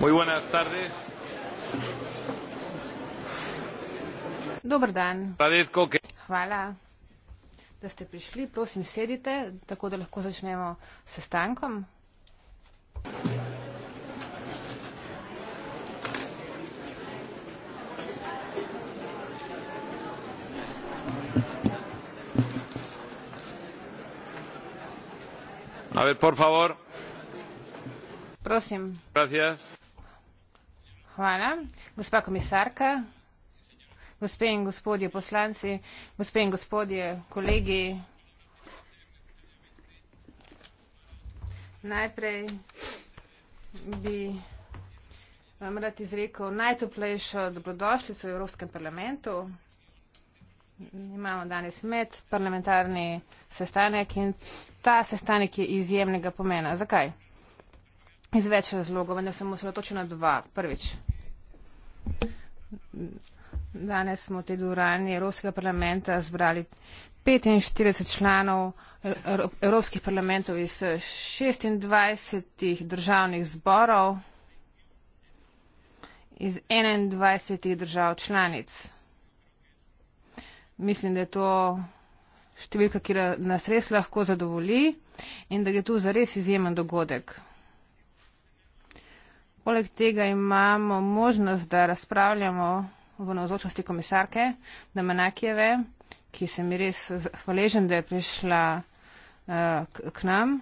Muy buenas tardes. Dobar dan. Radetko, ki... Hvala, da ste prišli. Prosim, sedite, tako da lahko začnemo s sestankom. Hvala. a ver por favor prosim gracias hvala gospa komisarka gospe in gospodje poslanci gospe in gospodje kolegi najprej bi vam rad izrekel najtoplejšo dobrodošlico v evropskem parlamentu Imamo danes medparlamentarni sestanek in ta sestanek je izjemnega pomena. Zakaj? Iz več razlogov, vendar sem osredotočen na dva. Prvič. Danes smo v tej dvorani Evropskega parlamenta zbrali 45 članov er, er, Evropskih parlamentov iz 26 državnih zborov iz 21 držav članic mislim, da je to številka, ki nas res lahko zadovoli in da je tu za res izjemen dogodek. Poleg tega imamo možnost, da razpravljamo v navzočnosti komisarke Damanakijeve, ki se mi res hvaležen, da je prišla uh, k, k nam.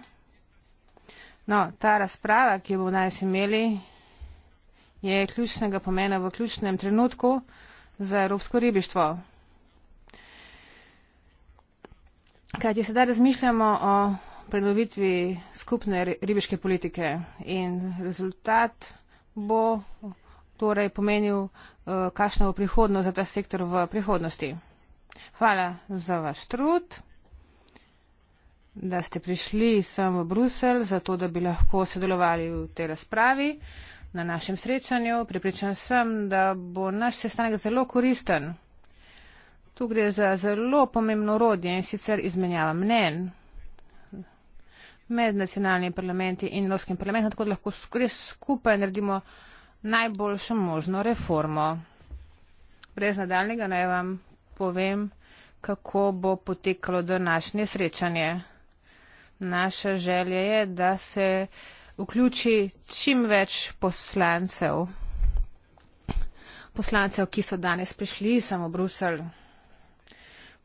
No, ta razprava, ki jo bomo danes imeli, je ključnega pomena v ključnem trenutku za evropsko ribištvo. Kaj ti sedaj razmišljamo o predlovitvi skupne ribiške politike in rezultat bo torej pomenil, eh, kakšno bo prihodnost za ta sektor v prihodnosti. Hvala za vaš trud, da ste prišli sem v Brusel, zato da bi lahko sodelovali v tej razpravi na našem srečanju. Pripričan sem, da bo naš sestanek zelo koristen. Tu gre za zelo pomembno urodje in sicer izmenjava mnen med nacionalnimi parlamenti in norskim parlamentom, tako da lahko res skupaj naredimo najboljšo možno reformo. Brez nadaljnega naj vam povem, kako bo potekalo današnje srečanje. Naša želja je, da se vključi čim več poslancev, poslancev, ki so danes prišli samo v Bruselj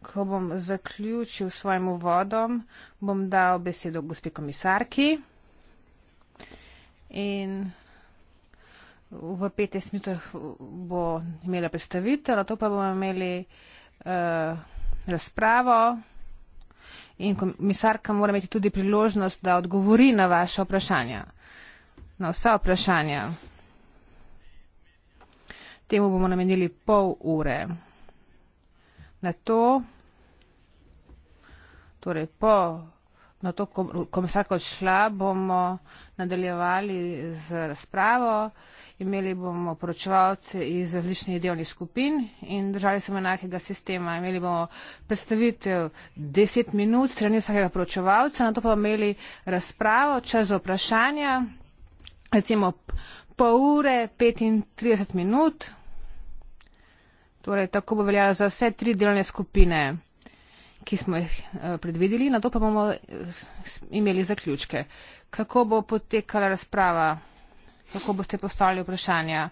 ko bom zaključil svojim uvodom, bom dal besedo gospe komisarki in v 15 minutah bo imela predstavitev, to pa bomo imeli uh, razpravo in komisarka mora imeti tudi priložnost, da odgovori na vaše vprašanja, na vsa vprašanja. Temu bomo namenili pol ure na to, torej po, na to komisarko odšla, bomo nadaljevali z razpravo, imeli bomo poročevalce iz različnih delovnih skupin in držali se enakega sistema, imeli bomo predstavitev 10 minut strani vsakega poročevalca, na to pa imeli razpravo, čas za vprašanja, recimo pol ure, 35 minut. Torej, tako bo veljalo za vse tri delovne skupine, ki smo jih eh, predvideli, na to pa bomo eh, imeli zaključke. Kako bo potekala razprava, kako boste postavili vprašanja?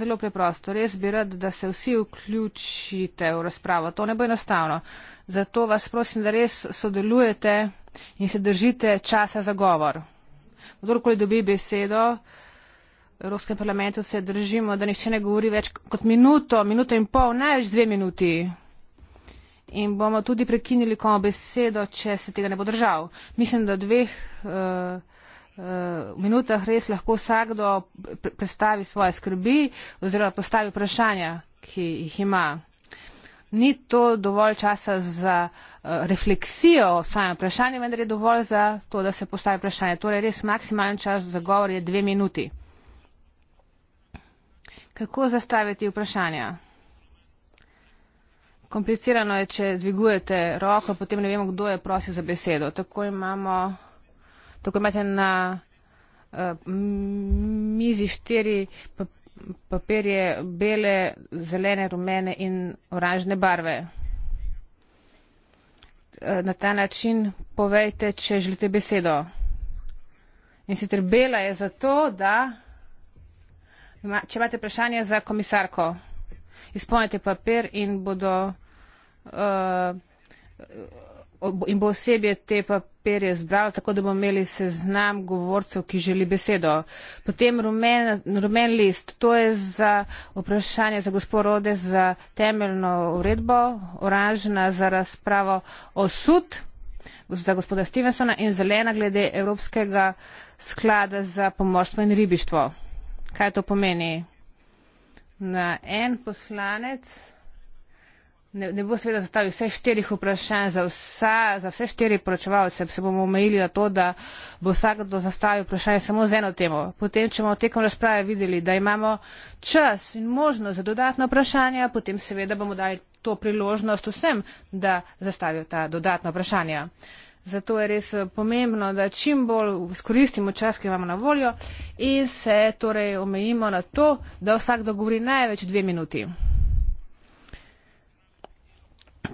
Zelo preprosto, res bi rad, da se vsi vključite v razpravo, to ne bo enostavno. Zato vas prosim, da res sodelujete in se držite časa za govor. Kdorkoli dobi besedo, uh, Evropskem parlamentu se držimo, da nišče ne govori več kot minuto, minuto in pol, največ dve minuti. In bomo tudi prekinili komo besedo, če se tega ne bo držal. Mislim, da dveh. Uh, eh, V eh, minutah res lahko vsakdo predstavi svoje skrbi oziroma postavi vprašanja, ki jih ima. Ni to dovolj časa za eh, refleksijo o svojem vprašanju, vendar je dovolj za to, da se postavi vprašanje. Torej res maksimalen čas za govor je dve minuti. Kako zastaviti vprašanja? Komplicirano je, če dvigujete roko, potem ne vemo, kdo je prosil za besedo. Tako imamo, tako imate na uh, mizi štiri papirje, bele, zelene, rumene in oranžne barve. Uh, na ta način povejte, če želite besedo. In sicer bela je zato, da. Če imate vprašanje za komisarko, izpolnite papir in bodo uh, in bo osebje te papirje zbralo, tako da bomo imeli seznam govorcev, ki želi besedo. Potem rumen, rumen list, to je za vprašanje za gospod Rode za temeljno uredbo, oranžna za razpravo o sud za gospoda Stevensona in zelena glede Evropskega sklada za pomorstvo in ribištvo. Kaj to pomeni? Na en poslanec ne, ne bo seveda zastavil vseh štirih vprašanj za, vsa, za vse štiri poročevalce. Se bomo omejili na to, da bo vsakdo zastavil vprašanje samo z eno temo. Potem, če bomo tekom razprave videli, da imamo čas in možnost za dodatno vprašanje, potem seveda bomo dali to priložnost vsem, da zastavijo ta dodatna vprašanja. Uh, Zato je res eh, pomembno, da čim bolj skoristimo čas, ki imamo na voljo in se torej omejimo na to, da vsak dogovori največ dve minuti.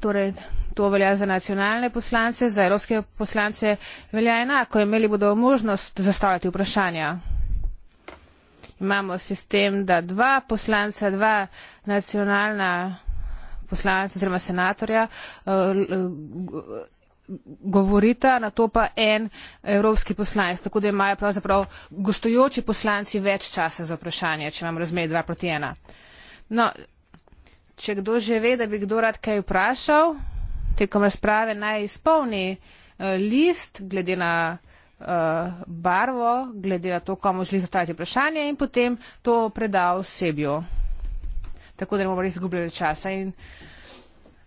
Torej, to velja za nacionalne poslance, za evropske poslance velja enako. Imeli bodo možnost zastavljati vprašanja. Imamo sistem, da dva poslanca, dva nacionalna poslanca oziroma senatorja eh, govorita na to pa en evropski poslanec, tako da imajo pravzaprav gostujoči poslanci več časa za vprašanje, če imam razmerje 2 proti 1. No, če kdo že ve, da bi kdo rad kaj vprašal, tekom razprave naj izpolni eh, list glede na eh, barvo, glede na to, komu želi zastaviti vprašanje in potem to preda osebju. Tako da ne bomo res izgubljali časa. In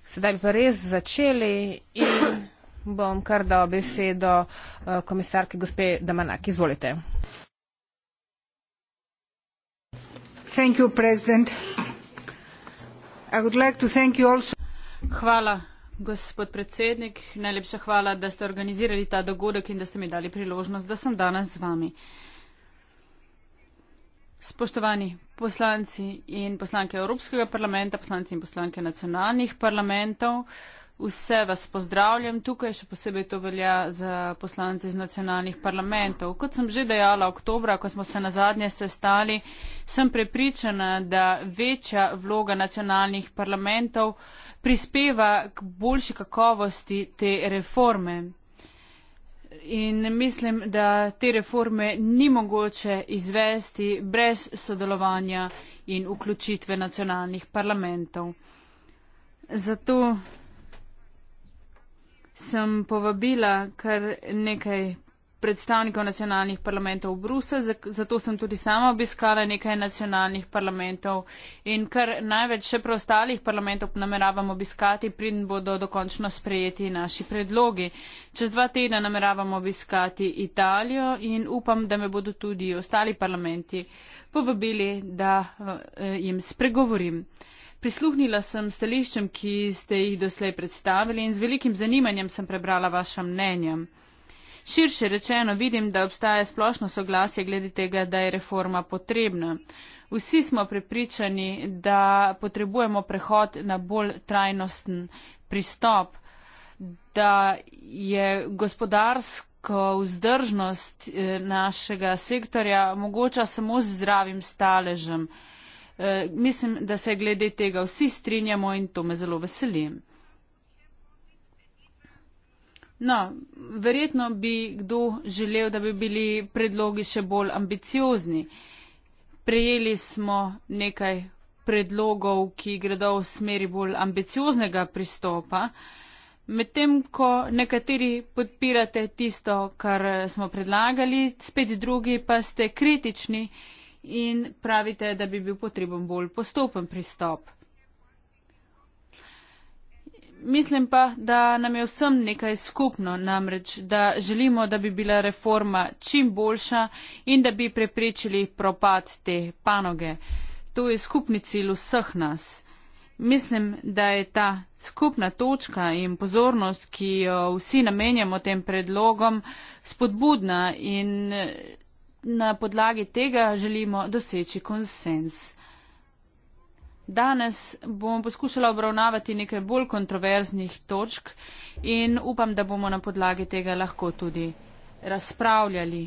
sedaj bi pa res začeli in Bom kar dal besedo eh, komisarki gospe Damanak. Izvolite. Hvala, gospod predsednik. Najlepša hvala, da ste organizirali ta dogodek in da ste mi dali priložnost, da sem danes z vami. Spoštovani poslanci in poslanke Evropskega parlamenta, poslanci in poslanke nacionalnih parlamentov, Vse vas pozdravljam tukaj, še posebej to velja za poslance iz nacionalnih parlamentov. Kot sem že dejala oktobra, ko smo se na zadnje sestali, sem prepričana, da večja vloga nacionalnih parlamentov prispeva k boljši kakovosti te reforme. In mislim, da te reforme ni mogoče izvesti brez sodelovanja in vključitve nacionalnih parlamentov. Zato sem povabila kar nekaj predstavnikov nacionalnih parlamentov v Bruselj, zato sem tudi sama obiskala nekaj nacionalnih parlamentov in kar največ še preostalih parlamentov nameravam obiskati, pridn bodo dokončno sprejeti naši predlogi. Čez dva tedna nameravam obiskati Italijo in upam, da me bodo tudi ostali parlamenti povabili, da eh, jim spregovorim. Prisluhnila sem stališčem, ki ste jih doslej predstavili in z velikim zanimanjem sem prebrala vaša mnenja. Širše rečeno vidim, da obstaja splošno soglasje glede tega, da je reforma potrebna. Vsi smo prepričani, da potrebujemo prehod na bolj trajnosten pristop, da je gospodarsko vzdržnost eh, našega sektorja mogoča samo z zdravim staležem. Eh, mislim, da se glede tega vsi strinjamo in to me zelo veseli. No, verjetno bi kdo želel, da bi bili predlogi še bolj ambiciozni. Prejeli smo nekaj predlogov, ki gredo v smeri bolj ambicioznega pristopa, medtem ko nekateri podpirate tisto, kar smo predlagali, spet drugi pa ste kritični in pravite, da bi bil potreben bolj postopen pristop. Mislim pa, da nam je vsem nekaj skupno, namreč, da želimo, da bi bila reforma čim boljša in da bi preprečili propad te panoge. To je skupni cilj vseh nas. Mislim, da je ta skupna točka in pozornost, ki jo vsi namenjamo tem predlogom, spodbudna in na podlagi tega želimo doseči konsens. Danes bom poskušala obravnavati nekaj bolj kontroverznih točk in upam, da bomo na podlagi tega lahko tudi razpravljali.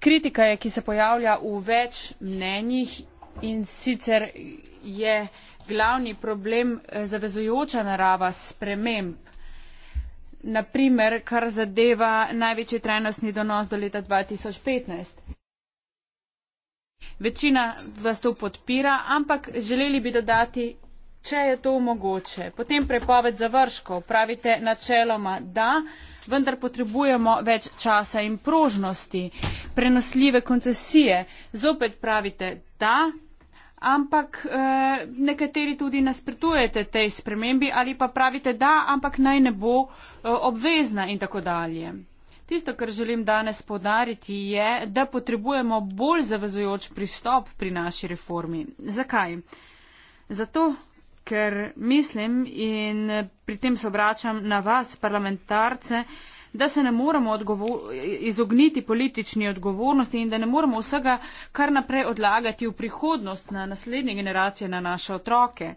Kritika je, ki se pojavlja v več mnenjih in sicer je glavni problem eh, zavezujoča narava sprememb naprimer, kar zadeva največji trajnostni donos do leta 2015. Večina vas to podpira, ampak želeli bi dodati, če je to mogoče. Potem prepoved završkov. Pravite načeloma da, vendar potrebujemo več časa in prožnosti. Prenosljive koncesije. Zopet pravite da, ampak eh, nekateri tudi nasprotujete tej spremembi ali pa pravite da, ampak naj ne bo eh, obvezna in tako dalje. Tisto, kar želim danes podariti, je, da potrebujemo bolj zavezujoč pristop pri naši reformi. Zakaj? Zato, ker mislim in pri tem se obračam na vas, parlamentarce, da se ne moremo izogniti politični odgovornosti in da ne moremo vsega kar naprej odlagati v prihodnost na naslednje generacije, na naše otroke.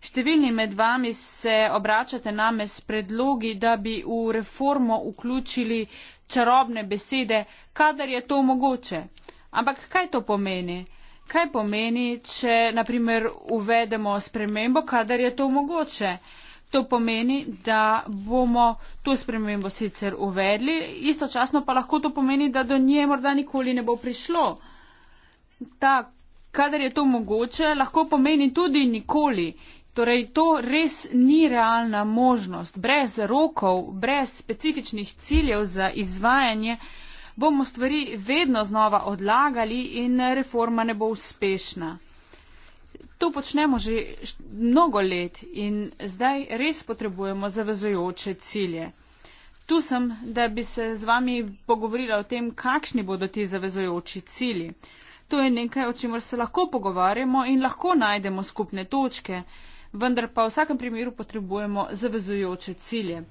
Številni med vami se obračate name s predlogi, da bi v reformo vključili čarobne besede, kadar je to mogoče. Ampak kaj to pomeni? Kaj pomeni, če naprimer uvedemo spremembo, kadar je to mogoče? To pomeni, da bomo to spremembo sicer uvedli, istočasno pa lahko to pomeni, da do nje morda nikoli ne bo prišlo. Ta, kadar je to mogoče, lahko pomeni tudi nikoli. Torej, to res ni realna možnost. Brez rokov, brez specifičnih ciljev za izvajanje bomo stvari vedno znova odlagali in reforma ne bo uspešna to počnemo že mnogo let in zdaj res potrebujemo zavezujoče cilje. Tu sem, da bi se z vami pogovorila o tem, kakšni bodo ti zavezujoči cilji. To je nekaj, o čemer se lahko pogovarjamo in lahko najdemo skupne točke, vendar pa v vsakem primeru potrebujemo zavezujoče cilje.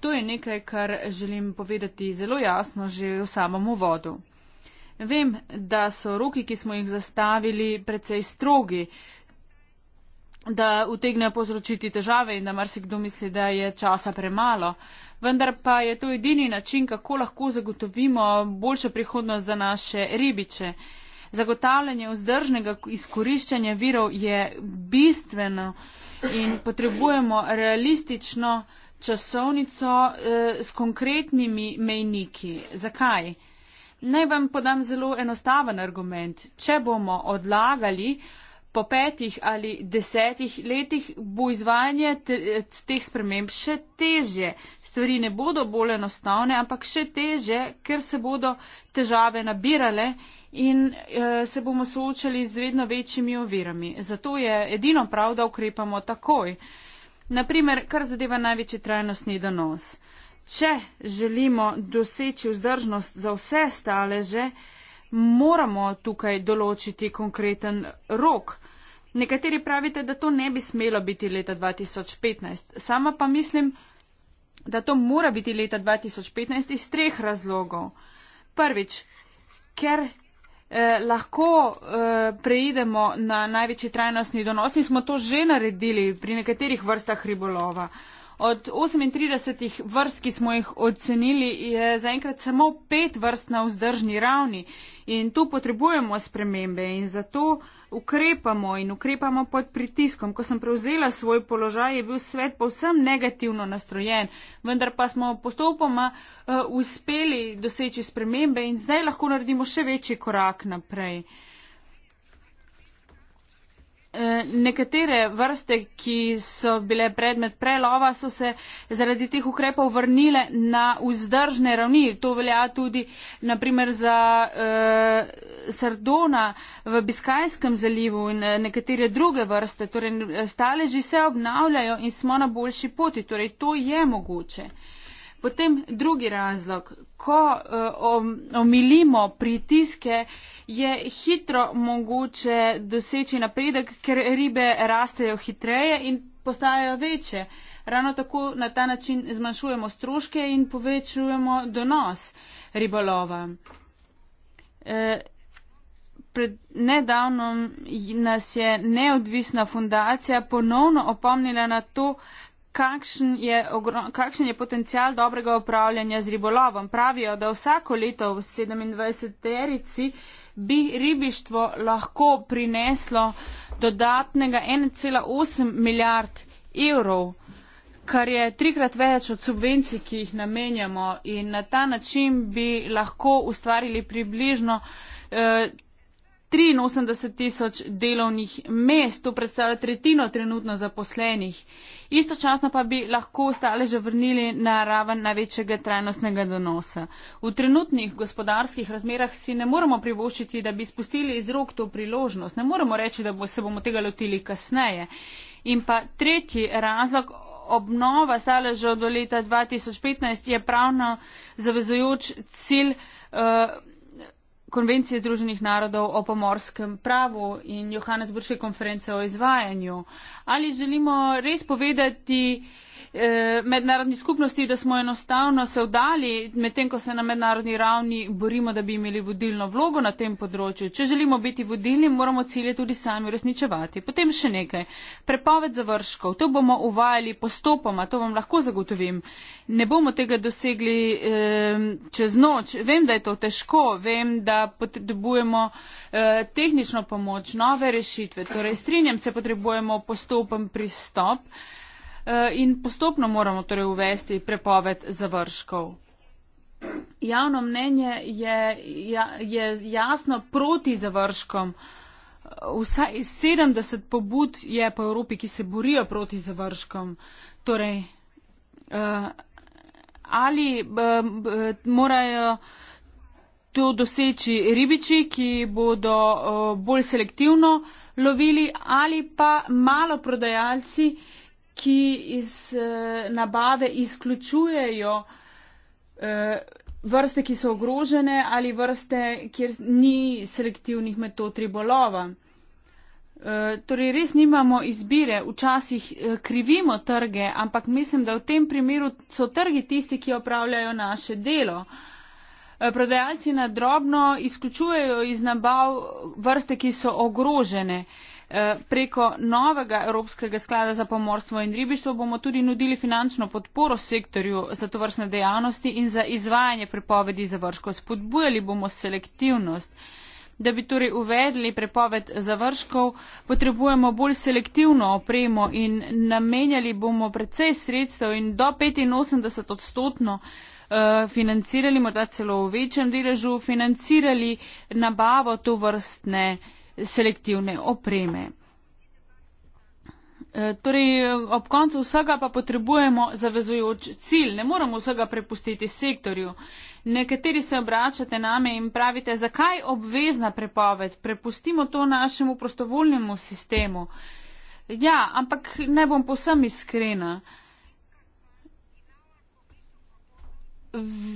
To je nekaj, kar želim povedati zelo jasno že v samem uvodu. Vem, da so roki, ki smo jih zastavili, precej strogi, da utegne povzročiti težave in da marsikdo misli, da je časa premalo. Vendar pa je to edini način, kako lahko zagotovimo boljšo prihodnost za naše ribiče. Zagotavljanje vzdržnega izkoriščanja virov je bistveno in potrebujemo realistično časovnico eh, s konkretnimi mejniki. Zakaj? Naj vam podam zelo enostaven argument. Če bomo odlagali, po petih ali desetih letih bo izvajanje te, teh sprememb še težje. Stvari ne bodo bolj enostavne, ampak še težje, ker se bodo težave nabirale in eh, se bomo soočali z vedno večjimi ovirami. Zato je edino prav, da ukrepamo takoj. Naprimer, kar zadeva največji trajnostni donos. Če želimo doseči vzdržnost za vse staleže, moramo tukaj določiti konkreten rok. Nekateri pravite, da to ne bi smelo biti leta 2015. Sama pa mislim, da to mora biti leta 2015 iz treh razlogov. Prvič, ker eh, lahko eh, preidemo na največji trajnostni donos in smo to že naredili pri nekaterih vrstah ribolova. Eh, Od 38 vrst, ki smo jih ocenili, je zaenkrat samo pet vrst na vzdržni ravni in tu potrebujemo spremembe in zato ukrepamo in ukrepamo pod pritiskom. Ko sem prevzela svoj položaj, je bil svet povsem negativno nastrojen, vendar pa smo postopoma uh, uspeli doseči spremembe in zdaj lahko naredimo še večji korak naprej. Uh, Eh, nekatere vrste, ki so bile predmet prelova, so se zaradi teh ukrepov vrnile na vzdržne ravni. To velja tudi naprimer za uh, sardona v Biskajskem zalivu in eh, nekatere druge vrste. Torej, staleži se obnavljajo in smo na boljši poti. Torej, to je mogoče. Uh, Potem drugi razlog, ko uh, omilimo pritiske, je hitro mogoče doseči napredek, ker ribe rastejo hitreje in postajajo večje. Ravno tako na ta način zmanjšujemo stroške in povečujemo donos ribolova. Eh, pred nedavnom nas je neodvisna fundacija ponovno opomnila na to, kakšen je, kakšen je potencial dobrega upravljanja z ribolovom. Pravijo, da vsako leto v 27-terici bi ribištvo lahko prineslo dodatnega 1,8 milijard evrov, kar je trikrat več od subvencij, ki jih namenjamo in na ta način bi lahko ustvarili približno eh, 83 tisoč delovnih mest, to predstavlja tretjino trenutno zaposlenih. Istočasno pa bi lahko stale že vrnili na raven največjega trajnostnega donosa. V trenutnih gospodarskih razmerah si ne moremo privoščiti, da bi spustili iz rok to priložnost. Ne moremo reči, da bo, se bomo tega lotili kasneje. In pa tretji razlog. Obnova staležev do leta 2015 je pravno zavezujoč cilj. Uh, konvencije Združenih narodov o pomorskem pravu in Johannesburške konference o izvajanju. Ali želimo res povedati, Eh, mednarodni skupnosti, da smo enostavno se vdali, medtem ko se na mednarodni ravni borimo, da bi imeli vodilno vlogo na tem področju. Če želimo biti vodilni, moramo cilje tudi sami uresničevati. Potem še nekaj. Prepoved završkov. To bomo uvajali postopoma, to vam lahko zagotovim. Ne bomo tega dosegli eh, čez noč. Vem, da je to težko, vem, da potrebujemo eh, tehnično pomoč, nove rešitve. Torej, strinjam se, potrebujemo postopen pristop. Eh, in postopno moramo torej uvesti prepoved završkov. Javno mnenje je, ja, je jasno proti završkom. Vsaj 70 pobud je po Evropi, ki se borijo proti završkom. Torej, eh, ali eh, morajo to doseči ribiči, ki bodo bolj selektivno lovili, ali pa malo prodajalci, ki iz eh, nabave izključujejo eh, vrste, ki so ogrožene ali vrste, kjer ni selektivnih metod ribolova. Eh, torej, res nimamo izbire, včasih krivimo trge, ampak mislim, da v tem primeru so trgi tisti, ki opravljajo naše delo. Prodajalci na drobno izključujejo iz nabav vrste, ki so ogrožene. Eh, preko novega Evropskega sklada za pomorstvo in ribištvo bomo tudi nudili finančno podporo sektorju za to vrstne dejavnosti in za izvajanje prepovedi završko. Spodbujali bomo selektivnost. Da bi torej uvedli prepoved završkov, potrebujemo bolj selektivno opremo in namenjali bomo precej sredstev in do 85 odstotno eh, financirali, morda celo v večjem deležu, financirali nabavo to vrstne uh, selektivne opreme. E, torej, ob koncu vsega pa potrebujemo zavezujoč cilj, ne moramo vsega prepustiti sektorju. Nekateri se obračate name in pravite, zakaj obvezna prepoved, prepustimo to našemu prostovoljnemu sistemu. Ja, ampak ne bom posem iskrena.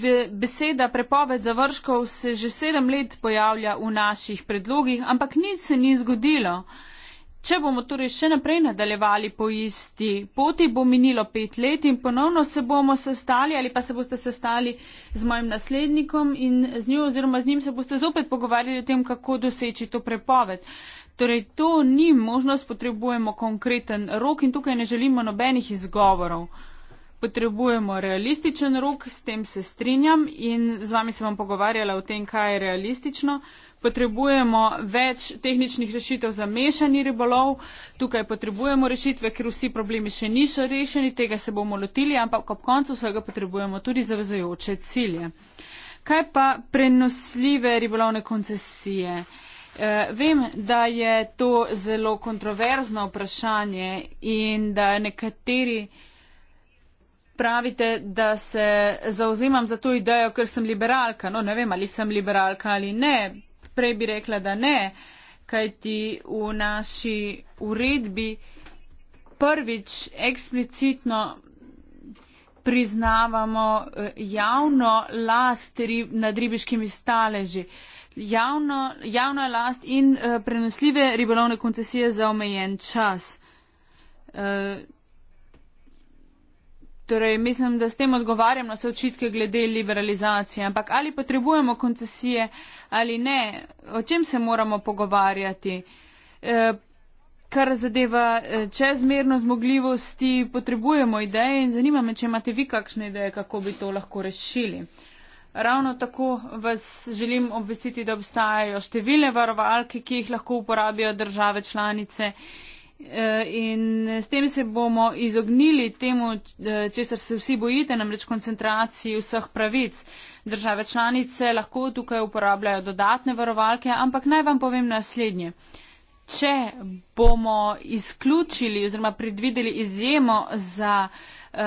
v, beseda prepoved završkov se že sedem let pojavlja v naših predlogih, ampak nič se ni zgodilo. Če bomo torej še naprej nadaljevali po isti poti, bo minilo pet let in ponovno se bomo sestali ali pa se boste sestali z mojim naslednikom in z njo oziroma z njim se boste zopet pogovarjali o tem, kako doseči to prepoved. Torej, to ni možnost, potrebujemo konkreten rok in tukaj ne želimo nobenih izgovorov potrebujemo realističen rok, s tem se strinjam in z vami se bom pogovarjala o tem, kaj je realistično. Potrebujemo več tehničnih rešitev za mešani ribolov, tukaj potrebujemo rešitve, ker vsi problemi še niso rešeni, tega se bomo lotili, ampak ob koncu vsega potrebujemo tudi zavezajoče cilje. Kaj pa prenosljive ribolovne koncesije? E, vem, da je to zelo kontroverzno vprašanje in da nekateri pravite, da se zauzemam za to idejo, ker sem liberalka. No, ne vem, ali sem liberalka ali ne. Prej bi rekla, da ne, kajti v naši uredbi prvič eksplicitno priznavamo eh, javno last nad ribiškimi staleži. Javno, javna last in uh, prenosljive ribolovne koncesije za omejen čas. Uh, Torej, mislim, da s tem odgovarjam na vse očitke glede liberalizacije. Ampak ali potrebujemo koncesije ali ne, o čem se moramo pogovarjati? E, kar zadeva e, čezmerno zmogljivosti, potrebujemo ideje in zanima me, če imate vi kakšne ideje, kako bi to lahko rešili. Ravno tako vas želim obvestiti, da obstajajo številne varovalke, ki jih lahko uporabijo države članice Eh, in s tem se bomo izognili temu, eh, česar se vsi bojite, namreč koncentraciji vseh pravic. Države članice lahko tukaj uporabljajo dodatne varovalke, ampak naj vam povem naslednje. Če bomo izključili oziroma predvideli izjemo za uh,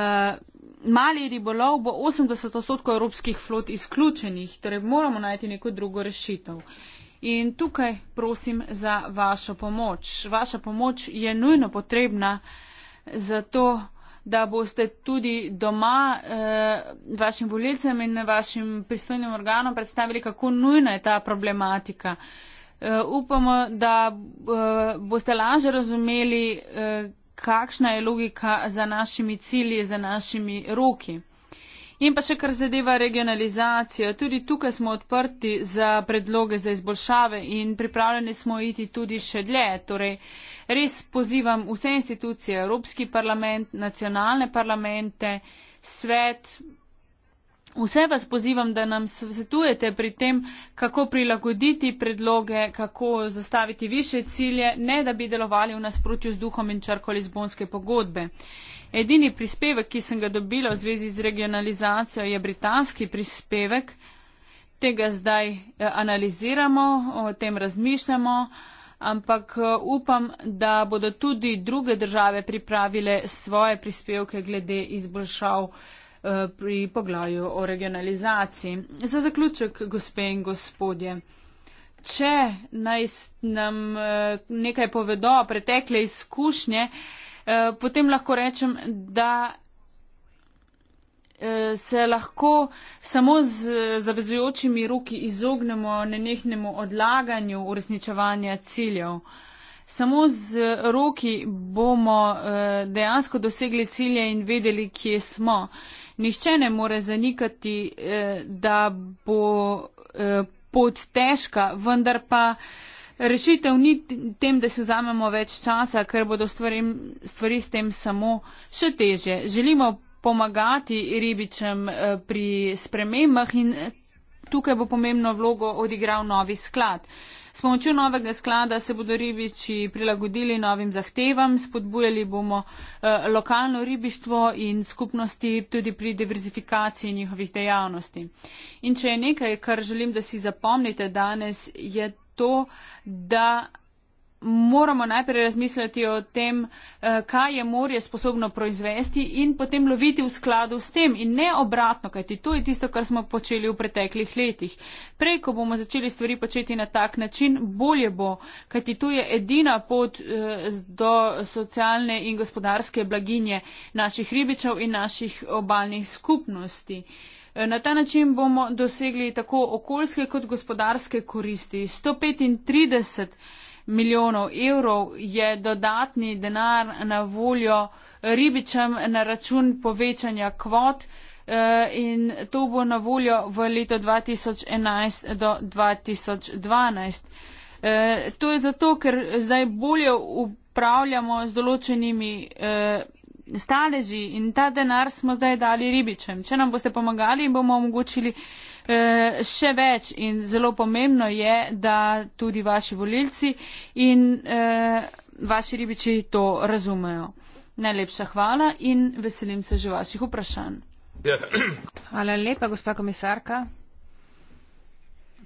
mali ribolov, bo 80 odstotkov evropskih flot izključenih, torej moramo najti neko drugo rešitev. Uh, In tukaj prosim za vašo pomoč. Vaša pomoč je nujno potrebna za to, da boste tudi doma eh, vašim voljecem in vašim pristojnim organom predstavili, kako nujna je ta problematika. Eh, upamo, da eh, boste lažje razumeli, eh, kakšna je logika za našimi cilji, za našimi roki. In pa še kar zadeva regionalizacijo, tudi tukaj smo odprti za predloge za izboljšave in pripravljeni smo iti tudi še dlje. Torej, res pozivam vse institucije, Evropski parlament, nacionalne parlamente, svet, vse vas pozivam, da nam svetujete pri tem, kako prilagoditi predloge, kako zastaviti više cilje, ne da bi delovali v nasprotju z duhom in črko Lizbonske pogodbe. Edini prispevek, ki sem ga dobila v zvezi z regionalizacijo, je britanski prispevek. Tega zdaj eh, analiziramo, o tem razmišljamo, ampak eh, upam, da bodo tudi druge države pripravile svoje prispevke glede izboljšav eh, pri poglavju o regionalizaciji. Za zaključek, gospe in gospodje, če naj nam nekaj povedo pretekle izkušnje, Eh, potem lahko rečem, da eh, se lahko samo z zavezujočimi roki izognemo nenehnemu odlaganju uresničevanja ciljev. Samo z roki bomo eh, dejansko dosegli cilje in vedeli, kje smo. Nihče ne more zanikati, da bo pot težka, vendar pa rešitev ni tem, da si vzamemo več časa, ker bodo stvari, stvari s tem samo še teže. Želimo pomagati ribičem eh, pri spremembah in eh, tukaj bo pomembno vlogo odigral novi sklad. S pomočjo novega sklada se bodo ribiči prilagodili novim zahtevam, spodbujali bomo eh, lokalno ribištvo in skupnosti tudi pri diverzifikaciji njihovih dejavnosti. In če je nekaj, kar želim, da si zapomnite danes, je to, da moramo najprej razmisliti o tem, eh, kaj je morje sposobno proizvesti in potem loviti v skladu s tem in ne obratno, kajti to je tisto, kar smo počeli v preteklih letih. Prej, ko bomo začeli stvari početi na tak način, bolje bo, kajti to je edina pot eh, do socialne in gospodarske blaginje naših ribičev in naših obalnih skupnosti. Na ta način bomo dosegli tako okoljske kot gospodarske koristi. 135 milijonov evrov je dodatni denar na voljo ribičem na račun povečanja kvot eh, in to bo na voljo v leto 2011 do 2012. Eh, to je zato, ker zdaj bolje upravljamo z določenimi eh, staleži in ta denar smo zdaj dali ribičem. Če nam boste pomagali, bomo omogočili eh, še več in zelo pomembno je, da tudi vaši volilci in eh, vaši ribiči to razumejo. Najlepša hvala in veselim se že vaših vprašanj. Ja. Hvala lepa, gospa komisarka,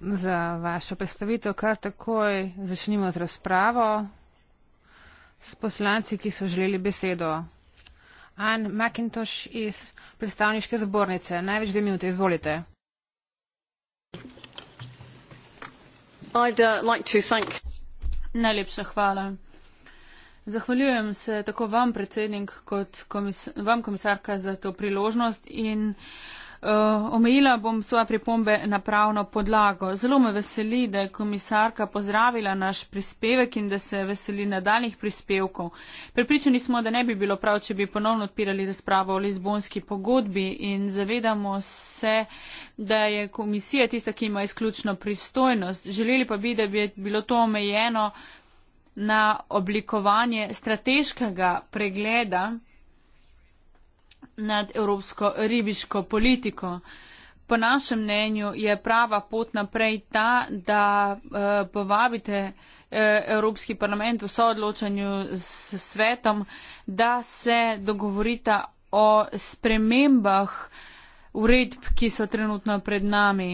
za vašo predstavitev. Kar takoj začnimo z razpravo s poslanci, ki so želeli besedo. Ann McIntosh iz predstavniške zbornice. Največ dve minute, izvolite. I'd, uh, like to thank... Najlepša hvala. Zahvaljujem se tako vam, predsednik, kot komis vam, komisarka, za to priložnost in uh, Eh, omejila bom svoje pripombe na pravno podlago. Zelo me veseli, da je komisarka pozdravila naš prispevek in da se veseli nadaljnih prispevkov. Pripričani smo, da ne bi bilo prav, če bi ponovno odpirali razpravo o Lizbonski pogodbi in zavedamo se, da je komisija tista, ki ima izključno pristojnost. Želeli pa bi, da bi bilo to omejeno na oblikovanje strateškega pregleda nad evropsko ribiško politiko. Po našem mnenju je prava pot naprej ta, da eh, povabite eh, Evropski parlament v soodločanju s svetom, da se dogovorita o spremembah uredb, ki so trenutno pred nami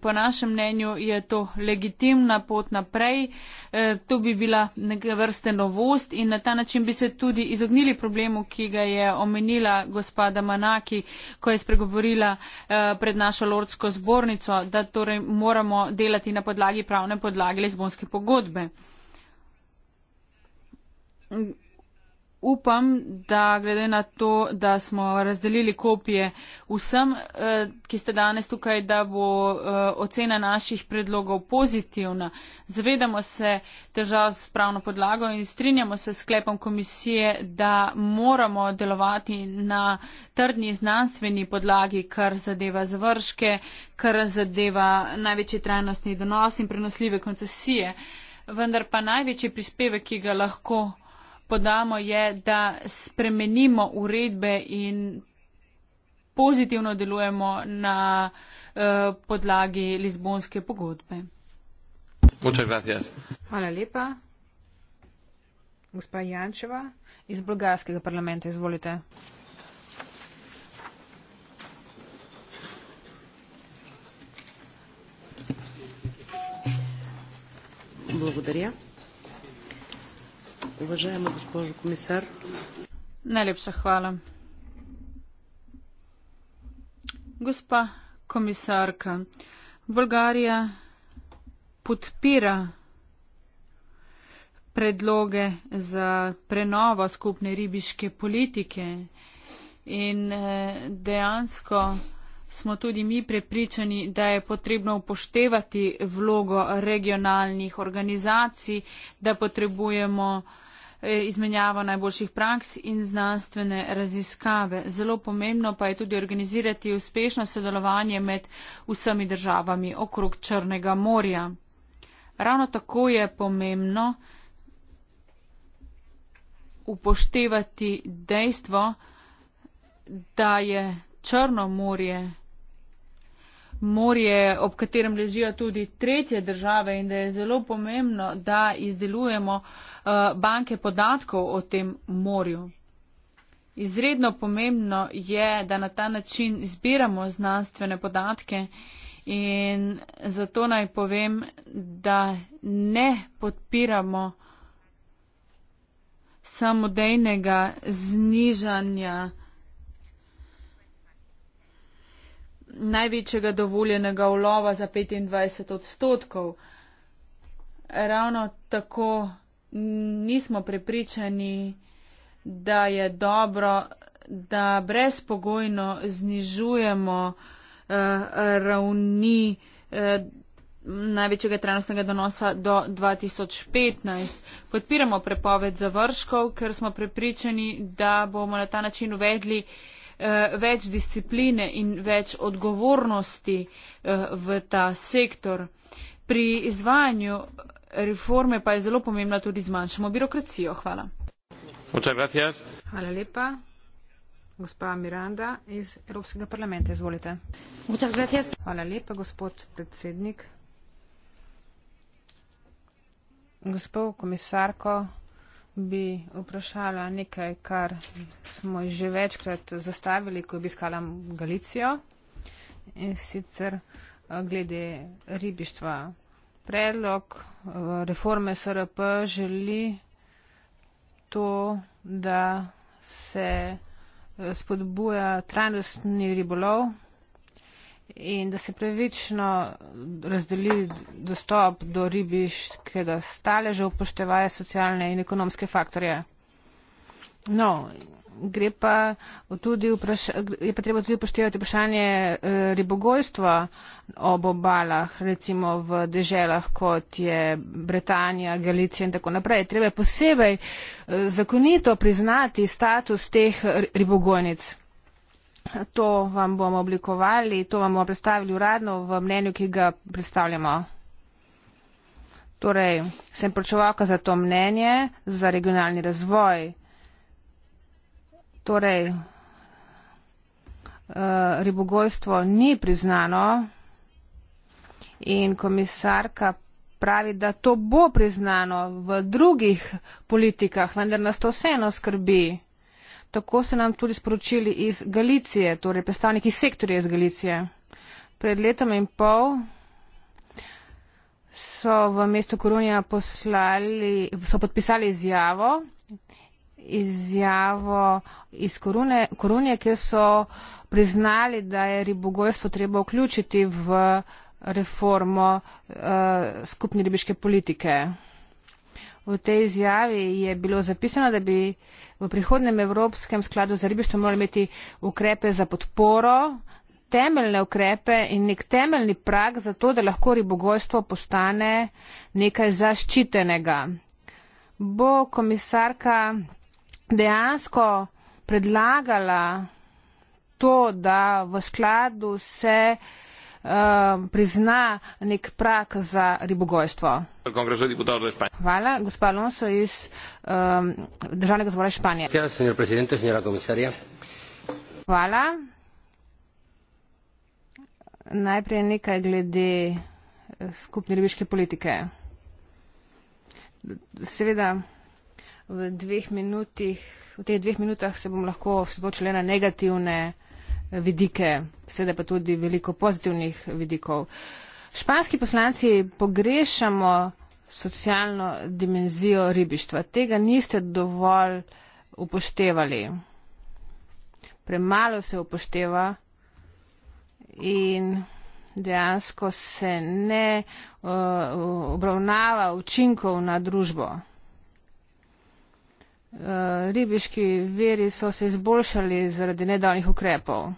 po našem mnenju je to legitimna pot naprej. E, to bi bila neke vrste novost in na ta način bi se tudi izognili problemu, ki ga je omenila gospoda Manaki, ko je spregovorila e, pred našo lordsko zbornico, da torej moramo delati na podlagi pravne podlage Lizbonske pogodbe upam, da glede na to, da smo razdelili kopije vsem, eh, ki ste danes tukaj, da bo eh, ocena naših predlogov pozitivna. Zavedamo se držav s pravno podlago in strinjamo se s sklepom komisije, da moramo delovati na trdni znanstveni podlagi, kar zadeva zvrške, kar zadeva največji trajnostni donos in prenosljive koncesije. Vendar pa največji prispevek, ki ga lahko podamo, je, da spremenimo uredbe in pozitivno delujemo na eh, podlagi Lizbonske pogodbe. Hvala lepa. Gospa Jančeva iz Bolgarskega parlamenta, izvolite. Благодаря. Уважаема госпожо комисар. Najlepša hvala. Gospa komisarka, Bolgarija podpira predloge za prenovo skupne ribiške politike in eh, dejansko smo tudi mi prepričani, da je potrebno upoštevati vlogo regionalnih organizacij, da potrebujemo Eh, izmenjavo najboljših praks in znanstvene raziskave. Zelo pomembno pa je tudi organizirati uspešno sodelovanje med vsemi državami okrog Črnega morja. Ravno tako je pomembno upoštevati dejstvo, da je Črno morje morje, ob katerem ležijo tudi tretje države in da je zelo pomembno, da izdelujemo eh, banke podatkov o tem morju. Izredno pomembno je, da na ta način zbiramo znanstvene podatke in zato naj povem, da ne podpiramo samodejnega znižanja največjega dovoljenega ulova za 25 odstotkov. Ravno tako nismo prepričani, da je dobro, da brezpogojno znižujemo eh, ravni eh, največjega trajnostnega donosa do 2015. Podpiramo prepoved završkov, ker smo prepričani, da bomo na ta način uvedli eh, eh, več discipline in več odgovornosti eh, v ta sektor. Pri izvajanju reforme pa je zelo pomembno tudi zmanjšamo birokracijo. Hvala. Hvala lepa. Gospa Miranda iz Evropskega parlamenta, izvolite. Hvala lepa, gospod predsednik. Gospod komisarko, bi vprašala nekaj, kar smo že večkrat zastavili, ko obiskala Galicijo in sicer eh, glede ribištva. Predlog eh, reforme SRP želi to, da se eh, spodbuja trajnostni ribolov, in da se pravično razdeli dostop do ribiškega staleža, upoštevaje socialne in ekonomske faktorje. No, gre pa tudi vprašanje, je pa treba tudi upoštevati vprašanje eh, ribogojstva ob obalah, recimo v deželah, kot je Bretanija, Galicija in tako naprej. Treba je posebej eh, zakonito priznati status teh eh, ribogojnic. To vam bomo oblikovali, to vam bomo predstavili uradno v mnenju, ki ga predstavljamo. Torej, sem pričevalka za to mnenje, za regionalni razvoj. Torej, eh, ribogojstvo ni priznano in komisarka pravi, da to bo priznano v drugih politikah, vendar nas to vseeno skrbi. Tako so nam tudi sporočili iz Galicije, torej predstavniki sektorja iz Galicije. Pred letom in pol so v mesto Korunja poslali, so podpisali izjavo, izjavo iz Korune, Korunje, kjer so priznali, da je ribogojstvo treba vključiti v reformo uh, skupne ribiške politike. V tej izjavi je bilo zapisano, da bi v prihodnem Evropskem skladu za ribištvo morali imeti ukrepe za podporo, temeljne ukrepe in nek temeljni prag za to, da lahko ribogojstvo postane nekaj zaščitenega. Bo komisarka dejansko predlagala to, da v skladu se um, prizna nek prak za ribogojstvo. Hvala, gospa Alonso iz um, Državnega zbora Španije. Hvala. Najprej nekaj glede eh, skupne ribiške politike. Seveda, v, v teh dveh minutah se bom lahko osredotočila na negativne vidike, seveda pa tudi veliko pozitivnih vidikov. Španski poslanci pogrešamo socialno dimenzijo ribištva. Tega niste dovolj upoštevali. Premalo se upošteva in dejansko se ne uh, obravnava učinkov na družbo. Eh, ribiški veri so se izboljšali zaradi nedavnih ukrepov.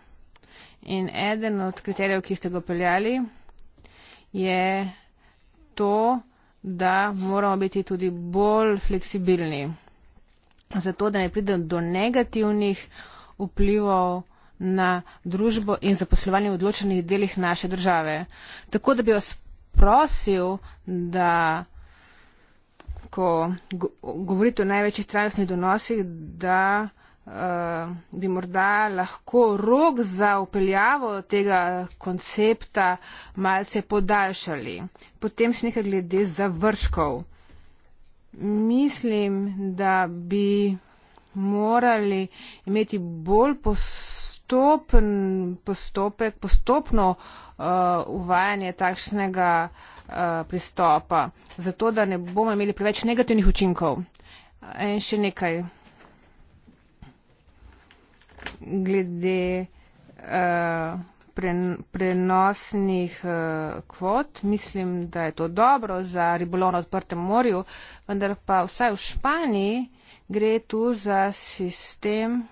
In eden od kriterijev, ki ste ga peljali, je to, da moramo biti tudi bolj fleksibilni, zato da ne pride do negativnih vplivov na družbo in zaposlovanje v odločenih delih naše države. Tako da bi vas prosil, da ko govorite o največjih trajnostnih donosih, da eh, bi morda lahko rok za upeljavo tega koncepta malce podaljšali. Potem še nekaj glede završkov. Mislim, da bi morali imeti bolj postopen postopek, postopno uh, uvajanje takšnega uh, uh, pristopa, zato da ne bomo imeli preveč negativnih učinkov. In še nekaj glede uh, pren prenosnih uh, kvot. Mislim, da je to dobro za ribolov na odprtem morju, vendar pa vsaj v Španiji gre tu za sistem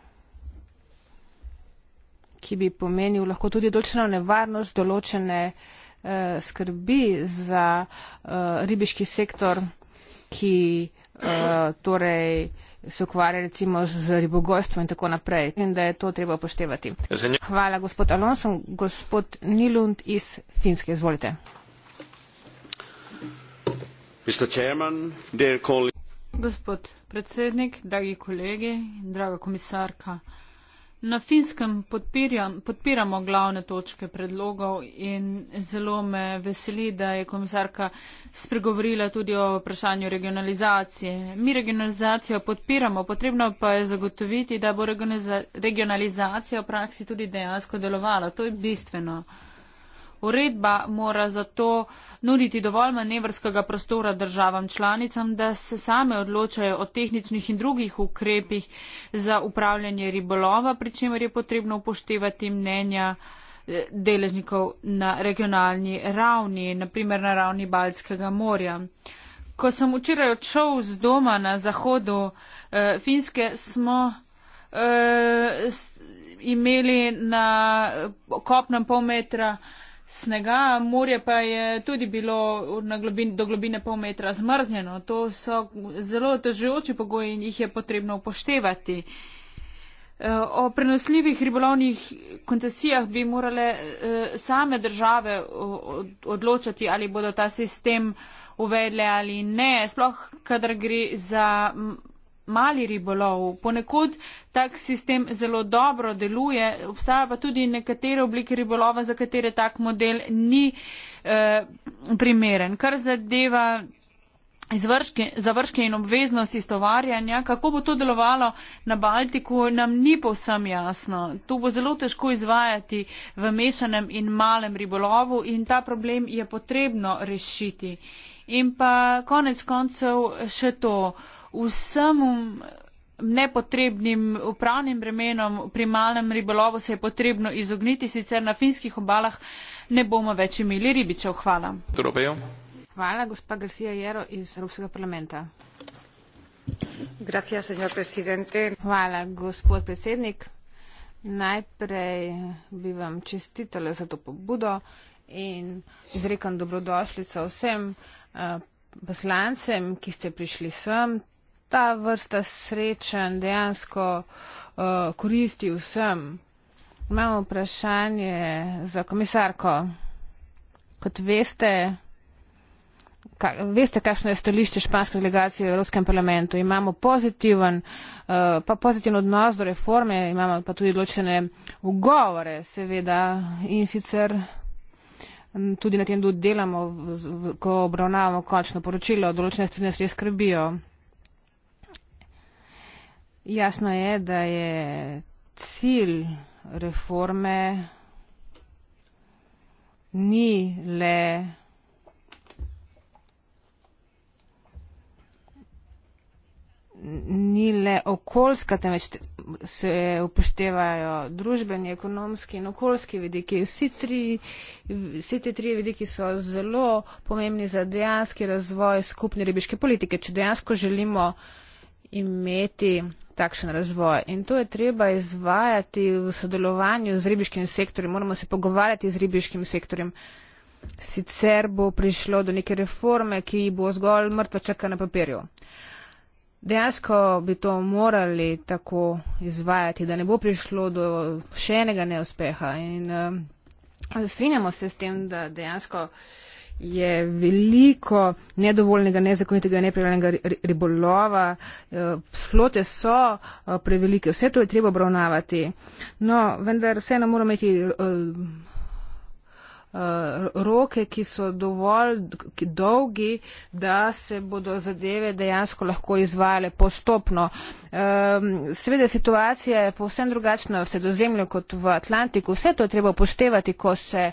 ki bi pomenil lahko tudi določeno nevarnost določene uh, eh, skrbi za eh, ribiški sektor, ki eh, torej se ukvarja recimo z ribogojstvom in tako naprej. In da je to treba upoštevati. Hvala, gospod Alonso. Gospod Nilund iz Finske, izvolite. Chairman, gospod predsednik, dragi kolegi, draga komisarka. Na finskem podpiram, podpiramo glavne točke predlogov in zelo me veseli, da je komisarka spregovorila tudi o vprašanju regionalizacije. Mi regionalizacijo podpiramo, potrebno pa je zagotoviti, da bo regionalizacija v praksi tudi dejansko delovala. To je bistveno. Uredba mora zato nuditi dovolj manevrskega prostora državam članicam, da se same odločajo o tehničnih in drugih ukrepih za upravljanje ribolova, pri čemer je potrebno upoštevati mnenja eh, deležnikov na regionalni ravni, naprimer na ravni Baltskega morja. Ko sem včeraj odšel z doma na zahodu eh, Finske, smo eh, imeli na eh, kopnem pol metra eh, snega, morje pa je tudi bilo globin, do globine pol metra zmrznjeno. To so zelo težujoči pogoji in jih je potrebno upoštevati. Eh, o prenosljivih ribolovnih koncesijah bi morale eh, same države odločati, ali bodo ta sistem uvedle ali ne, sploh kadar gre za mali ribolov. Ponekod tak sistem zelo dobro deluje, obstaja pa tudi nekatere oblike ribolova, za katere tak model ni eh, primeren. Kar zadeva izvrške, završke in obveznosti stovarjanja, kako bo to delovalo na Baltiku, nam ni povsem jasno. To bo zelo težko izvajati v mešanem in malem ribolovu in ta problem je potrebno rešiti. In pa konec koncev še to vsem nepotrebnim upravnim bremenom pri malem ribolovu se je potrebno izogniti, sicer na finskih obalah ne bomo več imeli ribičev. Hvala. Torobejo. Hvala, gospa Garcia Jero iz Evropskega parlamenta. Gracias, Hvala, gospod predsednik. Najprej bi vam čestitele za to pobudo in izrekam dobrodošlico vsem eh, poslancem, ki ste prišli sem, ta vrsta srečanj dejansko uh, koristi vsem. Imamo vprašanje za komisarko. Kot veste, ka, veste, kakšno je stališče španske delegacije v Evropskem parlamentu. Imamo pozitiven, uh, pa pozitiven odnos do reforme, imamo pa tudi odločene ugovore, seveda, in sicer. Tudi na tem delamo, ko obravnavamo končno poročilo, določene stvari nas res skrbijo. Jasno je, da je cilj reforme ni le ni le okoljska, temveč se upoštevajo družbeni, ekonomski in okoljski vidiki. Vsi, tri, vsi te tri vidiki so zelo pomembni za dejanski razvoj skupne ribiške politike. Če dejansko želimo uh, imeti takšen razvoj. In to je treba izvajati v sodelovanju z ribiškim sektorjem, moramo se pogovarjati z ribiškim sektorjem. Sicer bo prišlo do neke reforme, ki bo zgolj mrtva črka na papirju. Dejansko bi to morali tako izvajati, da ne bo prišlo do še enega neuspeha. In uh, strinjamo se s tem, da dejansko uh, je veliko nedovoljnega, nezakonitega, nepravilnega ribolova, eh, flote so eh, prevelike, vse to je treba obravnavati. No, vendar vseeno moramo imeti. Uh, Eh, roke, ki so dovolj dolgi, da se bodo zadeve dejansko lahko izvajale postopno. Ehm, seveda situacija je povsem drugačna v sredozemlju kot v Atlantiku. Vse to je treba upoštevati, ko se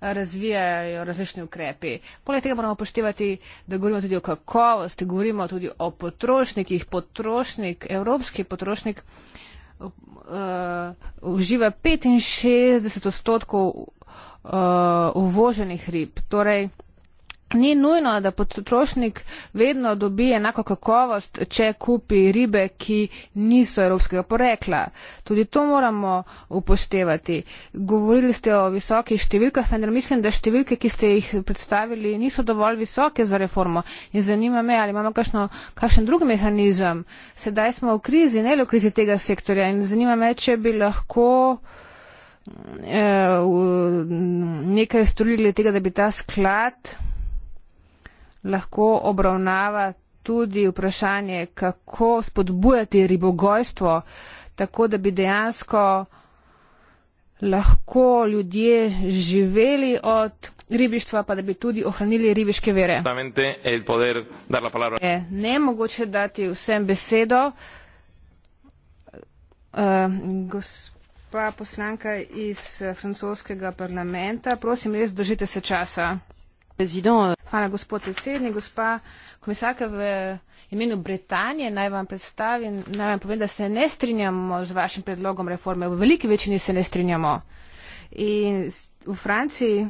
razvijajo različni ukrepi. Poleg tega moramo upoštevati, da govorimo tudi o kakovosti, govorimo tudi o potrošnikih. Potrošnik, evropski potrošnik uh, uživa 65 odstotkov Eh, uvoženih rib. Torej, ni nujno, da potrošnik vedno dobi enako kakovost, če kupi ribe, ki niso evropskega porekla. Tudi to moramo upoštevati. Govorili ste o visokih številkah, vendar mislim, da številke, ki ste jih predstavili, niso dovolj visoke za reformo. In zanima me, ali imamo kakšno, kakšen drug mehanizem. Sedaj smo v krizi, ne le v krizi tega sektorja. In zanima me, če bi lahko eh, nekaj storili tega, da bi ta sklad lahko obravnava tudi vprašanje, kako spodbujati ribogojstvo, tako da bi dejansko lahko ljudje živeli od ribištva, pa da bi tudi ohranili ribiške vere. Je eh, nemogoče dati vsem besedo. Uh, eh, gospod gospa poslanka iz eh, francoskega parlamenta. Prosim, res držite se časa. Eh. Hvala, gospod predsednik. Gospa komisarka v eh, imenu Britanije naj vam predstavim, naj vam povem, da se ne strinjamo z vašim predlogom reforme. V veliki večini se ne strinjamo. In v Franciji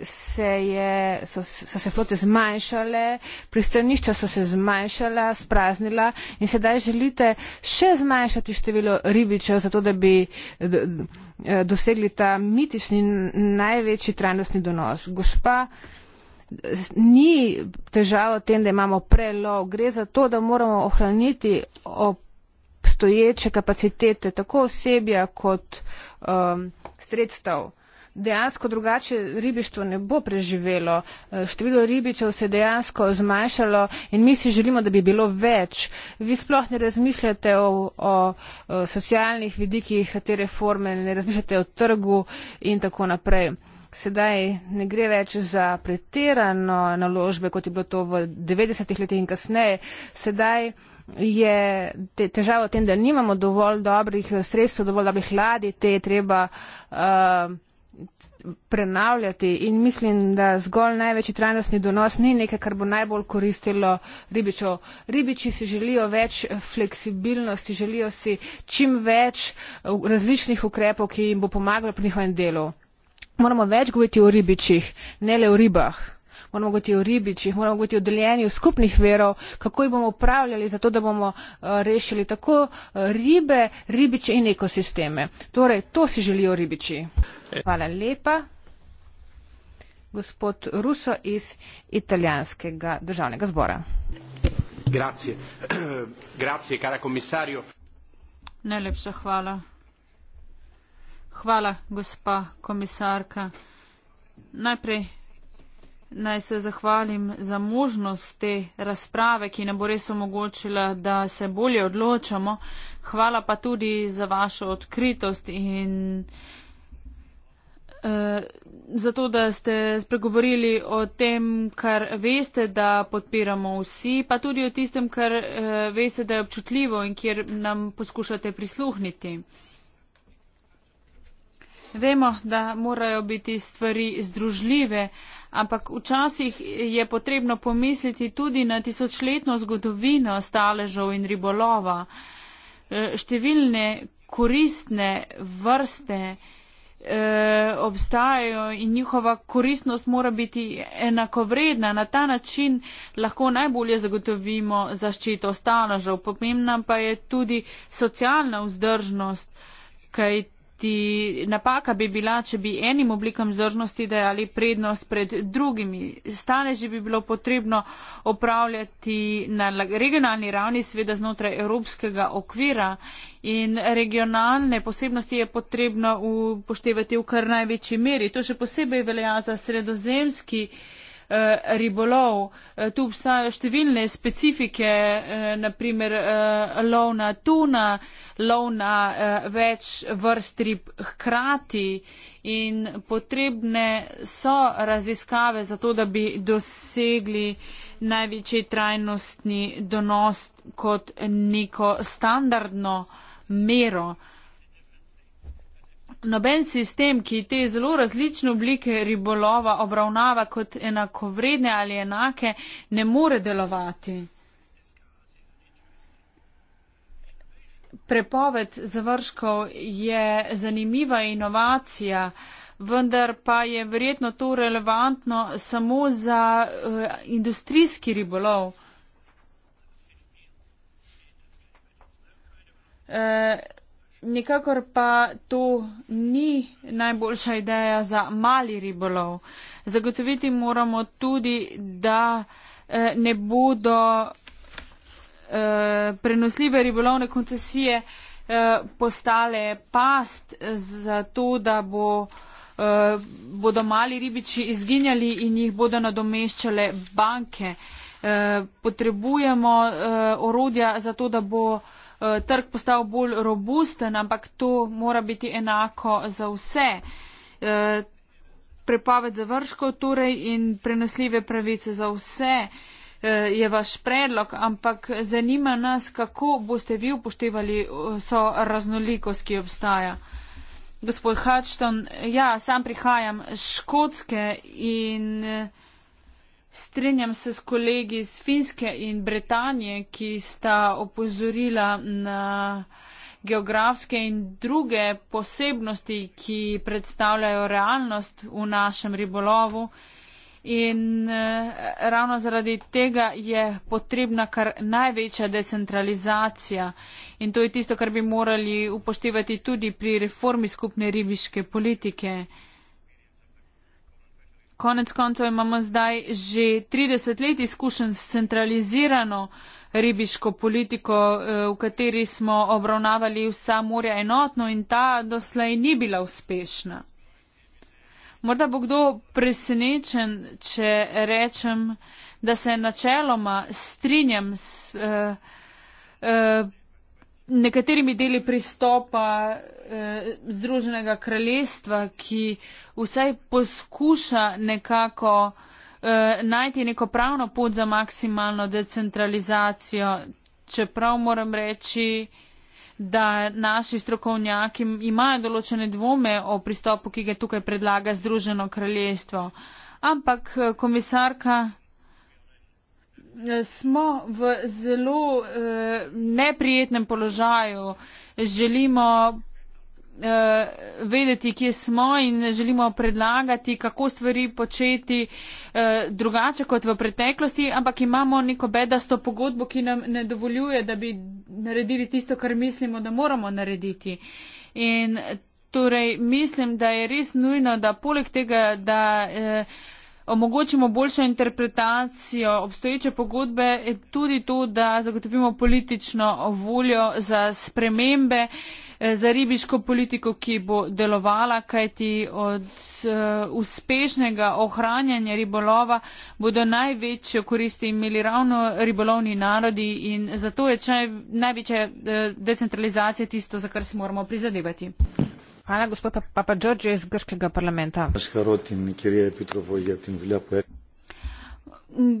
se je, so, so se flote zmanjšale, pristanišča so se zmanjšala, spraznila in sedaj želite še zmanjšati število ribičev, zato da bi dosegli ta mitični največji trajnostni donos. Gospa, ni težava v tem, da imamo prelov, gre za to, da moramo ohraniti obstoječe kapacitete tako osebja kot um, sredstev dejansko drugače ribištvo ne bo preživelo. E, Število ribičev se je dejansko zmanjšalo in mi si želimo, da bi bilo več. Vi sploh ne razmišljate o, o, o socialnih vidikih te reforme, ne razmišljate o trgu in tako naprej. Sedaj ne gre več za pretirano naložbe, kot je bilo to v 90-ih letih in kasneje. Sedaj je te, težava v tem, da nimamo dovolj dobrih sredstev, dovolj dobrih ladij, te je treba. Uh, prenavljati in mislim, da zgolj največji trajnostni donos ni nekaj, kar bo najbolj koristilo ribičev. Ribiči si želijo več fleksibilnosti, želijo si čim več uh, različnih ukrepov, ki jim bo pomagalo pri njihovem delu. Moramo več govoriti o ribičih, ne le o ribah moramo govoriti o ribičih, moramo govoriti o deljenju skupnih verov, kako jih bomo upravljali, zato da bomo eh, rešili tako eh, ribe, ribiče in ekosisteme. Torej, to si želijo ribiči. Hvala lepa. Gospod Ruso iz italijanskega državnega zbora. Grazie. Grazie, cara komisarjo. Najlepša hvala. Hvala, gospa komisarka. Najprej Naj se zahvalim za možnost te razprave, ki nam bo res omogočila, da se bolje odločamo. Hvala pa tudi za vašo odkritost in eh, za to, da ste spregovorili o tem, kar veste, da podpiramo vsi, pa tudi o tistem, kar eh, veste, da je občutljivo in kjer nam poskušate prisluhniti. Vemo, da morajo biti stvari združljive ampak včasih je potrebno pomisliti tudi na tisočletno zgodovino staležev in ribolova. E, številne koristne vrste e, obstajajo in njihova koristnost mora biti enakovredna. Na ta način lahko najbolje zagotovimo zaščito staležev. Pomembna pa je tudi socialna vzdržnost, kaj kajti napaka bi bila, če bi enim oblikam vzdržnosti dajali prednost pred drugimi. Stane že bi bilo potrebno opravljati na regionalni ravni, sveda znotraj evropskega okvira in regionalne posebnosti je potrebno upoštevati v kar največji meri. To še posebej velja za sredozemski. Eh, ribolov. Eh, tu obstajajo številne specifike, naprimer eh, lov na tuna, lov na več vrst rib hkrati in potrebne so raziskave za to, da bi dosegli največji trajnostni donos kot neko standardno mero noben sistem, ki te zelo različne oblike ribolova obravnava kot enakovredne ali enake, ne more delovati. Prepoved završkov je zanimiva inovacija, vendar pa je verjetno to relevantno samo za uh, industrijski ribolov. Uh, nikakor pa to ni najboljša ideja za mali ribolov. Zagotoviti moramo tudi, da eh, ne bodo eh, prenosljive ribolovne koncesije eh, postale past za to, da bo, bodo mali ribiči izginjali in jih bodo nadomeščale banke. Potrebujemo orodja za to, da bo Eh, trg postal bolj robusten, ampak to mora biti enako za vse. Eh, prepoved završkov torej in prenosljive pravice za vse eh, je vaš predlog, ampak zanima nas, kako boste vi upoštevali so raznolikost, ki obstaja. Gospod Hudson, ja, sam prihajam iz Škotske in eh, Strenjam se s kolegi iz Finske in Britanije, ki sta opozorila na geografske in druge posebnosti, ki predstavljajo realnost v našem ribolovu. In eh, ravno zaradi tega je potrebna kar največja decentralizacija. In to je tisto, kar bi morali upoštevati tudi pri reformi skupne ribiške politike konec koncev imamo zdaj že 30 let izkušen s centralizirano ribiško politiko, eh, v kateri smo obravnavali vsa morja enotno in ta doslej ni bila uspešna. Morda bo kdo presenečen, če rečem, da se načeloma strinjam s. Eh, eh, nekaterimi deli pristopa eh, Združenega kraljestva, ki vsaj poskuša nekako eh, najti neko pravno pot za maksimalno decentralizacijo, čeprav moram reči, da naši strokovnjaki imajo določene dvome o pristopu, ki ga tukaj predlaga Združeno kraljestvo. Ampak eh, komisarka smo v zelo uh, neprijetnem položaju, želimo uh, vedeti, kje smo in želimo predlagati, kako stvari početi uh, drugače kot v preteklosti, ampak imamo neko bedasto pogodbo, ki nam ne dovoljuje, da bi naredili tisto, kar mislimo, da moramo narediti. In torej mislim, da je res nujno, da poleg tega, da. Uh, omogočimo boljšo interpretacijo obstoječe pogodbe, eh, tudi to, da zagotovimo politično voljo za spremembe, eh, za ribiško politiko, ki bo delovala, kajti od eh, uspešnega ohranjanja ribolova bodo največjo koristi imeli ravno ribolovni narodi in zato je največja decentralizacija tisto, za kar se moramo prizadevati. Hvala, gospod Papa Đorđe iz Grškega parlamenta.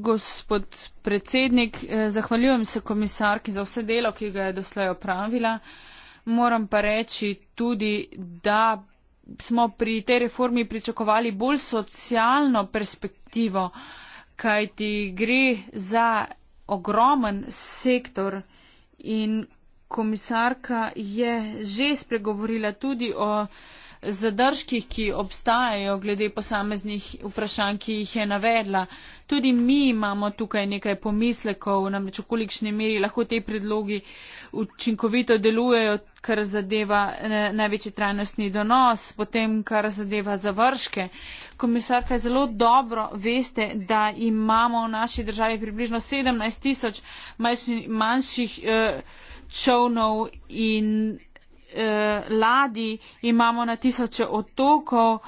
Gospod predsednik, eh, zahvaljujem se komisarki za vse delo, ki ga je doslej opravila. Moram pa reči tudi, da smo pri tej reformi pričakovali bolj socialno perspektivo, kajti gre za ogromen sektor in komisarka je že spregovorila tudi o zadržkih, ki obstajajo glede posameznih vprašanj, ki jih je navedla. Tudi mi imamo tukaj nekaj pomislekov, namreč v kolikšni meri lahko te predlogi učinkovito delujejo, kar zadeva eh, največji trajnostni donos, potem kar zadeva završke. Komisarka, zelo dobro veste, da imamo v naši državi približno 17 tisoč manjših. Eh, čovnov in eh, ladi, imamo na tisoče otokov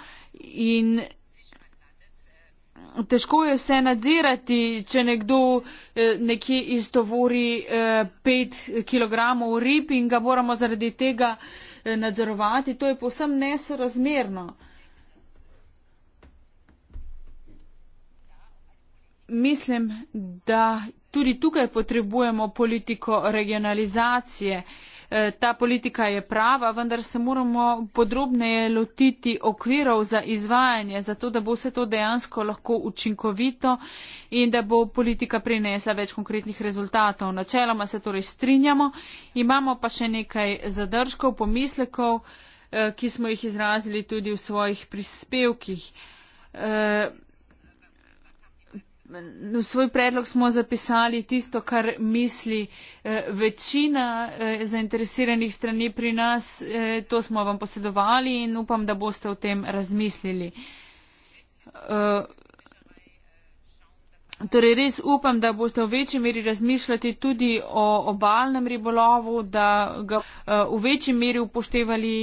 in težko je vse nadzirati, če nekdo eh, nekje iztovori 5 eh, kg rib in ga moramo zaradi tega eh, nadzorovati. To je posem nesorazmerno. Mislim, da tudi tukaj potrebujemo politiko regionalizacije. E, ta politika je prava, vendar se moramo podrobneje lotiti okvirov za izvajanje, zato da bo vse to dejansko lahko učinkovito in da bo politika prinesla več konkretnih rezultatov. Načeloma se torej strinjamo, imamo pa še nekaj zadržkov, pomislekov, e, ki smo jih izrazili tudi v svojih prispevkih. E, v svoj predlog smo zapisali tisto, kar misli eh, večina eh, zainteresiranih strani pri nas. Eh, to smo vam posredovali in upam, da boste o tem razmislili. Eh, torej, res upam, da boste v večji meri razmišljati tudi o obalnem ribolovu, da ga eh, v večji meri upoštevali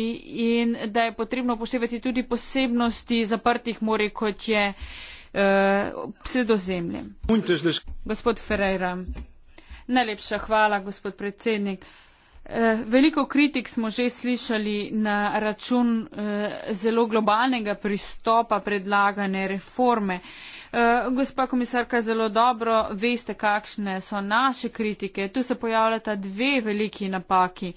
in da je potrebno upoštevati tudi posebnosti zaprtih morij, kot je eh, Eh, sredozemljem. Gospod Ferreira, najlepša hvala, gospod predsednik. Eh, veliko kritik smo že slišali na račun eh, zelo globalnega pristopa predlagane reforme. Gospa komisarka, zelo dobro veste, kakšne so naše kritike. Tu se pojavljata dve veliki napaki.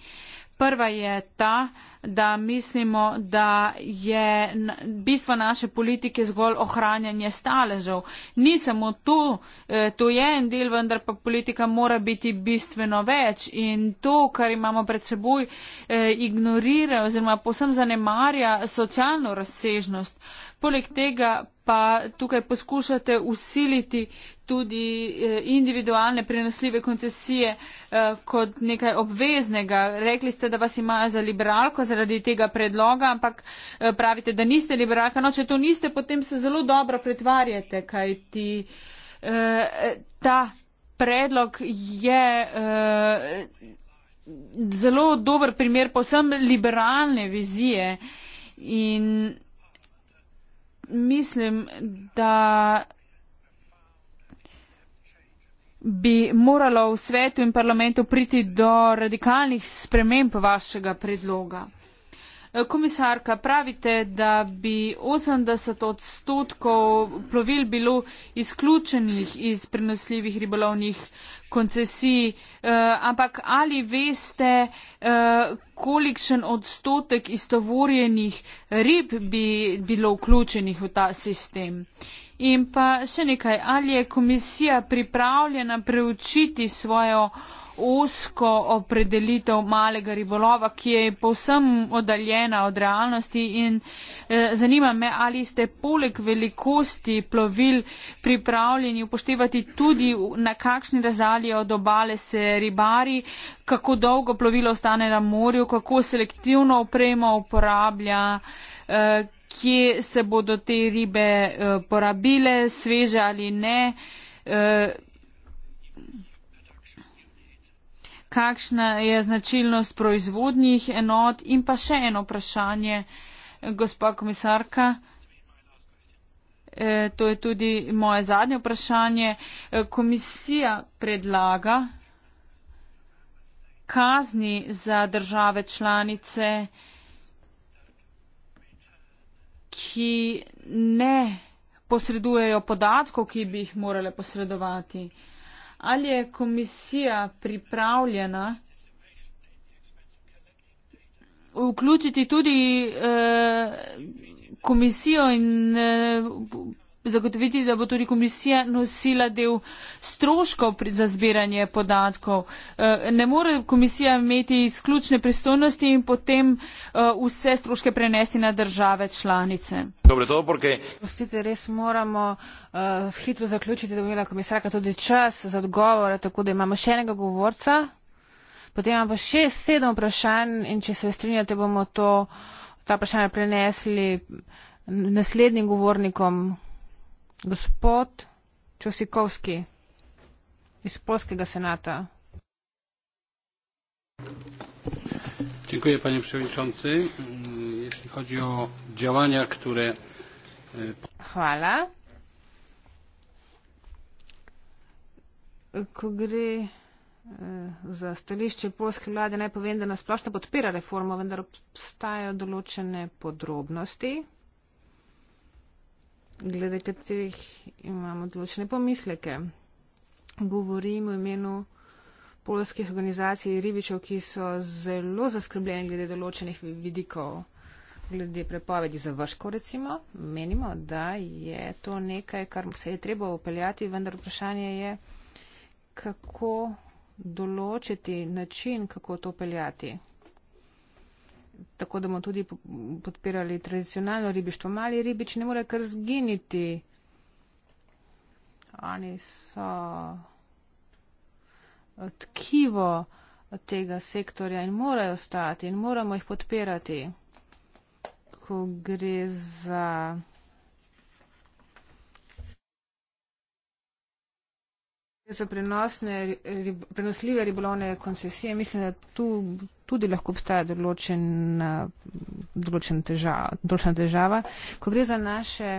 Prva je ta, da mislimo, da je bistvo naše politike zgolj ohranjanje staležev. Ni samo to, e, to je en del, vendar pa politika mora biti bistveno več in to, kar imamo pred seboj, e, ignorira oziroma posem zanemarja socialno razsežnost. Poleg tega pa tukaj poskušate usiliti tudi eh, individualne prenosljive koncesije eh, kot nekaj obveznega. Rekli ste, da vas imajo za liberalko zaradi tega predloga, ampak eh, pravite, da niste liberalka. No, če to niste, potem se zelo dobro pretvarjate, kaj ti ta predlog je. Zelo dober primer posem liberalne vizije in mislim, da bi moralo v svetu in parlamentu priti do radikalnih sprememb vašega predloga. Komisarka, pravite, da bi 80 odstotkov plovil bilo izključenih iz prenosljivih ribolovnih koncesij, eh, ampak ali veste, eh, kolikšen odstotek istovorjenih rib bi bilo vključenih v ta sistem? In pa še nekaj, ali je komisija pripravljena preučiti svojo usko opredelitev malega ribolova, ki je povsem oddaljena od realnosti in e, zanima me, ali ste poleg velikosti plovil pripravljeni upoštevati tudi na kakšni razdalji od obale se ribari, kako dolgo plovilo ostane na morju, kako selektivno opremo uporablja. E, kje se bodo te ribe uh, porabile, sveže ali ne. Uh, kakšna je značilnost proizvodnih enot in pa še eno vprašanje, gospa komisarka. E, to je tudi moje zadnje vprašanje. E, komisija predlaga kazni za države članice, ki ne posredujejo podatkov, ki bi jih morale posredovati. E, ali je komisija pripravljena vključiti tudi eh, komisijo in eh, zagotoviti, da bo tudi komisija nosila del stroškov pri, za zbiranje podatkov. Eh, ne more komisija imeti izključne pristojnosti in potem eh, vse stroške prenesti na države članice. Dobre, to, porque... Prostite, res moramo uh, hitro zaključiti, da bi imela komisarka tudi čas za odgovore, tako da imamo še enega govorca. Potem imamo še sedem vprašanj in če se strinjate, bomo to, ta vprašanja prenesli naslednjim govornikom. Gospod Čosikovski iz Polskega senata. Dziękuję panie przewodniczący. Jeśli chodzi o działania, które... E, Hvala. Ko gre e, za stališče polske vlade, naj povem, da nas splošno podpira reformo, vendar obstajajo določene podrobnosti glede katerih imam odločne pomisleke. Govorim v imenu polskih organizacij ribičev, ki so zelo zaskrbljeni glede določenih vidikov, glede prepovedi za vrško recimo. Menimo, da je to nekaj, kar se je treba upeljati, vendar vprašanje je, kako določiti način, kako to upeljati tako da bomo tudi podpirali tradicionalno ribištvo. Mali ribič ne more kar zginiti. Oni so tkivo tega sektorja in morajo stati in moramo jih podpirati, ko gre za. Za prenosne, rib, prenosljive ribolovne koncesije mislim, da tu tudi lahko obstaja določen, eh, določen težav, določena težava. Ko gre za naše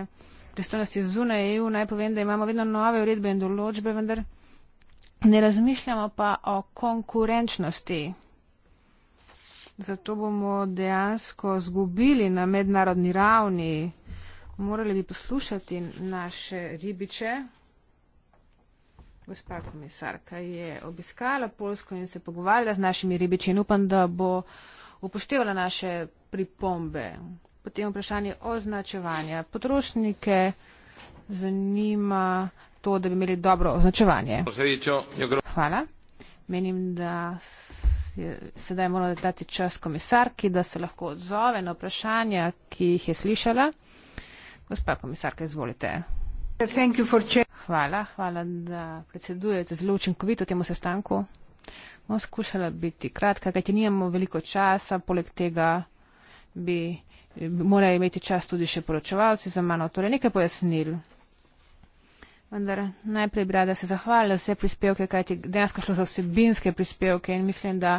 pristojnosti zunaj EU, naj povem, da imamo vedno nove uredbe in določbe, vendar ne razmišljamo pa o konkurenčnosti. Zato bomo dejansko zgubili na mednarodni ravni, morali bi poslušati naše ribiče. Gospa komisarka je obiskala Polsko in se pogovarjala z našimi ribiči in upam, da bo upoštevala naše pripombe. Potem vprašanje označevanja. Potrošnike zanima to, da bi imeli dobro označevanje. Hvala. Menim, da je, sedaj moramo dati čas komisarki, da se lahko odzove na vprašanja, ki jih je slišala. Gospa komisarka, izvolite. Hvala, hvala, da predsedujete zelo učinkovito temu sestanku. Bom skušala biti kratka, kajti nimamo veliko časa, poleg tega bi, bi morali imeti čas tudi še poročevalci za mano. Torej nekaj pojasnil. Vendar najprej bi rada se zahvalila vse prispevke, kajti dejansko šlo za vsebinske prispevke in mislim, da.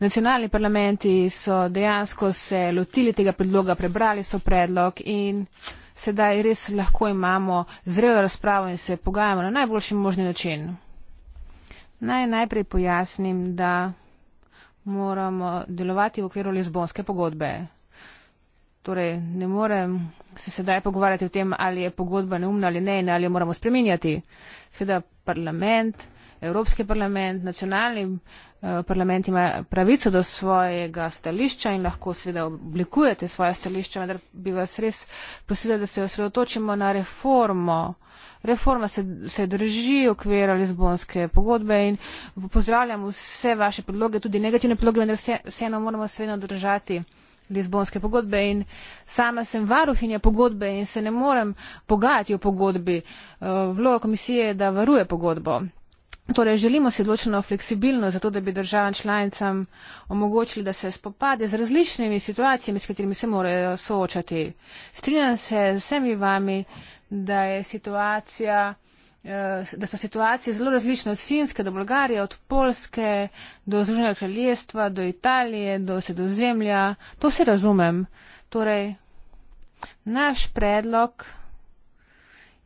Nacionalni parlamenti so dejansko se lotili tega predloga, prebrali so predlog in sedaj res lahko imamo zrelo razpravo in se pogajamo na najboljši možni način. Naj najprej pojasnim, da moramo delovati v okviru Lizbonske pogodbe. Torej, ne morem se sedaj pogovarjati o tem, ali je pogodba neumna ali ne in ali jo moramo spreminjati. Sveda parlament Evropski parlament, nacionalni eh, parlament ima pravico do svojega stališča in lahko seveda oblikujete svoje stališče, vendar bi vas res prosila, da se osredotočimo na reformo. Reforma se, se drži okvira Lizbonske pogodbe in pozdravljam vse vaše predloge, tudi negativne predloge, vendar vseeno moramo se vedno držati. Lizbonske pogodbe in sama sem varuhinja pogodbe in se ne morem pogajati o pogodbi. Eh, vloga komisije je, da varuje pogodbo. Torej, želimo si odločeno fleksibilnost, zato da bi državam članicam omogočili, da se spopade z različnimi situacijami, s katerimi se morajo soočati. Strinjam se z vsemi vami, da, eh, da so situacije zelo različne od Finske do Bolgarije, od Polske do Združenega kraljestva, do Italije, do sredozemlja. To vse razumem. Torej, naš predlog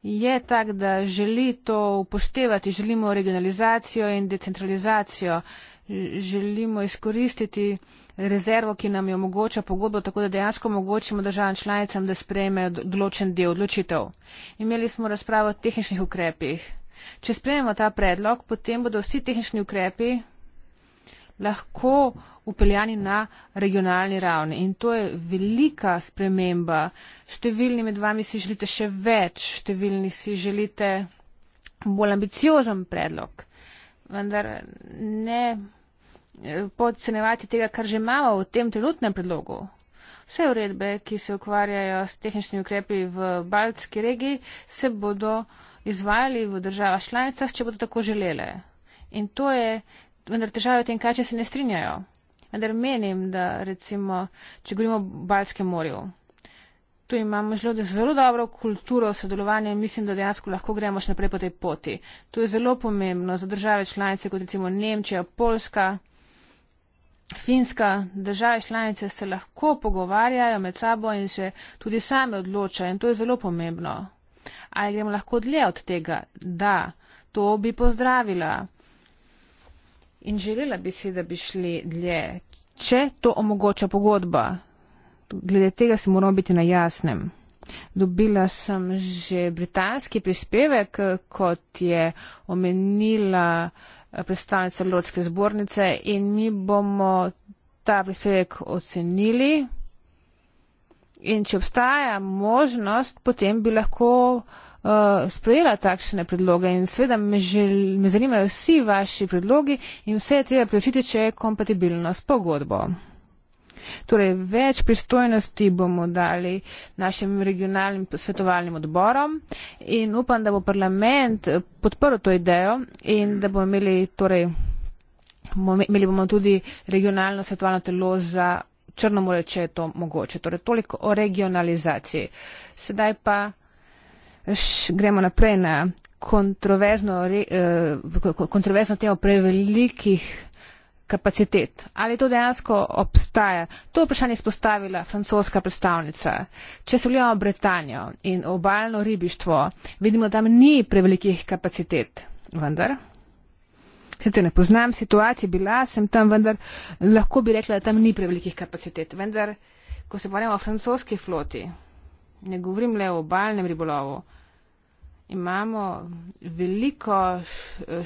je tak, da želi to upoštevati, želimo regionalizacijo in decentralizacijo, želimo izkoristiti rezervo, ki nam jo omogoča pogodbo, tako da dejansko omogočimo državam članicam, da sprejmejo določen del odločitev. Imeli smo razpravo o tehničnih ukrepih. Če sprejmemo ta predlog, potem bodo vsi tehnični ukrepi lahko upeljani na regionalni ravni. In to je velika sprememba. Številni med vami si želite še več, številni si želite bolj ambiciozen predlog. Vendar ne eh, podcenevati tega, kar že imamo v tem trenutnem predlogu. Vse uredbe, ki se ukvarjajo s tehničnimi ukrepi v Baltski regiji, se bodo izvajali v državah članicah, če bodo tako želele. In to je vendar težave v tem, kaj če se ne strinjajo. Vendar menim, da recimo, če govorimo o Balskem morju, tu imamo zelo, zelo dobro kulturo sodelovanja in mislim, da dejansko lahko gremo še naprej po tej poti. To je zelo pomembno za države članice, kot recimo Nemčija, Polska, Finska. Države članice se lahko pogovarjajo med sabo in se tudi same odločajo in to je zelo pomembno. Ali gremo lahko dlje od tega? Da. To bi pozdravila. In želela bi si, da bi šli dlje, če to omogoča pogodba. Glede tega si moramo biti na jasnem. Dobila sem že britanski prispevek, kot je omenila eh, predstavnica Lodske zbornice in mi bomo ta prispevek ocenili. In če obstaja možnost, potem bi lahko uh, uh, sprejela takšne predloge in seveda me, žel, me zanimajo vsi vaši predlogi in vse je treba preučiti, če je kompatibilno s pogodbo. Torej, več pristojnosti bomo dali našim regionalnim svetovalnim odborom in upam, da bo parlament podprl to idejo in da bomo imeli, torej, imeli bomo tudi regionalno svetovalno telo za Črnomore, če je to mogoče. Torej, toliko o regionalizaciji. Sedaj pa gremo naprej na kontroverzno, re, eh, kontroverzno temo prevelikih kapacitet. Ali to dejansko obstaja? To vprašanje je spostavila francoska predstavnica. Če se vljamo Britanijo in obaljno ribištvo, vidimo, da tam ni prevelikih kapacitet. Vendar, sicer ne poznam situacije, bila sem tam, vendar lahko bi rekla, da tam ni prevelikih kapacitet. Vendar, ko se pogovarjamo o francoski floti, ne govorim le o obaljnem ribolovu. Imamo veliko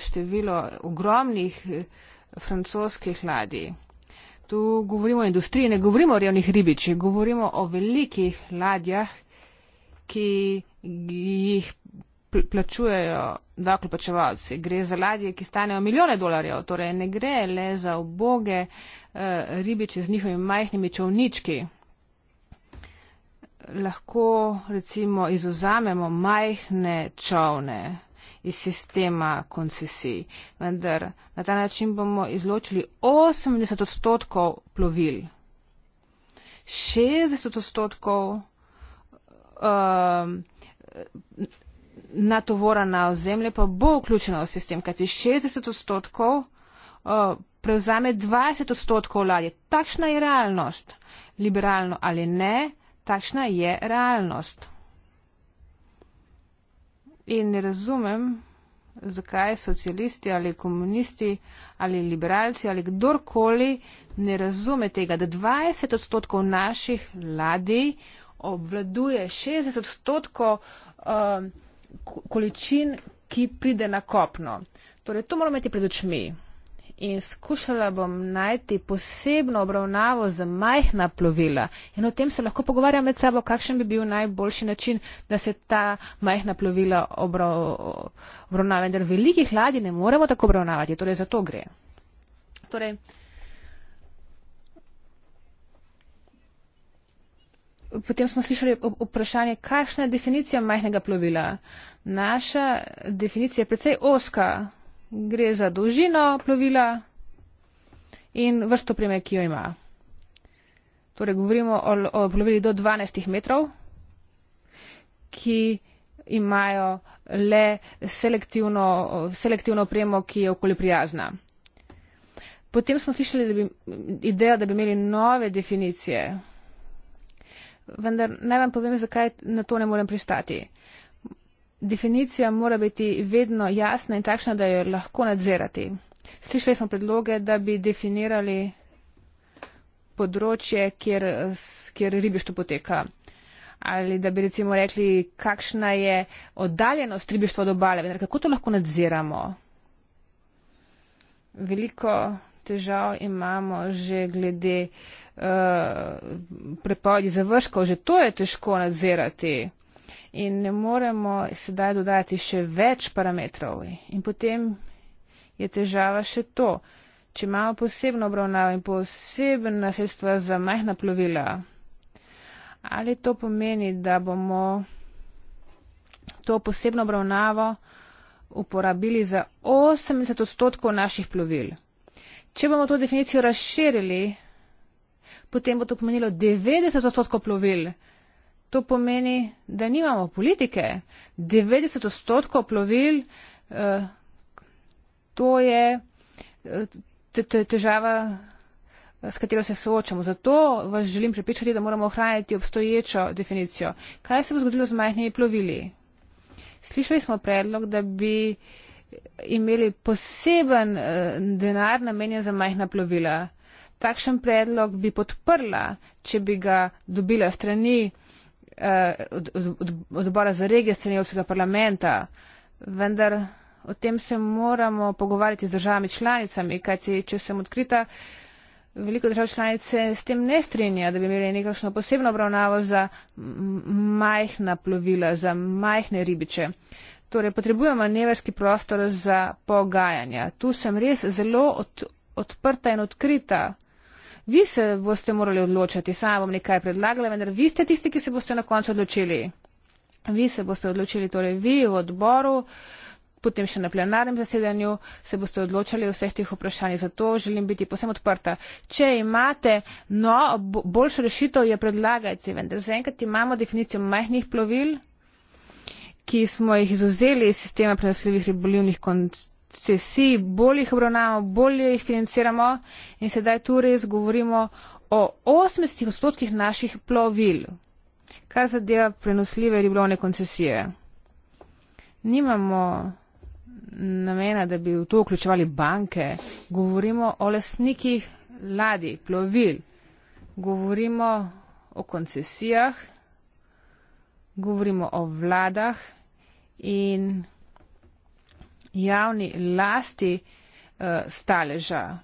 število ogromnih eh, francoskih ladij. Tu govorimo o industriji, ne govorimo o revnih ribičih, govorimo o velikih ladjah, ki jih plačujejo davkoplačevalci. Gre za ladje, ki stanejo milijone dolarjev, torej ne gre le za oboge eh, ribiče z njihovimi majhnimi čovnički lahko recimo izuzamemo majhne čovne iz sistema koncesij, vendar na ta način bomo izločili 80 odstotkov plovil, 60 odstotkov uh, natovora na ozemlje pa bo vključeno v sistem, kajti 60 odstotkov uh, prevzame 20 odstotkov ladje. Takšna je realnost, liberalno ali ne takšna je realnost. In ne razumem, zakaj socialisti ali komunisti ali liberalci ali kdorkoli ne razume tega, da 20 odstotkov naših ladij obvladuje 60 odstotkov uh, količin, ki pride na kopno. Torej, to moramo imeti pred očmi in skušala bom najti posebno obravnavo za majhna plovila. In o tem se lahko pogovarjam med sabo, kakšen bi bil najboljši način, da se ta majhna plovila obravnava. Vendar velikih ladij ne moremo tako obravnavati, torej za to gre. Torej, Potem smo slišali vprašanje, kakšna je definicija majhnega plovila. Naša definicija je precej oska, gre za dolžino plovila in vrsto preme, ki jo ima. Torej, govorimo o, o plovili do 12 metrov, ki imajo le selektivno, selektivno premo, ki je okoli prijazna. Potem smo slišali da bi, idejo, da bi imeli nove definicije. Vendar naj vam povem, zakaj na to ne morem pristati definicija mora biti vedno jasna in takšna, da jo lahko nadzirati. Slišali smo predloge, da bi definirali področje, kjer, kjer ribištvo poteka. Ali da bi recimo rekli, kakšna je oddaljenost ribištva od obale, vendar kako to lahko nadziramo. Veliko težav imamo že glede uh, prepovedi završkov, že to je težko nadzirati in ne moremo sedaj dodati še več parametrov. In potem je težava še to, če imamo posebno obravnavo in posebna sredstva za majhna plovila, ali to pomeni, da bomo to posebno obravnavo uporabili za 80 odstotkov naših plovil. Če bomo to definicijo razširili, potem bo to pomenilo 90 odstotkov plovil to pomeni, da nimamo politike. 90 odstotkov plovil, eh, to je eh, težava, eh, s katero se soočamo. Zato vas želim prepričati, da moramo ohraniti obstoječo definicijo. Kaj se bo zgodilo z majhnimi plovili? Slišali smo predlog, da bi imeli poseben denar namenjen za majhna plovila. Takšen predlog bi podprla, če bi ga dobila strani Eh, od, od, od odbora za regije, strani Evropskega parlamenta, vendar o tem se moramo pogovarjati z državami članicami, kajti če sem odkrita, veliko držav članice s tem ne strinja, da bi imeli nekakšno posebno obravnavo za majhna plovila, za majhne ribiče. Torej, potrebujemo neverski prostor za pogajanja. Tu sem res zelo od, odprta in odkrita, vi se boste morali odločiti, sama vam nekaj predlagala, vendar vi ste tisti, ki se boste na koncu odločili. Vi se boste odločili, torej vi v odboru, potem še na plenarnem zasedanju, se boste odločili vseh tih vprašanj. Zato želim biti posebno odprta. Če imate, no, boljšo rešitev je predlagajci, vendar zaenkrat imamo definicijo majhnih plovil, ki smo jih izuzeli iz sistema prenosljivih ribolivnih koncentracij če si bolj jih obravnavamo, bolje jih financiramo in sedaj tu res govorimo o 80 odstotkih naših plovil, kar zadeva prenosljive ribolovne koncesije. Nimamo namena, da bi v to vključevali banke, govorimo o lasnikih ladi, plovil, govorimo o koncesijah, govorimo o vladah in javni lasti eh, staleža.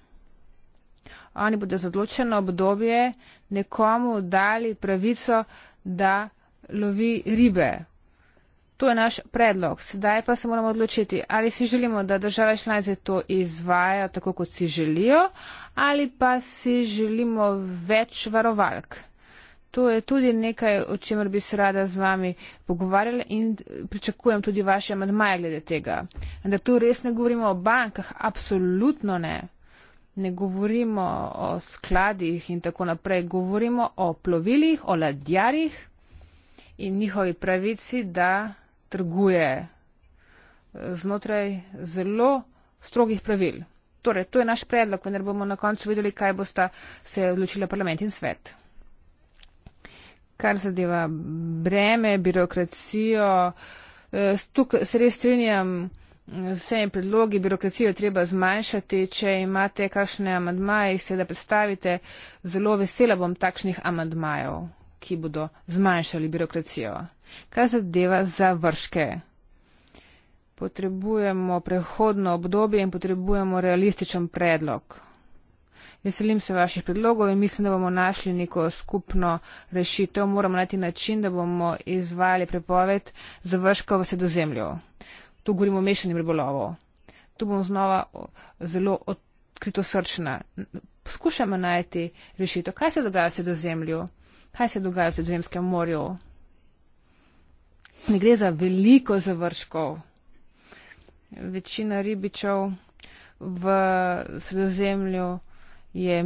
Oni bodo za odločeno obdobje nekomu dali pravico, da lovi ribe. To je naš predlog. Sedaj pa se moramo odločiti, ali si želimo, da države članice to izvajajo tako, kot si želijo, ali pa si želimo več varovalk. To je tudi nekaj, o čemer bi se rada z vami pogovarjala in pričakujem tudi vaše amadmaje glede tega. Da tu res ne govorimo o bankah, absolutno ne. Ne govorimo o skladih in tako naprej. Govorimo o plovilih, o ladjarjih in njihovi pravici, da trguje znotraj zelo strogih pravil. Torej, to je naš predlog, vendar bomo na koncu videli, kaj bosta se odločila parlament in svet kar zadeva breme, birokracijo, eh, tukaj se res strinjam z eh, vsemi predlogi, birokracijo treba zmanjšati, če imate kakšne amadmaje, jih seveda predstavite, zelo vesela bom takšnih amadmajev, ki bodo zmanjšali birokracijo. Kar zadeva za vrške. Potrebujemo prehodno obdobje in potrebujemo realističen predlog. Veselim se vaših predlogov in mislim, da bomo našli neko skupno rešitev. Moramo najti način, da bomo izvajali prepoved završka v sredozemlju. Tu govorimo o mešanju ribolovov. Tu bom znova zelo odkrito srčna. Poskušamo najti rešitev. Kaj se dogaja v sredozemlju? Kaj se dogaja v sredozemskem morju? Ne gre za veliko završkov. Večina ribičev v sredozemlju je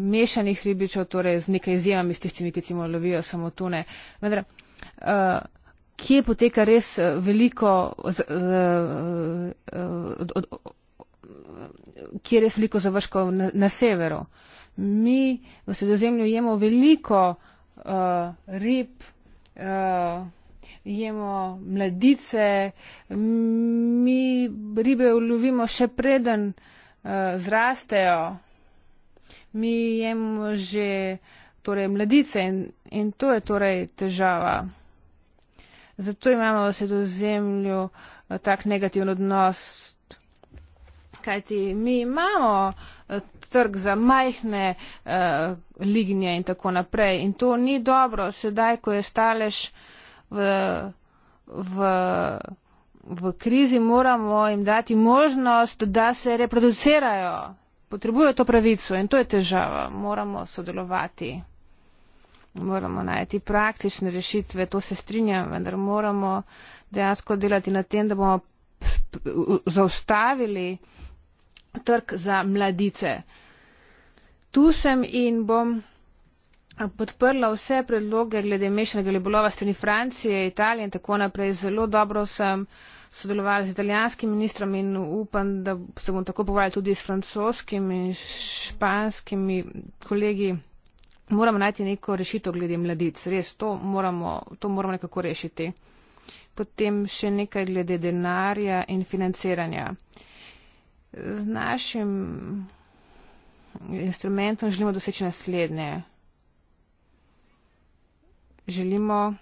mešanih ribičev, torej z nekaj izjemami s tistimi, ki cimo lovijo samo tune. Vendar, uh, kje poteka res eh, veliko, uh, uh, uh, uh, uh, uh, veliko završkov na, na severu? Mi v sredozemlju jemo veliko uh, rib, uh, jemo mladice, mi ribe lovimo še preden uh, zrastejo mi jemo že torej, mladice in, in to je torej težava. Zato imamo v sredozemlju eh, tak negativen odnos, kajti mi imamo eh, trg za majhne uh, lignje in tako naprej. In to ni dobro, sedaj, ko je stalež v, v, v krizi, moramo jim dati možnost, da se reproducirajo potrebujejo to pravico in to je težava. Moramo sodelovati, moramo najti praktične rešitve, to se strinjam, vendar moramo dejansko delati na tem, da bomo zaustavili trg za mladice. Tu sem in bom podprla vse predloge glede mešanega ribolova strani Francije, Italije in tako naprej. Zelo dobro sem sodelovala z italijanskim ministrom in upam, da se bom tako povajala tudi s francoskimi in španskimi kolegi. Moramo najti neko rešitev glede mladic. Res, to moramo, to moramo nekako rešiti. Potem še nekaj glede denarja in financiranja. Z našim instrumentom želimo doseči naslednje želimo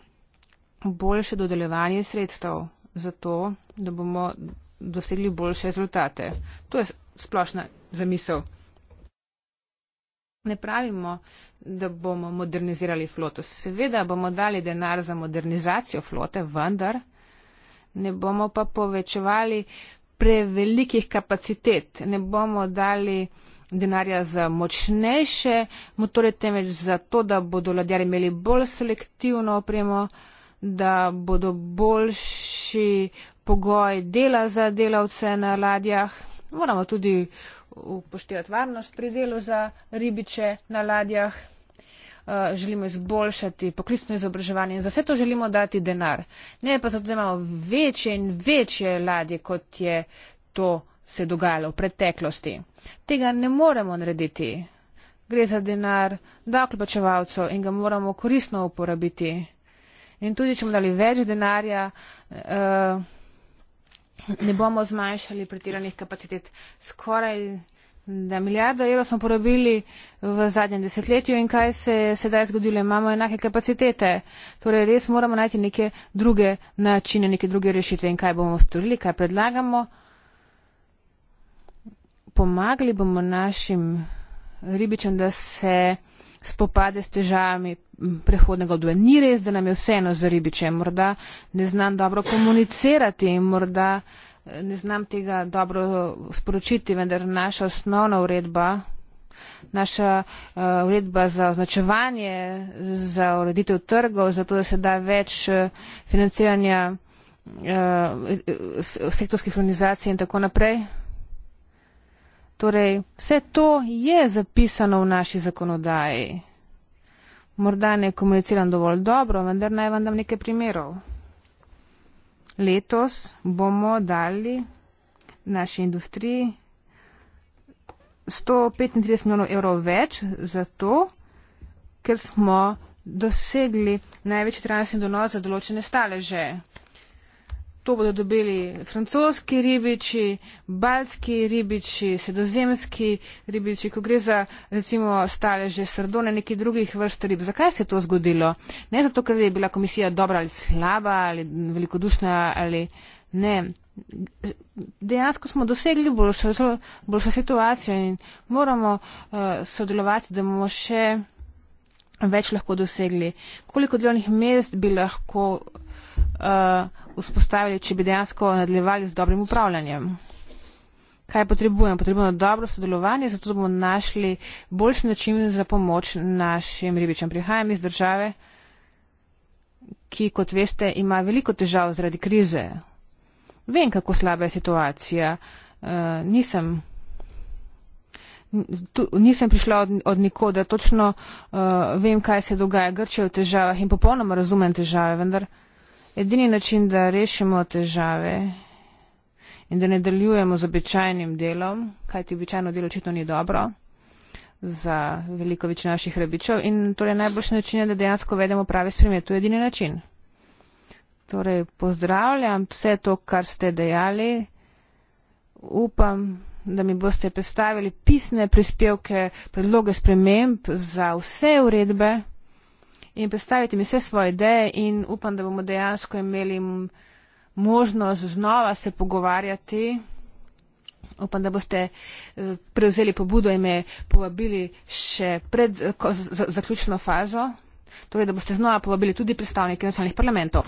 boljše dodeljevanje sredstev za to, da bomo dosegli boljše rezultate. To je splošna zamisel. Ne pravimo, da bomo modernizirali floto. Seveda bomo dali denar za modernizacijo flote, vendar ne bomo pa povečevali prevelikih kapacitet. Ne bomo dali denarja za močnejše motore, temveč za to, da bodo ladjari imeli bolj selektivno opremo, da bodo boljši pogoj dela za delavce na ladjah. Moramo tudi upoštevati varnost pri delu za ribiče na ladjah. Uh, želimo izboljšati poklicno izobraževanje in za vse to želimo dati denar. Ne pa zato, da imamo večje in večje ladje, kot je to se je dogajalo v preteklosti. Tega ne moremo narediti. Gre za denar davkoplačevalcev in ga moramo koristno uporabiti. In tudi, če bomo dali več denarja, eh, ne bomo zmanjšali pretiranih kapacitet. Skoraj da milijardo evrov smo porabili v zadnjem desetletju in kaj se je sedaj zgodilo, imamo enake kapacitete. Torej, res moramo najti neke druge načine, neke druge rešitve in kaj bomo storili, kaj predlagamo pomagali bomo našim ribičem, da se spopade s težavami prehodnega obdobja. Ni res, da nam je vseeno za ribiče. Morda ne znam dobro komunicirati in morda eh, ne znam tega dobro sporočiti, vendar naša osnovna uredba, naša uh, uredba za označevanje, za ureditev trgov, za to, da se da več eh, financiranja uh, sektorskih organizacij in tako naprej. Torej, vse to je zapisano v naši zakonodaji. Morda ne komuniciram dovolj dobro, vendar naj vam dam nekaj primerov. Letos bomo dali naši industriji 135 milijonov evrov več za to, ker smo dosegli največji trajnostni donos za določene staleže. To bodo dobili francoski ribiči, baltski ribiči, sedozemski ribiči, ko gre za recimo staleže srdone, nekih drugih vrst rib. Zakaj se je to zgodilo? Ne zato, ker je bila komisija dobra ali slaba ali velikodušna ali ne. Dejansko smo dosegli boljšo situacijo in moramo uh, sodelovati, da bomo še več lahko dosegli. Koliko delovnih mest bi lahko. Uh, vzpostavili, če bi dejansko nadaljevali z dobrim upravljanjem. Kaj potrebujemo? Potrebujemo dobro sodelovanje, zato da bomo našli boljši način za pomoč našim ribičem. Prihajam iz države, ki, kot veste, ima veliko težav zaradi krize. Vem, kako slaba je situacija. Eh, nisem, tu, nisem prišla od, od nikoda, točno eh, vem, kaj se dogaja. Grčijo v težavah in popolnoma razumem težave, vendar. Edini način, da rešimo težave in da ne delujemo z običajnim delom, kajti običajno delo očitno ni dobro za veliko več naših rebičev in torej najboljši način je, da dejansko vedemo prave spremembe. To je edini način. Torej, pozdravljam vse to, kar ste dejali. Upam, da mi boste predstavili pisne prispevke, predloge sprememb za vse uredbe in predstavite mi vse svoje ideje in upam, da bomo dejansko imeli možnost znova se pogovarjati. Upam, da boste eh, prevzeli pobudo in me povabili še pred eh, zaključno fazo. Torej, da boste znova povabili tudi predstavnike nacionalnih parlamentov.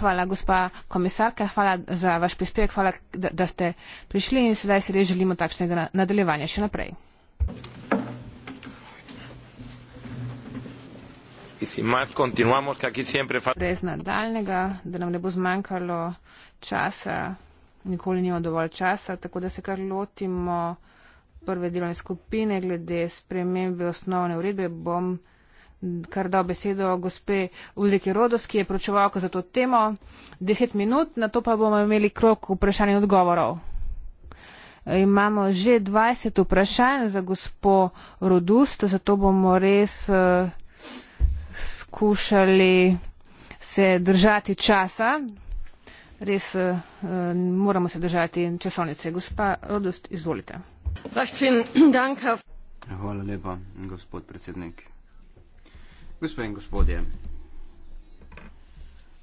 Hvala, gospa komisarka, hvala za vaš prispevek, hvala, da, da ste prišli in sedaj si res želimo takšnega nadaljevanja še naprej. In sin más, continuamos, que aquí siempre falta. Brez nadaljnega, da nam ne bo zmanjkalo časa, nikoli nimamo dovolj časa, tako da se kar lotimo prve delovne skupine glede spremembe osnovne uredbe. Bom kar dal besedo gospe Ulrike Rodos, ki je pročevalka za to temo. Deset minut, na to pa bomo imeli krok vprašanj in odgovorov. Imamo že 20 vprašanj za gospo Rodust, zato bomo res. Uh, skušali se držati časa. Res uh, moramo se držati časovnice. Gospa Rodost, izvolite. Hvala lepa, gospod predsednik. Gospod in gospodje,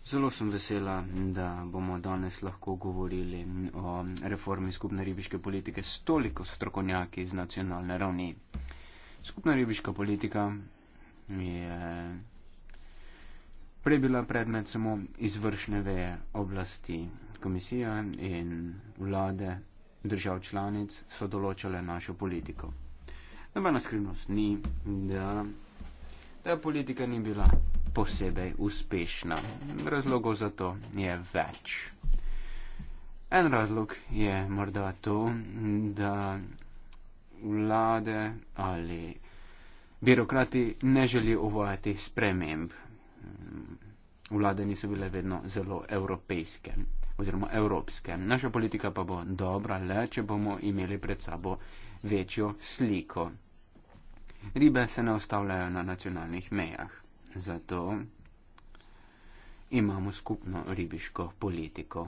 zelo sem vesela, da bomo danes lahko govorili o reformi skupne ribiške politike s toliko strokovnjaki z nacionalne ravni. Skupna ribiška politika je prej bila predmet samo izvršne veje oblasti. Komisija in vlade držav članic so določale našo politiko. Nobena skrivnost ni, da ta politika ni bila posebej uspešna. Razlogov za to je več. En razlog je morda to, da vlade ali birokrati ne želijo uvajati sprememb vlade niso bile vedno zelo evropejske oziroma evropske. Naša politika pa bo dobra le, če bomo imeli pred sabo večjo sliko. Ribe se ne ostavljajo na nacionalnih mejah, zato imamo skupno ribiško politiko.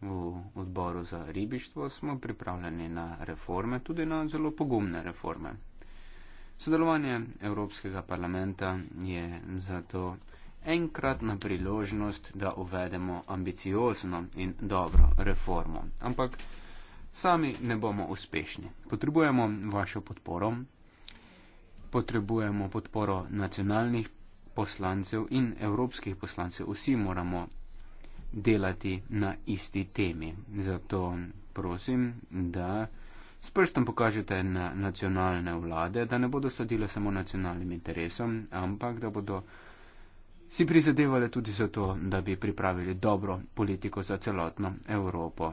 V odboru za ribištvo smo pripravljeni na reforme, tudi na zelo pogumne reforme. Sodelovanje Evropskega parlamenta je zato enkratna priložnost, da uvedemo ambiciozno in dobro reformo. Ampak sami ne bomo uspešni. Potrebujemo vašo podporo, potrebujemo podporo nacionalnih poslancev in evropskih poslancev. Vsi moramo delati na isti temi. Zato prosim, da. S prstom pokažete na nacionalne vlade, da ne bodo sledile samo nacionalnim interesom, ampak da bodo si prizadevali tudi za to, da bi pripravili dobro politiko za celotno Evropo.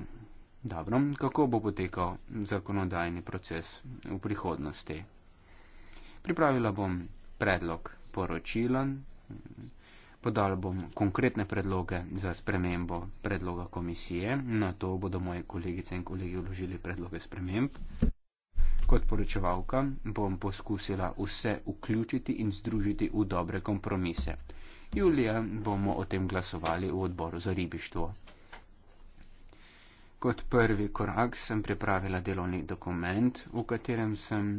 Dobro, kako bo potekal zakonodajni proces v prihodnosti? Pripravila bom predlog poročila, Podal bom konkretne predloge za spremembo predloga komisije, na to bodo moje kolegice in kolegi vložili predloge sprememb. Kot poročevalka bom poskusila vse vključiti in združiti v dobre kompromise. Julija bomo o tem glasovali v odboru za ribištvo. Kot prvi korak sem pripravila delovni dokument, v katerem sem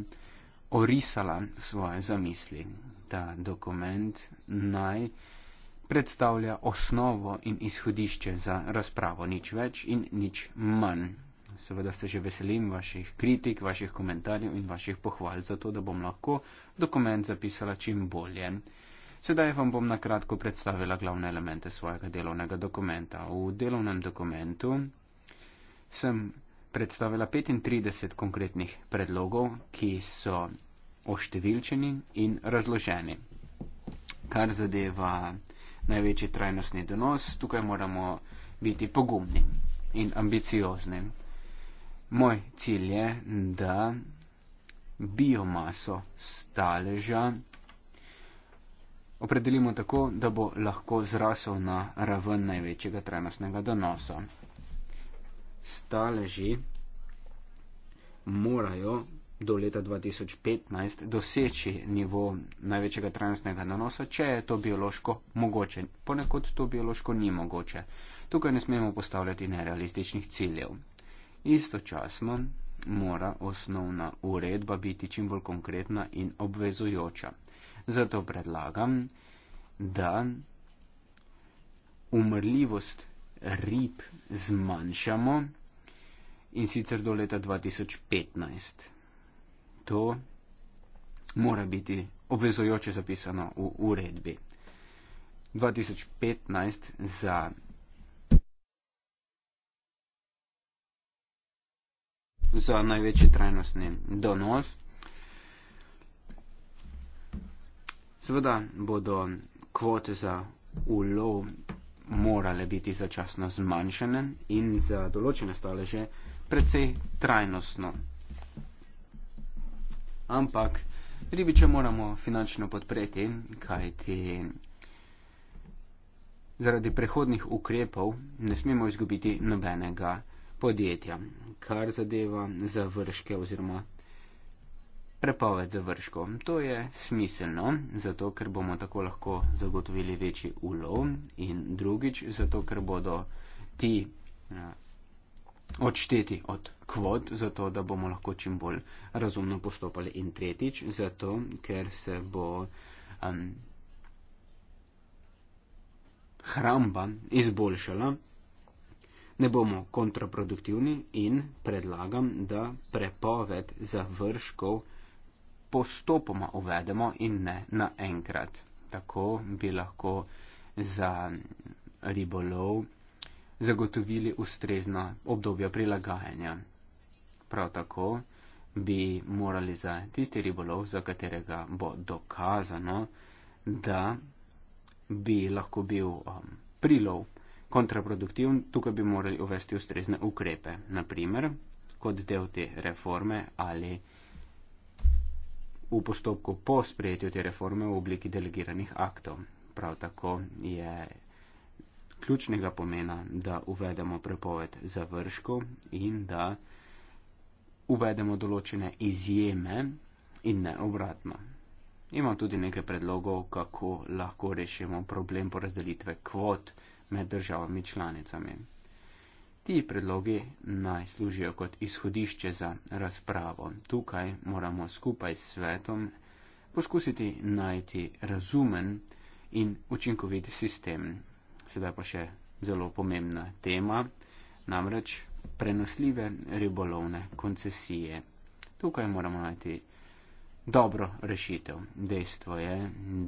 orisala svoje zamisli. Ta dokument naj predstavlja osnovo in izhodišče za razpravo, nič več in nič manj. Seveda se že veselim vaših kritik, vaših komentarjev in vaših pohval za to, da bom lahko dokument zapisala čim bolje. Sedaj vam bom na kratko predstavila glavne elemente svojega delovnega dokumenta. V delovnem dokumentu sem predstavila 35 konkretnih predlogov, ki so oštevilčeni in razloženi. Kar zadeva največji trajnostni donos, tukaj moramo biti pogumni in ambiciozni. Moj cilj je, da biomaso staleža opredelimo tako, da bo lahko zrasel na raven največjega trajnostnega donosa. Staleži morajo do leta 2015 doseči nivo največjega trajnostnega nanosa, če je to biološko mogoče. Ponekod to biološko ni mogoče. Tukaj ne smemo postavljati nerealističnih ciljev. Istočasno mora osnovna uredba biti čim bolj konkretna in obvezujoča. Zato predlagam, da umrljivost rib zmanjšamo in sicer do leta 2015 to mora biti obvezojoče zapisano v uredbi. 2015 za za največji trajnostni donos. Seveda bodo kvote za ulov morale biti začasno zmanjšene in za določene staleže precej trajnostno ampak ribiče moramo finančno podpreti, kajti zaradi prehodnih ukrepov ne smemo izgubiti nobenega podjetja, kar zadeva završke oziroma prepoved završkov. To je smiselno, zato ker bomo tako lahko zagotovili večji ulov in drugič, zato ker bodo ti. Eh, odšteti od kvot, zato da bomo lahko čim bolj razumno postopali in tretjič, zato ker se bo um, hramba izboljšala, ne bomo kontraproduktivni in predlagam, da prepoved završkov postopoma uvedemo in ne naenkrat. Tako bi lahko za ribolov zagotovili ustrezno obdobje prilagajanja. Prav tako bi morali za tisti ribolov, za katerega bo dokazano, da bi lahko bil um, prilov kontraproduktiven, tukaj bi morali uvesti ustrezne ukrepe, naprimer kot del te reforme ali v postopku po sprejetju te reforme v obliki delegiranih aktov. Prav tako je ključnega pomena, da uvedemo prepoved završkov in da uvedemo določene izjeme in ne obratno. Imam tudi nekaj predlogov, kako lahko rešimo problem porazdelitve kvot med državami članicami. Ti predlogi naj služijo kot izhodišče za razpravo. Tukaj moramo skupaj s svetom poskusiti najti razumen in učinkovit sistem, sedaj pa še zelo pomembna tema, namreč prenosljive ribolovne koncesije. Tukaj moramo najti dobro rešitev. Dejstvo je,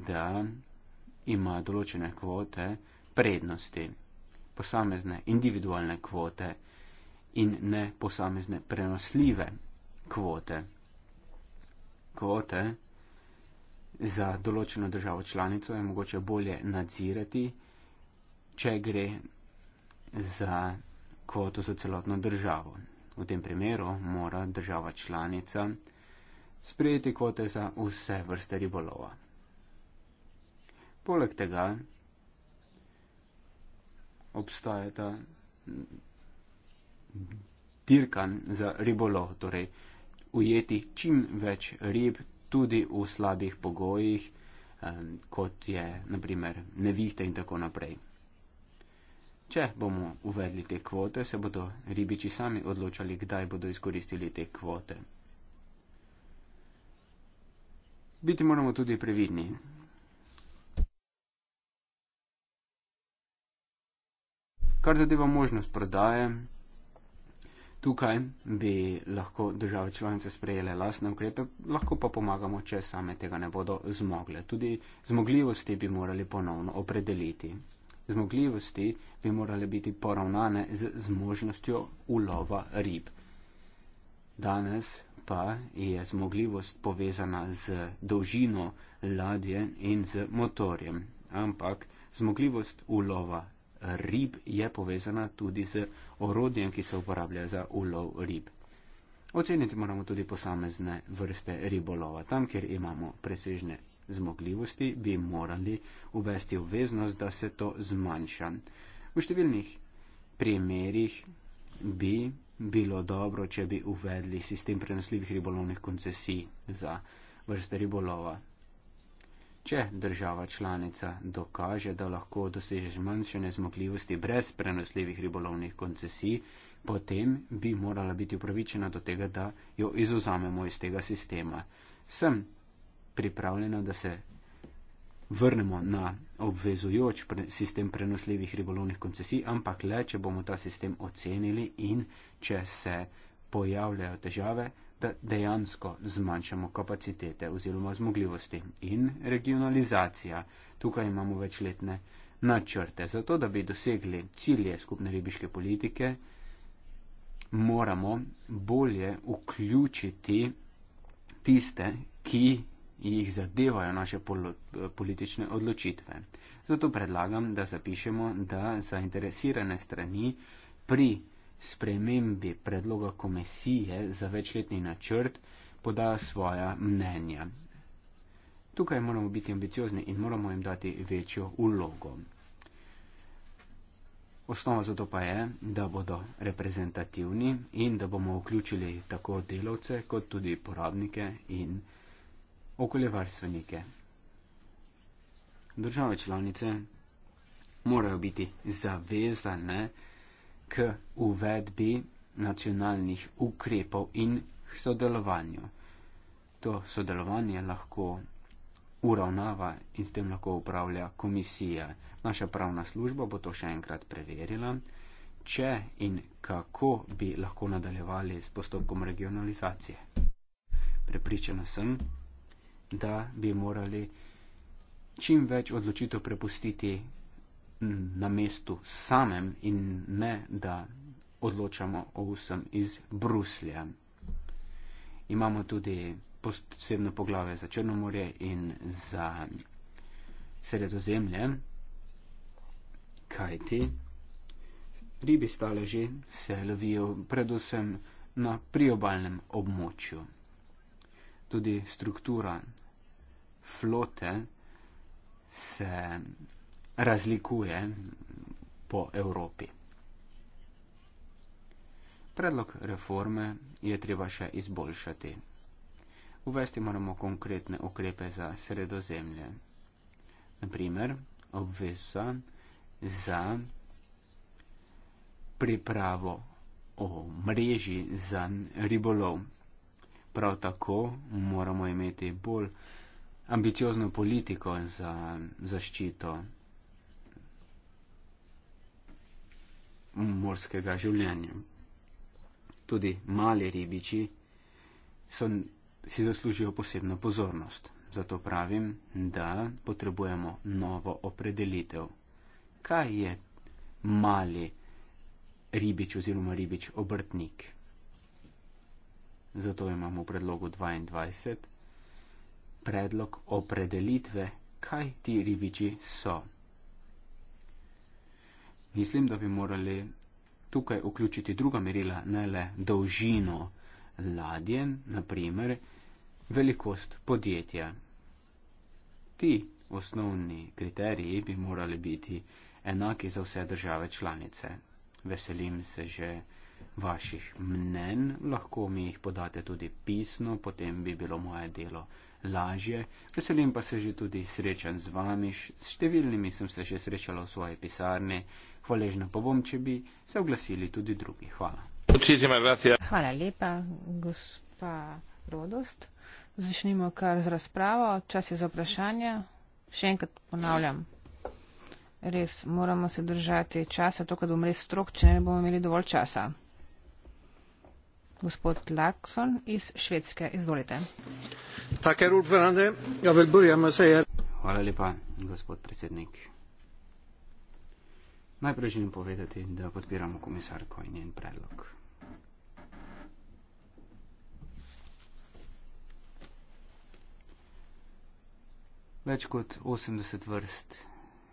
da ima določene kvote prednosti, posamezne individualne kvote in ne posamezne prenosljive kvote. Kvote za določeno državo članico je mogoče bolje nadzirati, če gre za kvoto za celotno državo. V tem primeru mora država članica sprejeti kvote za vse vrste ribolova. Poleg tega obstajata dirkan za ribolov, torej ujeti čim več rib tudi v slabih pogojih, eh, kot je naprimer nevihte in tako naprej. Če bomo uvedli te kvote, se bodo ribiči sami odločali, kdaj bodo izkoristili te kvote. Biti moramo tudi previdni. Kar zadeva možnost prodaje, tukaj bi lahko države članice sprejele lasne ukrepe, lahko pa pomagamo, če same tega ne bodo zmogle. Tudi zmogljivosti bi morali ponovno opredeliti zmogljivosti bi morale biti poravnane z zmožnostjo ulova rib. Danes pa je zmogljivost povezana z dolžino ladje in z motorjem, ampak zmogljivost ulova rib je povezana tudi z orodjem, ki se uporablja za ulov rib. Oceniti moramo tudi posamezne vrste ribolova. Tam, kjer imamo presežne zmogljivosti, bi morali uvesti obveznost, da se to zmanjša. V številnih primerjih bi bilo dobro, če bi uvedli sistem prenosljivih ribolovnih koncesij za vrste ribolova. Če država članica dokaže, da lahko doseže zmanjšanje zmogljivosti brez prenosljivih ribolovnih koncesij, potem bi morala biti upravičena do tega, da jo izuzamemo iz tega sistema. Sem pripravljeno, da se vrnemo na obvezujoč sistem prenosljivih ribolovnih koncesij, ampak le, če bomo ta sistem ocenili in če se pojavljajo težave, da dejansko zmanjšamo kapacitete oziroma zmogljivosti. In regionalizacija. Tukaj imamo večletne načrte. Zato, da bi dosegli cilje skupne ribiške politike, moramo bolje vključiti tiste, ki jih zadevajo naše politične odločitve. Zato predlagam, da zapišemo, da zainteresirane strani pri spremembi predloga komisije za večletni načrt podajo svoja mnenja. Tukaj moramo biti ambiciozni in moramo jim dati večjo ulogo. Osnova za to pa je, da bodo reprezentativni in da bomo vključili tako delavce kot tudi porabnike in delavce okoljevarstvenike. Države članice morajo biti zavezane k uvedbi nacionalnih ukrepov in k sodelovanju. To sodelovanje lahko uravnava in s tem lahko upravlja komisija. Naša pravna služba bo to še enkrat preverila, če in kako bi lahko nadaljevali s postopkom regionalizacije. Prepričana sem, da bi morali čim več odločitev prepustiti na mestu samem in ne, da odločamo o vsem iz Bruslja. Imamo tudi posebno poglave za Črnomorje in za sredozemlje, kaj ti ribi staleži se lovijo predvsem na priobalnem območju tudi struktura flote se razlikuje po Evropi. Predlog reforme je treba še izboljšati. Uvesti moramo konkretne ukrepe za sredozemlje. Naprimer, obveza za pripravo o mreži za ribolov, Prav tako moramo imeti bolj ambiciozno politiko za zaščito morskega življenja. Tudi mali ribiči so, si zaslužijo posebno pozornost. Zato pravim, da potrebujemo novo opredelitev. Kaj je mali ribič oziroma ribič obrtnik? zato imamo v predlogu 22 predlog opredelitve, kaj ti ribiči so. Mislim, da bi morali tukaj vključiti druga merila, ne le dolžino ladje, naprimer velikost podjetja. Ti osnovni kriteriji bi morali biti enaki za vse države članice. Veselim se že vaših mnen, lahko mi jih podate tudi pisno, potem bi bilo moje delo lažje. Veselim pa se že tudi srečen z vami, s številnimi sem se že srečala v svoji pisarni, hvaležna pa bom, če bi se oglasili tudi drugi. Hvala. Hvala lepa, gospa Rodost. Začnimo kar z razpravo. Čas je za vprašanje. Še enkrat ponavljam. Res moramo se držati časa, to, kad bom res strok, če ne bomo imeli dovolj časa. Gospod Laxon iz Švedske, izvolite. Ja, Hvala lepa, gospod predsednik. Najprej želim povedati, da podpiramo komisarko in njen predlog. Več kot 80 vrst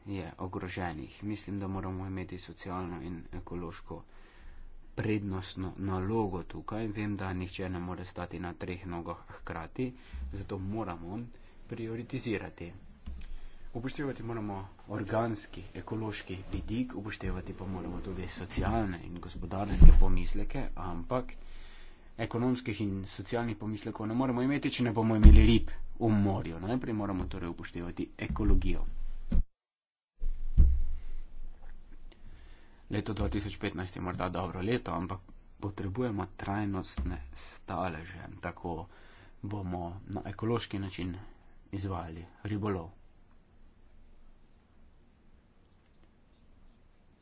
je ogroženih. Mislim, da moramo imeti socialno in ekološko vrst prednostno nalogo tukaj. Vem, da nihče ne more stati na treh nogah hkrati, zato moramo prioritizirati. Upoštevati moramo organski, ekološki vidik, upoštevati pa moramo tudi socialne in gospodarske pomisleke, ampak ekonomskih in socialnih pomislekov ne moremo imeti, če ne bomo imeli rib v morju. Najprej moramo torej upoštevati ekologijo. leto 2015 je morda dobro leto, ampak potrebujemo trajnostne staleže, tako bomo na ekološki način izvajali ribolov.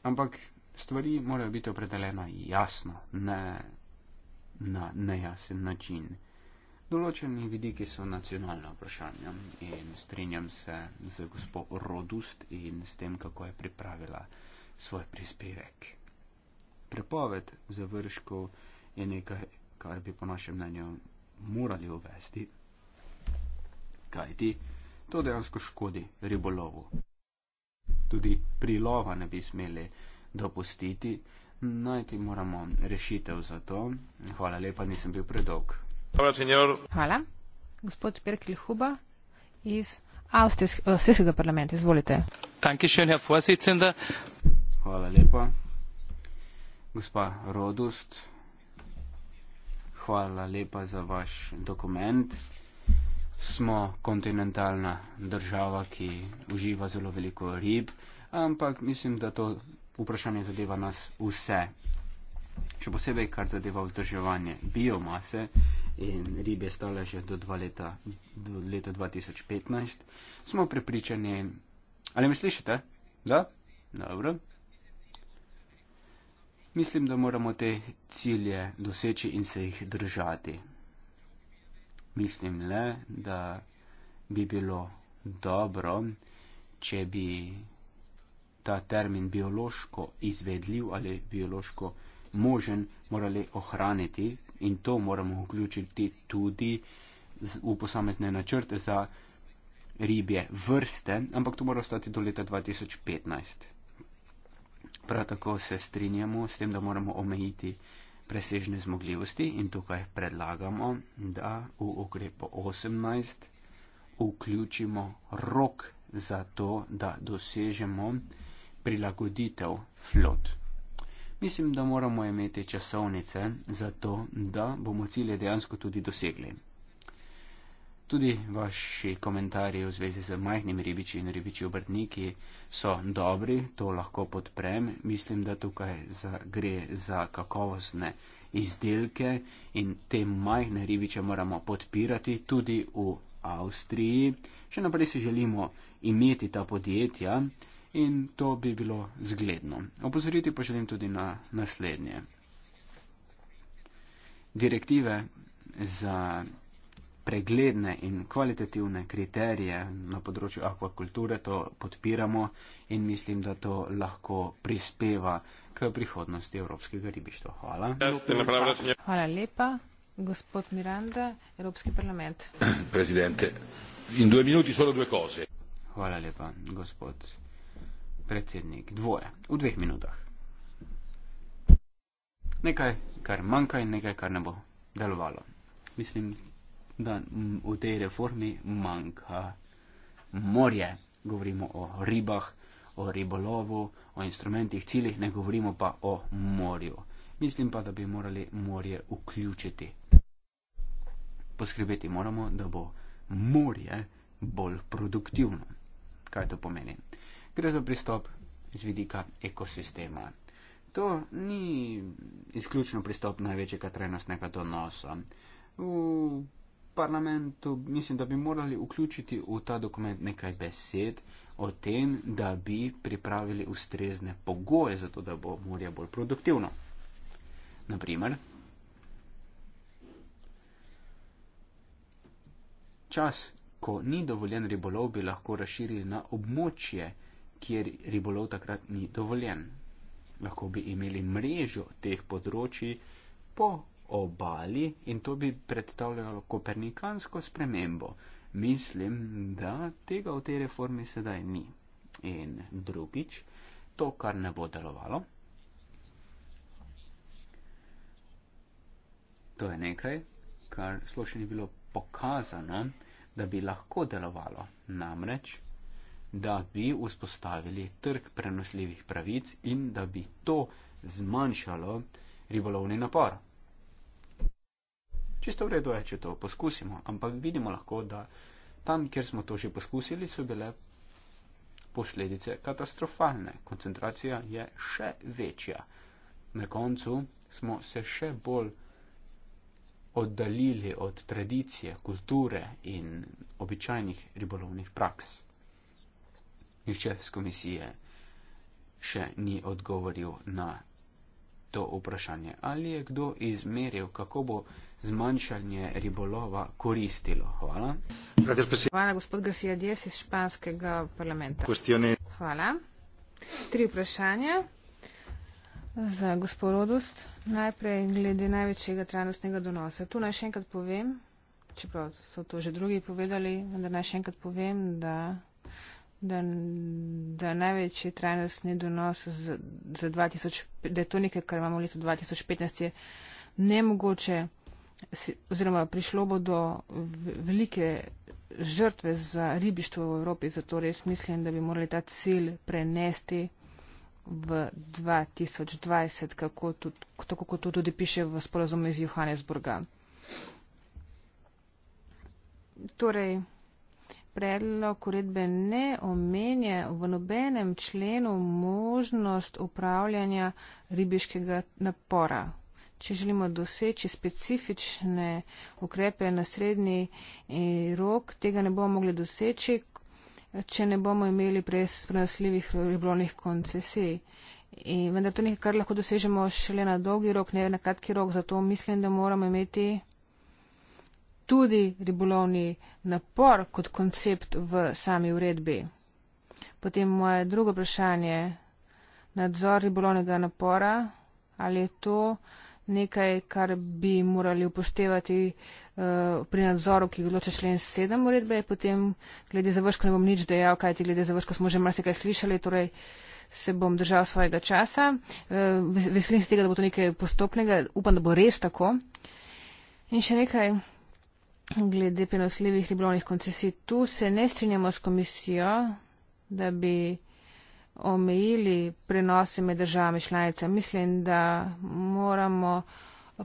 Ampak stvari morajo biti opredeljene jasno, ne na nejasen način. Določeni vidiki so nacionalna vprašanja in strinjam se z gospod Rodust in s tem, kako je pripravila svoj prispevek. Prepoved završkov je nekaj, kar bi po našem mnenju morali uvesti, kaj ti to dejansko škodi ribolovu. Tudi prilova ne bi smeli dopustiti, najti moramo rešitev za to. Hvala lepa, nisem bil predolg. Hvala, senjor. Hvala, gospod Perkel Huba iz Avstrijskega parlamenta. Izvolite. Danke schön, Herr Vorsitzender. Hvala lepa. Gospa Rodust, hvala lepa za vaš dokument. Smo kontinentalna država, ki uživa zelo veliko rib, ampak mislim, da to vprašanje zadeva nas vse. Še posebej, kar zadeva vzdrževanje biomase in rib je stala že do, leta, do leta 2015, smo prepričani. Ali me slišite? Da? Dobro. Mislim, da moramo te cilje doseči in se jih držati. Mislim le, da bi bilo dobro, če bi ta termin biološko izvedljiv ali biološko možen morali ohraniti in to moramo vključiti tudi v posamezne načrte za ribje vrste, ampak to mora ostati do leta 2015. Prav tako se strinjamo s tem, da moramo omejiti presežne zmogljivosti in tukaj predlagamo, da v okrepu 18 vključimo rok za to, da dosežemo prilagoditev flot. Mislim, da moramo imeti časovnice za to, da bomo cilje dejansko tudi dosegli. Tudi vaši komentarji v zvezi z majhnim ribiči in ribiči obrtniki so dobri, to lahko podprem. Mislim, da tukaj za, gre za kakovostne izdelke in te majhne ribiče moramo podpirati tudi v Avstriji. Še naprej si želimo imeti ta podjetja in to bi bilo zgledno. Opozoriti pa želim tudi na naslednje. Direktive za pregledne in kvalitativne kriterije na področju akvakulture, to podpiramo in mislim, da to lahko prispeva k prihodnosti evropskega ribištva. Hvala. Hvala lepa. Gospod Miranda, Evropski parlament. Presidente, in dve minuti so dve kose. Hvala lepa, gospod predsednik. Dvoje, v dveh minutah. Nekaj, kar manjka in nekaj, kar ne bo delovalo. Mislim, da v tej reformi manjka morje. Govorimo o ribah, o ribolovu, o instrumentih, ciljih, ne govorimo pa o morju. Mislim pa, da bi morali morje vključiti. Poskrbeti moramo, da bo morje bolj produktivno. Kaj to pomeni? Gre za pristop z vidika ekosistema. To ni izključno pristop največjega trajnostnega donosa. V parlamentu, mislim, da bi morali vključiti v ta dokument nekaj besed o tem, da bi pripravili ustrezne pogoje za to, da bo morje bolj produktivno. Naprimer, čas, ko ni dovoljen ribolov, bi lahko razširili na območje, kjer ribolov takrat ni dovoljen. Lahko bi imeli mrežo teh področji po obali in to bi predstavljalo kopernikansko spremembo. Mislim, da tega v tej reformi sedaj ni. In drugič, to, kar ne bo delovalo, to je nekaj, kar slošen je bilo pokazano, da bi lahko delovalo. Namreč, da bi vzpostavili trg prenosljivih pravic in da bi to zmanjšalo ribolovni napor. Čisto v redu je, če to poskusimo, ampak vidimo lahko, da tam, kjer smo to že poskusili, so bile posledice katastrofalne. Koncentracija je še večja. Na koncu smo se še bolj oddaljili od tradicije, kulture in običajnih ribolovnih praks. Nihče z komisije še ni odgovoril na to vprašanje. Ali je kdo izmeril, kako bo zmanjšanje ribolova koristilo? Hvala. Hvala, gospod Garcia Dias iz španskega parlamenta. Hvala. Tri vprašanja. Za gospodost najprej glede največjega trajnostnega donosa. Tu naj še enkrat povem, čeprav so to že drugi povedali, vendar naj še enkrat povem, da da, da največji trajnostni donos za, za 2000, da je to nekaj, kar imamo v letu 2015, je nemogoče, oziroma prišlo bo do velike žrtve za ribištvo v Evropi, zato res mislim, da bi morali ta cilj prenesti v 2020, kako tudi, tako kot to tudi piše v sporazumu iz Johannesburga. Torej, predlog uredbe ne omenja v nobenem členu možnost upravljanja ribiškega napora. Če želimo doseči specifične ukrepe na srednji eh, rok, tega ne bomo mogli doseči, če ne bomo imeli prenosljivih ribolovnih koncesij. In vendar to nekaj, kar lahko dosežemo šele na dolgi rok, ne na kratki rok, zato mislim, da moramo imeti tudi ribolovni napor kot koncept v sami uredbi. Potem moje drugo vprašanje, nadzor ribolovnega napora, ali je to nekaj, kar bi morali upoštevati uh, pri nadzoru, ki ga določa člen 7 uredbe, potem glede završka ne bom nič dejal, kajti glede završka smo že marsikaj slišali, torej se bom držal svojega časa. Uh, veselim se tega, da bo to nekaj postopnega, upam, da bo res tako. In še nekaj glede prenosljivih ribolovnih koncesij. Tu se ne strinjamo s komisijo, da bi omejili prenose med državami članicami. Mislim, da moramo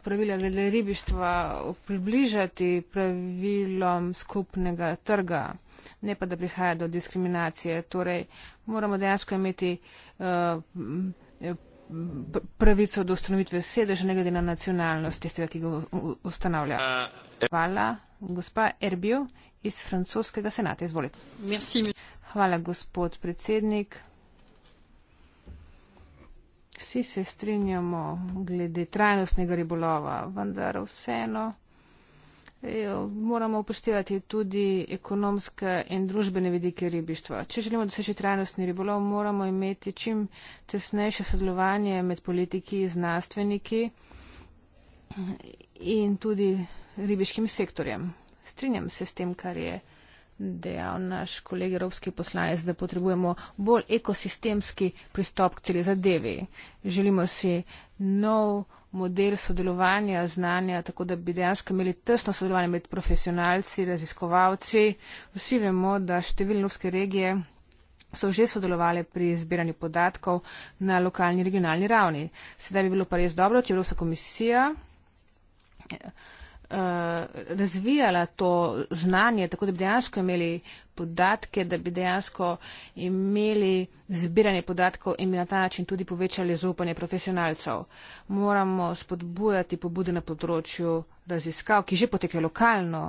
pravila glede ribištva približati pravilom skupnega trga, ne pa da prihaja do diskriminacije. Torej, moramo dejansko imeti uh, pravico do ustanovitve sedeža, ne glede na nacionalnost tistega, ki ga ustanavlja. Uh, Hvala. Gospa Erbijo iz francoskega senata, izvolite. Merci. Hvala, gospod predsednik. Vsi se strinjamo glede trajnostnega ribolova, vendar vseeno moramo upoštevati tudi ekonomske in družbene vidike ribištva. Če želimo doseči trajnostni ribolov, moramo imeti čim tesnejše sodelovanje med politiki, znanstveniki in tudi ribiškim sektorjem. Strinjam se s tem, kar je dejal naš kolega evropski poslanec, da potrebujemo bolj ekosistemski pristop k celi zadevi. Želimo si nov model sodelovanja, znanja, tako da bi dejansko imeli tesno sodelovanje med profesionalci, raziskovalci. Vsi vemo, da številne evropske regije so že sodelovali pri zbiranju podatkov na lokalni, regionalni ravni. Sedaj bi bilo pa res dobro, če Evropska komisija. Yeah. Eh, razvijala to znanje, tako da bi dejansko imeli podatke, da bi dejansko imeli zbiranje podatkov in bi na ta način tudi povečali zaupanje profesionalcev. Moramo spodbujati pobude na področju raziskav, ki že potekajo lokalno.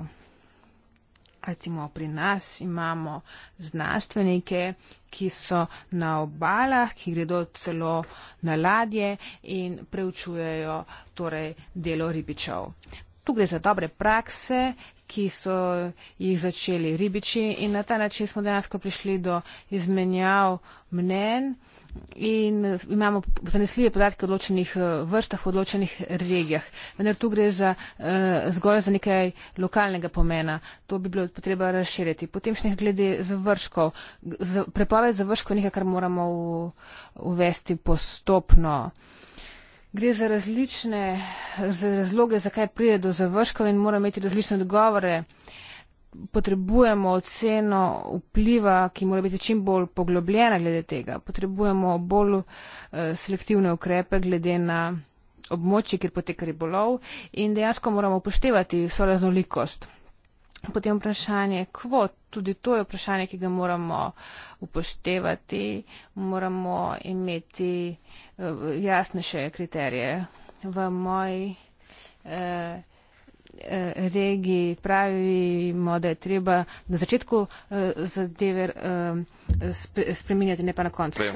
Recimo pri nas imamo znanstvenike, ki so na obalah, ki gredo celo na ladje in preučujejo torej, delo ribičev. Tu gre za dobre prakse, ki so jih začeli ribiči in na ta način smo dejansko prišli do izmenjav mnen in imamo zanesljive podatke o odločenih eh, vrstah, o odločenih regijah. Vendar tu gre za, eh, zgolj za nekaj lokalnega pomena. To bi bilo potreba razširiti. Potem še nekaj glede završkov. Prepoved završkov je nekaj, kar moramo uvesti postopno gre za različne za razloge, zakaj pride do završkov in mora imeti različne odgovore. Potrebujemo oceno vpliva, ki mora biti čim bolj poglobljena glede tega. Potrebujemo bolj eh, selektivne ukrepe glede na območje, kjer poteka ribolov in dejansko moramo upoštevati vso raznolikost. Potem vprašanje kvot tudi to je vprašanje, ki ga moramo upoštevati, moramo imeti eh, jasnejše kriterije. V moji eh, eh, regiji pravimo, da je treba na začetku eh, zadeve eh, spreminjati, ne pa na koncu. Eh,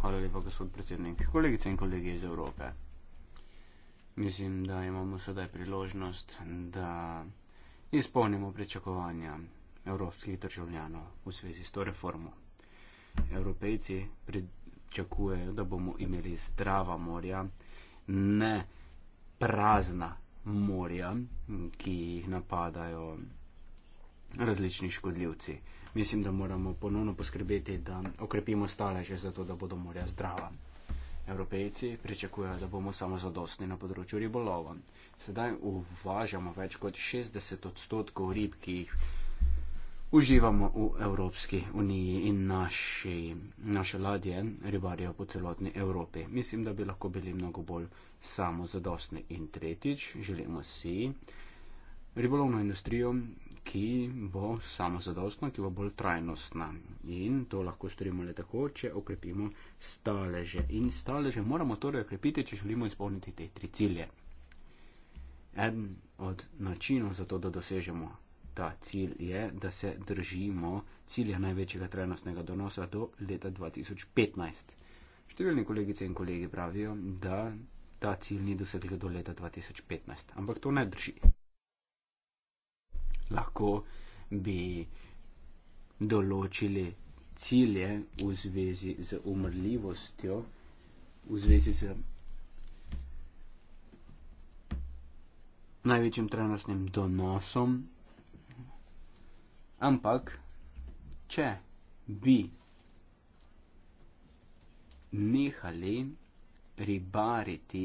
Hvala lepa, gospod predsednik. Kolegice in kolegi iz Evrope. Mislim, da imamo sedaj priložnost, da izpolnimo pričakovanja evropskih državljanov v svezi s to reformo. Evropejci pričakujejo, da bomo imeli zdrava morja, ne prazna morja, ki jih napadajo različni škodljivci. Mislim, da moramo ponovno poskrbeti, da okrepimo staleže, zato da bodo morja zdrava. Evropejci pričakujejo, da bomo samozadostni na področju ribolova. Sedaj uvažamo več kot 60 odstotkov rib, ki jih uživamo v Evropski uniji in naši, naše ladje ribarijo po celotni Evropi. Mislim, da bi lahko bili mnogo bolj samozadostni. In tretjič, želimo si ribolovno industrijo ki bo samozadostna, ki bo bolj trajnostna. In to lahko storimo le tako, če okrepimo staleže. In staleže moramo torej okrepiti, če želimo izpolniti te tri cilje. Eden od načinov za to, da dosežemo ta cilj, je, da se držimo cilja največjega trajnostnega donosa do leta 2015. Številni kolegice in kolegi pravijo, da ta cilj ni dosegljiv do leta 2015, ampak to ne drži lahko bi določili cilje v zvezi z umrljivostjo, v zvezi z največjim trenutnim donosom. Ampak, če bi nehali ribariti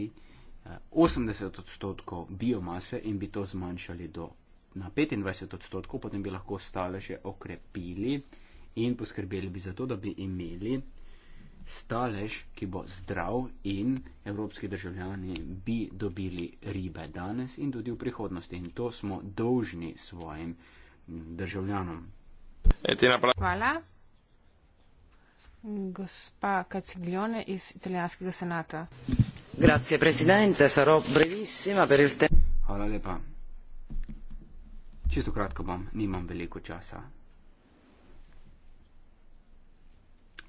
80 eh, odstotkov biomase in bi to zmanjšali do na 25 odstotkov, potem bi lahko staleže okrepili in poskrbeli bi za to, da bi imeli stalež, ki bo zdrav in evropski državljani bi dobili ribe danes in tudi v prihodnosti. In to smo dolžni svojim državljanom. Hvala. Gospa Kaciglione iz italijanskega senata. Grazie, Presidente, sarò brevissima per il tempo. Hvala lepa, Čisto kratko bom, nimam veliko časa.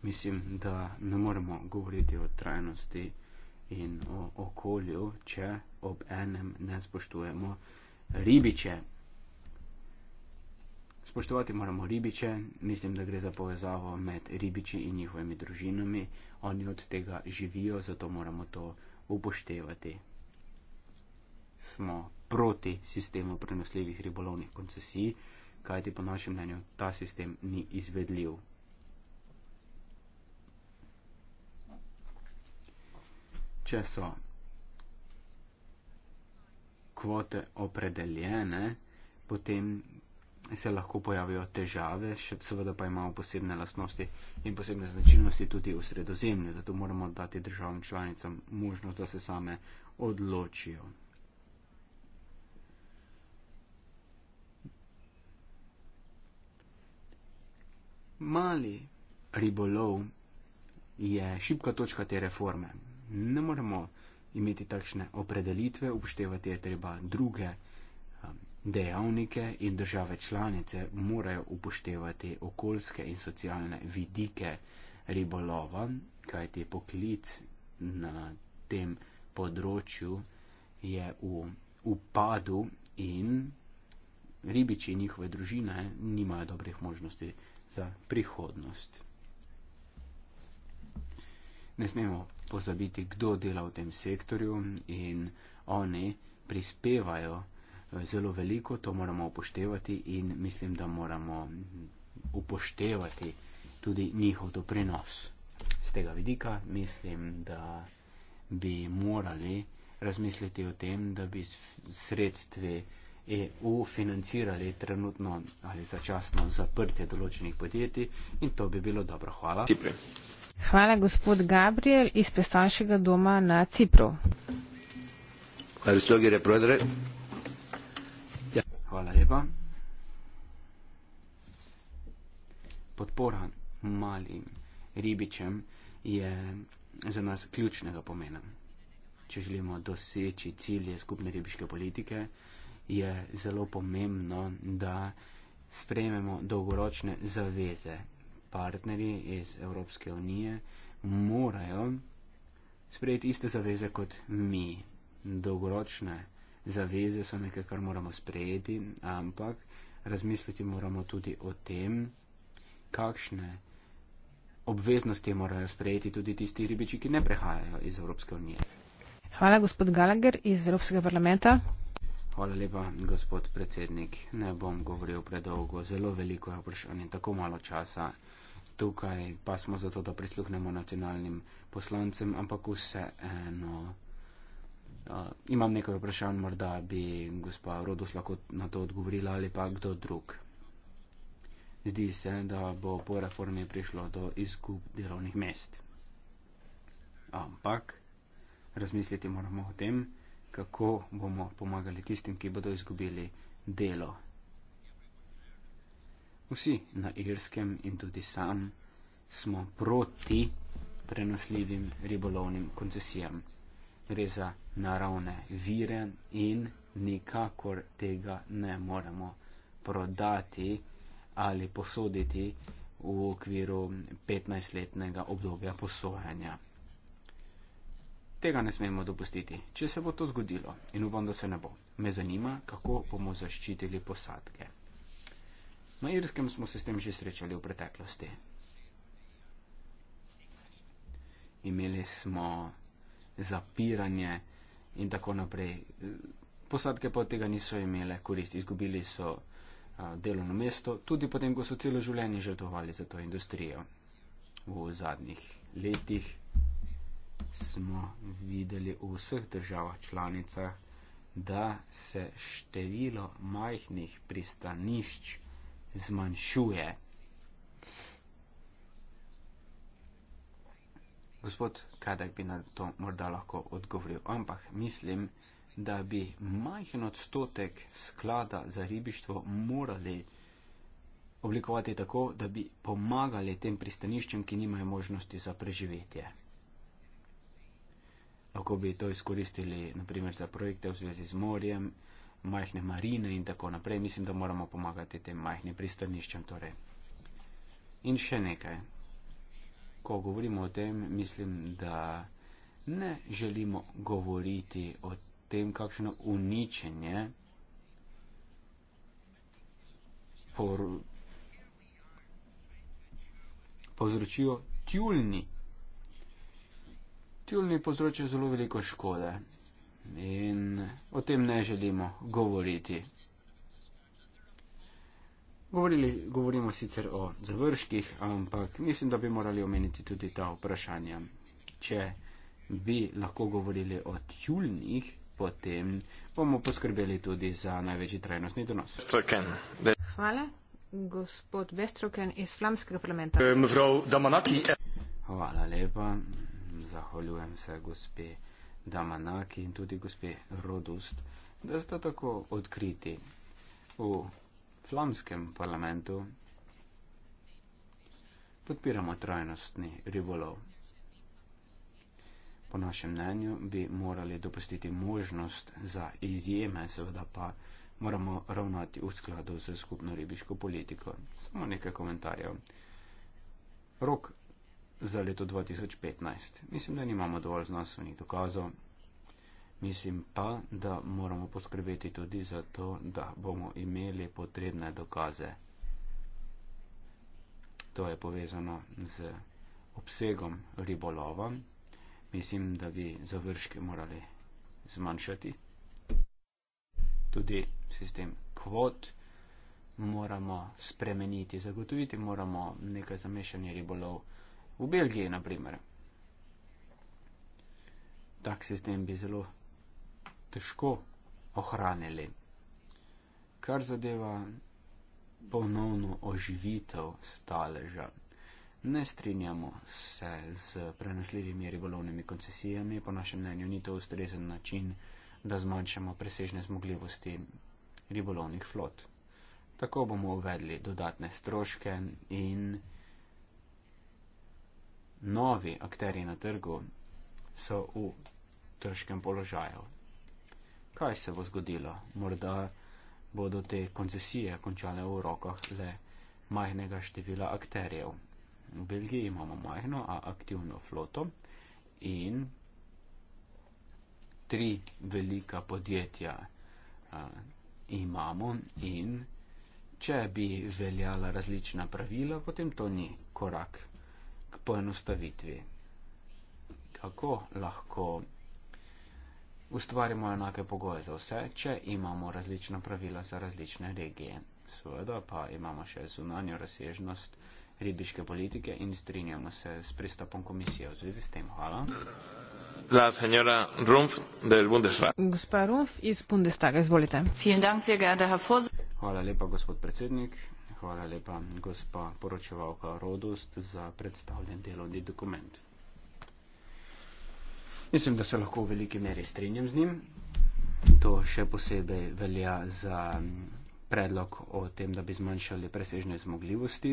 Mislim, da ne moremo govoriti o trajnosti in o okolju, če ob enem ne spoštujemo ribiče. Spoštovati moramo ribiče, mislim, da gre za povezavo med ribiči in njihovimi družinami. Oni od tega živijo, zato moramo to upoštevati. Smo proti sistemu prenosljivih ribolovnih koncesij, kajti po našem mnenju ta sistem ni izvedljiv. Če so kvote opredeljene, potem se lahko pojavijo težave, še seveda pa imamo posebne lastnosti in posebne značilnosti tudi v sredozemlju, zato moramo dati državam članicam možnost, da se same odločijo. mali ribolov je šibka točka te reforme. Ne moremo imeti takšne opredelitve, upoštevati je treba druge um, dejavnike in države članice morajo upoštevati okoljske in socialne vidike ribolova, kajti poklic na tem področju je v upadu in ribiči in njihove družine nimajo dobrih možnosti za prihodnost. Ne smemo pozabiti, kdo dela v tem sektorju in oni prispevajo eh, zelo veliko, to moramo upoštevati in mislim, da moramo upoštevati tudi njihov doprinos. Z tega vidika mislim, da bi morali razmisliti o tem, da bi sredstvi EU financirali trenutno ali začasno zaprtje določenih podjetij in to bi bilo dobro. Hvala. Cipri. Hvala, gospod Gabriel iz predstavnega doma na Cipru. Ja. Hvala lepa. Podpora malim ribičem je za nas ključnega pomena. Če želimo doseči cilje skupne ribiške politike, je zelo pomembno, da sprejmemo dolgoročne zaveze. Partnerji iz Evropske unije morajo sprejeti iste zaveze kot mi. Dolgoročne zaveze so nekaj, kar moramo sprejeti, ampak razmisliti moramo tudi o tem, kakšne obveznosti morajo sprejeti tudi tisti ribiči, ki ne prehajajo iz Evropske unije. Hvala, gospod Gallagher iz Evropskega parlamenta. Hvala lepa, gospod predsednik. Ne bom govoril predolgo, zelo veliko je vprašanj in tako malo časa. Tukaj pa smo zato, da prisluhnemo nacionalnim poslancem, ampak vse eno. Imam nekaj vprašanj, morda bi gospa Rodus lahko na to odgovorila ali pa kdo drug. Zdi se, da bo po reformi prišlo do izgub delovnih mest. Ampak razmisliti moramo o tem, kako bomo pomagali tistim, ki bodo izgubili delo. Vsi na Irskem in tudi sam smo proti prenosljivim ribolovnim koncesijam. Gre za naravne vire in nikakor tega ne moremo prodati ali posoditi v okviru 15-letnega obdobja posojanja tega ne smemo dopustiti. Če se bo to zgodilo, in upam, da se ne bo, me zanima, kako bomo zaščitili posadke. Na Irskem smo se s tem že srečali v preteklosti. Imeli smo zapiranje in tako naprej. Posadke pa od tega niso imele koristi, izgubili so delovno mesto, tudi potem, ko so celo življenje žrtovali za to industrijo. V zadnjih letih smo videli v vseh državah članicah, da se število majhnih pristanišč zmanjšuje. Gospod Kadek bi na to morda lahko odgovoril, ampak mislim, da bi majhen odstotek sklada za ribištvo morali oblikovati tako, da bi pomagali tem pristaniščem, ki nimajo možnosti za preživetje lahko bi to izkoristili naprimer za projekte v zvezi z morjem, majhne marine in tako naprej. Mislim, da moramo pomagati tem majhnim pristaniščem. Torej. In še nekaj. Ko govorimo o tem, mislim, da ne želimo govoriti o tem, kakšno uničenje por... povzročijo tjulnik tjulni povzročajo zelo veliko škode in o tem ne želimo govoriti. Govorili, govorimo sicer o završkih, ampak mislim, da bi morali omeniti tudi ta vprašanja. Če bi lahko govorili o tjulnih, potem bomo poskrbeli tudi za največji trajnostni donos. Hvala. Gospod Vestroken iz Flamskega parlamenta. Eh, eh. Hvala lepa zahvaljujem se gospe Damanaki in tudi gospe Rodust, da sta tako odkriti v flamskem parlamentu. Podpiramo trajnostni ribolov. Po našem mnenju bi morali dopustiti možnost za izjeme, seveda pa moramo ravnati v skladu z skupno ribiško politiko. Samo nekaj komentarjev. Rok za leto 2015. Mislim, da nimamo dovolj znanstvenih dokazov. Mislim pa, da moramo poskrbeti tudi za to, da bomo imeli potrebne dokaze. To je povezano z obsegom ribolova. Mislim, da bi završke morali zmanjšati. Tudi sistem kvot moramo spremeniti, zagotoviti moramo nekaj zamešanja ribolov v Belgiji, na primer. Tak sistem bi zelo težko ohranili. Kar zadeva ponovno oživitev staleža. Ne strinjamo se z prenosljivimi ribolovnimi koncesijami, po našem mnenju ni to ustrezen način, da zmanjšamo presežne zmogljivosti ribolovnih flot. Tako bomo uvedli dodatne stroške in novi akteri na trgu so v težkem položaju. Kaj se bo zgodilo? Morda bodo te koncesije končale v rokah le majhnega števila akterjev. V Belgiji imamo majhno, a aktivno floto in tri velika podjetja a, imamo in če bi veljala različna pravila, potem to ni korak k poenostavitvi. Kako lahko ustvarimo enake pogoje za vse, če imamo različna pravila za različne regije? Seveda pa imamo še zunanjo razsežnost ribiške politike in strinjamo se s pristopom komisije v zvezi s tem. Hvala. La señora Rumpf del Bundesrat. Gospa Rumpf iz Bundestaga, izvolite. Hvala lepa, gospod predsednik hvala lepa, gospa poročevalka Rodost, za predstavljen delovni dokument. Mislim, da se lahko v veliki meri strinjam z njim. To še posebej velja za predlog o tem, da bi zmanjšali presežne zmogljivosti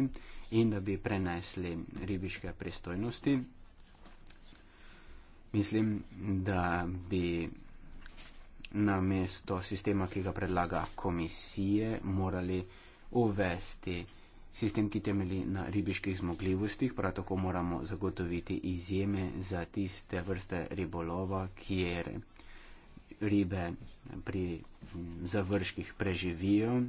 in da bi prenesli ribiške pristojnosti. Mislim, da bi na mesto sistema, ki ga predlaga komisije, morali uvesti sistem, ki temeli na ribiških zmogljivostih, prav tako moramo zagotoviti izjeme za tiste vrste ribolova, kjer ribe pri završkih preživijo.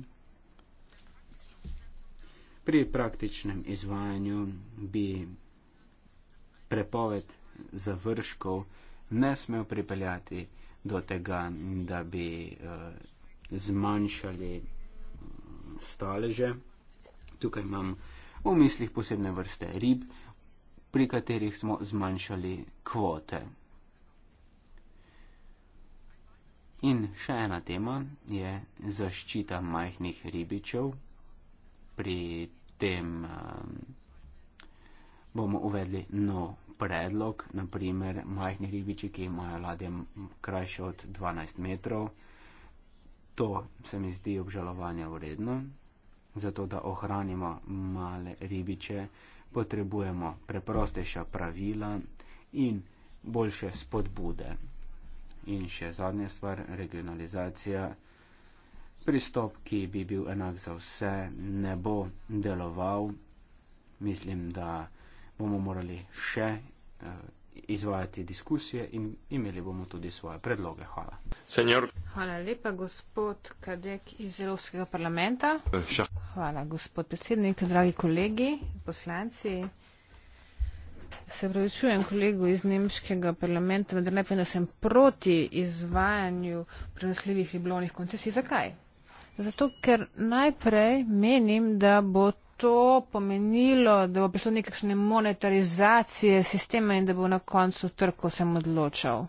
Pri praktičnem izvajanju bi prepoved završkov ne smel pripeljati do tega, da bi uh, zmanjšali staleže. Tukaj imam v mislih posebne vrste rib, pri katerih smo zmanjšali kvote. In še ena tema je zaščita majhnih ribičev. Pri tem um, bomo uvedli nov predlog, naprimer majhni ribiči, ki imajo ladje krajše od 12 metrov to se mi zdi obžalovanje vredno. Zato, da ohranimo male ribiče, potrebujemo preprostejša pravila in boljše spodbude. In še zadnja stvar, regionalizacija. Pristop, ki bi bil enak za vse, ne bo deloval. Mislim, da bomo morali še. Uh, izvajati diskusije in imeli bomo tudi svoje predloge. Hvala. Senjor. Hvala lepa, gospod Kadek iz Evropskega parlamenta. Hvala, gospod predsednik, dragi kolegi, poslanci. Se pravičujem kolegu iz Nemškega parlamenta, vendar ne vem, da sem proti izvajanju prenosljivih ribolovnih koncesij. Zakaj? Zato, ker najprej menim, da bo to pomenilo, da bo prišlo nekakšne monetarizacije sistema in da bo na koncu trg vsem odločal.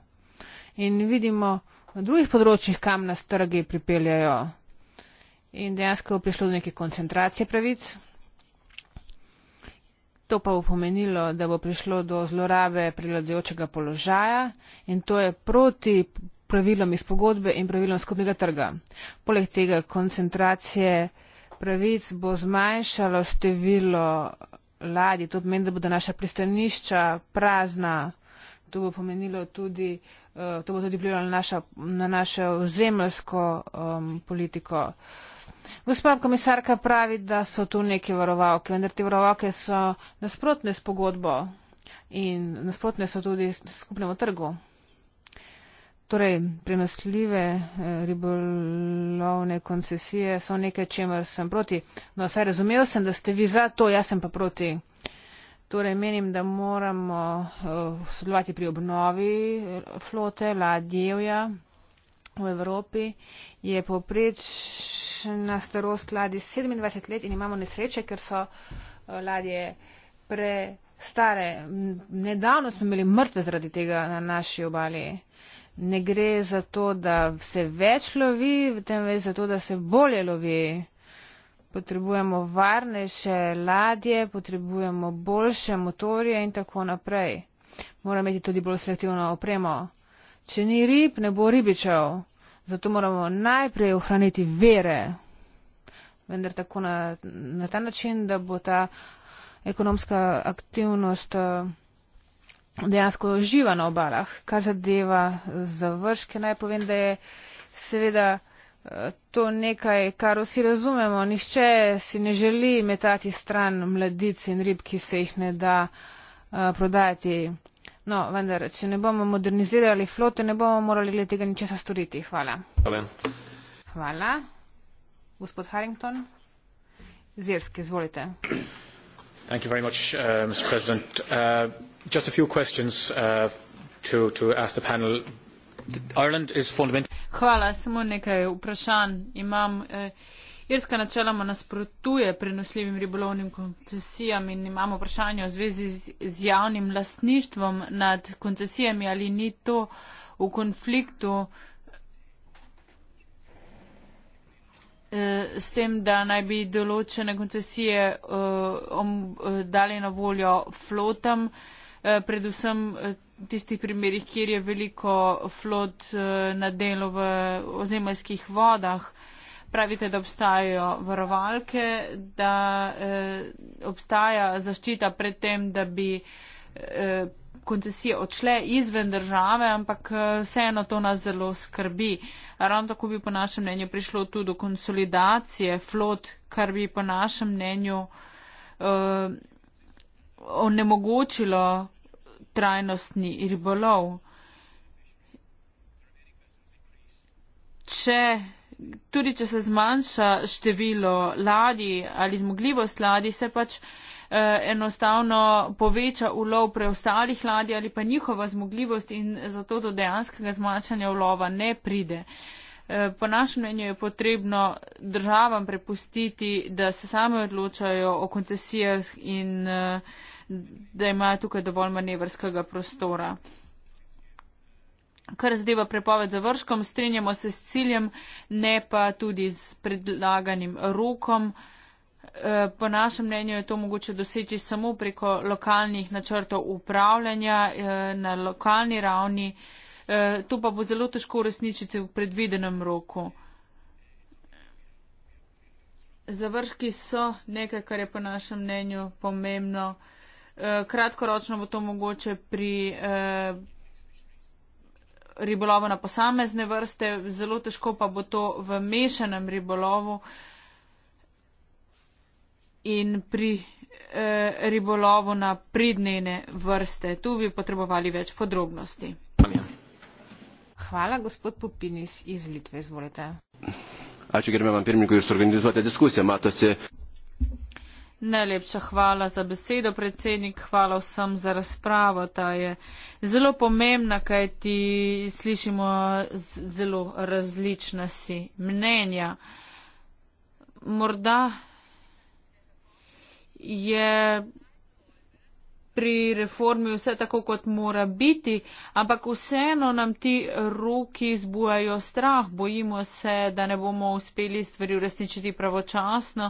In vidimo v drugih področjih, kam nas trgi pripeljajo. In dejansko bo prišlo do neke koncentracije pravic. To pa bo pomenilo, da bo prišlo do zlorabe prilodejočega položaja in to je proti pravilom iz pogodbe in pravilom skupnega trga. Poleg tega koncentracije pravic bo zmanjšalo število ladij, to pomeni, da bodo naša pristanišča prazna, to bo pomenilo tudi, uh, to bo tudi vplivalo na, na našo zemljsko um, politiko. Gospa komisarka pravi, da so tu neke varovalke, vendar te varovalke so nasprotne s pogodbo in nasprotne so tudi s skupnemu trgu. Torej, prenosljive eh, ribolovne koncesije so nekaj, čemer sem proti. No, saj razumel sem, da ste vi za to, jaz sem pa proti. Torej, menim, da moramo eh, sodelovati pri obnovi eh, flote, ladjevja v Evropi. Je poprečna starost ladje 27 let in imamo nesreče, ker so ladje pre. Stare, nedavno smo imeli mrtve zaradi tega na naši obali ne gre za to, da se več lovi, temveč za to, da se bolje lovi. Potrebujemo varnejše ladje, potrebujemo boljše motorje in tako naprej. Moramo imeti tudi bolj selektivno opremo. Če ni rib, ne bo ribičev. Zato moramo najprej ohraniti vere. Vendar tako na, na ta način, da bo ta ekonomska aktivnost. Uh, dejansko živa na obalah. Kar zadeva završke, naj povem, da je seveda eh, to nekaj, kar vsi razumemo. Nišče si ne želi metati stran mladic in rib, ki se jih ne da eh, prodajati. No, vendar, če ne bomo modernizirali flote, ne bomo morali le tega ničesa storiti. Hvala. Hvala. Gospod Harrington. Zirski, izvolite. Thank you very much, uh, Mr. President. Uh... Just a few questions uh, to, to ask the panel. Ireland is fundamental. Hvala, samo nekaj vprašanj imam. E, Irska načeloma nasprotuje prenosljivim ribolovnim koncesijam in imamo vprašanje v zvezi z javnim lastništvom nad koncesijami, ali ni to v konfliktu e, s tem, da naj bi določene koncesije e, dali na voljo flotam. Eh, predvsem v eh, tistih primerjih, kjer je veliko eh, flot na delu v ozemeljskih vodah. Pravite, da obstajajo varovalke, da eh, obstaja zaščita pred tem, da bi eh, koncesije odšle izven države, ampak vseeno to nas zelo skrbi. Ravno tako bi po našem mnenju prišlo tudi do konsolidacije flot, kar bi po našem mnenju eh, onemogočilo trajnostni ribolov. Če, tudi če se zmanjša število ladij ali zmogljivost ladij, se pač eh, enostavno poveča ulov preostalih ladij ali pa njihova zmogljivost in zato do dejanskega zmanjšanja ulova ne pride. Eh, po našem mnenju je potrebno državam prepustiti, da se same odločajo o koncesijah in. Eh, da imajo tukaj dovolj manevrskega prostora. Kar zdeva prepoved za vrškom, strinjamo se s ciljem, ne pa tudi s predlaganim rokom. E, po našem mnenju je to mogoče doseči samo preko lokalnih načrtov upravljanja e, na lokalni ravni. E, to pa bo zelo težko uresničiti v predvidenem roku. Završki so nekaj, kar je po našem mnenju pomembno. Eh, kratkoročno bo to mogoče pri eh, ribolovu na posamezne vrste, zelo težko pa bo to v mešanem ribolovu in pri eh, ribolovu na pridnene vrste. Tu bi potrebovali več podrobnosti. Hvala, gospod Popinis iz Litve, izvolite. Ačiū gerbiamam pirmininkui, jūs organizuojate diskusiją, matosi. Najlepša hvala za besedo, predsednik. Hvala vsem za razpravo. Ta je zelo pomembna, kaj ti slišimo zelo različna si mnenja. Morda je pri reformi vse tako, kot mora biti, ampak vseeno nam ti roki zbujajo strah. Bojimo se, da ne bomo uspeli stvari uresničiti pravočasno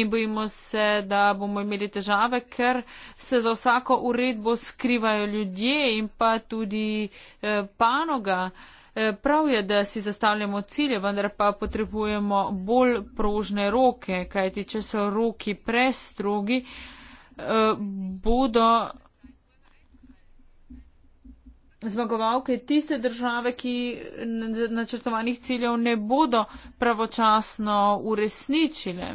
in bojimo se, da bomo imeli težave, ker se za vsako uredbo skrivajo ljudje in pa tudi eh, panoga. Eh, prav je, da si zastavljamo cilje, vendar pa potrebujemo bolj prožne roke, kajti če so roki prestrogi, bodo zmagovalke tiste države, ki načrtovanih ciljev ne bodo pravočasno uresničile.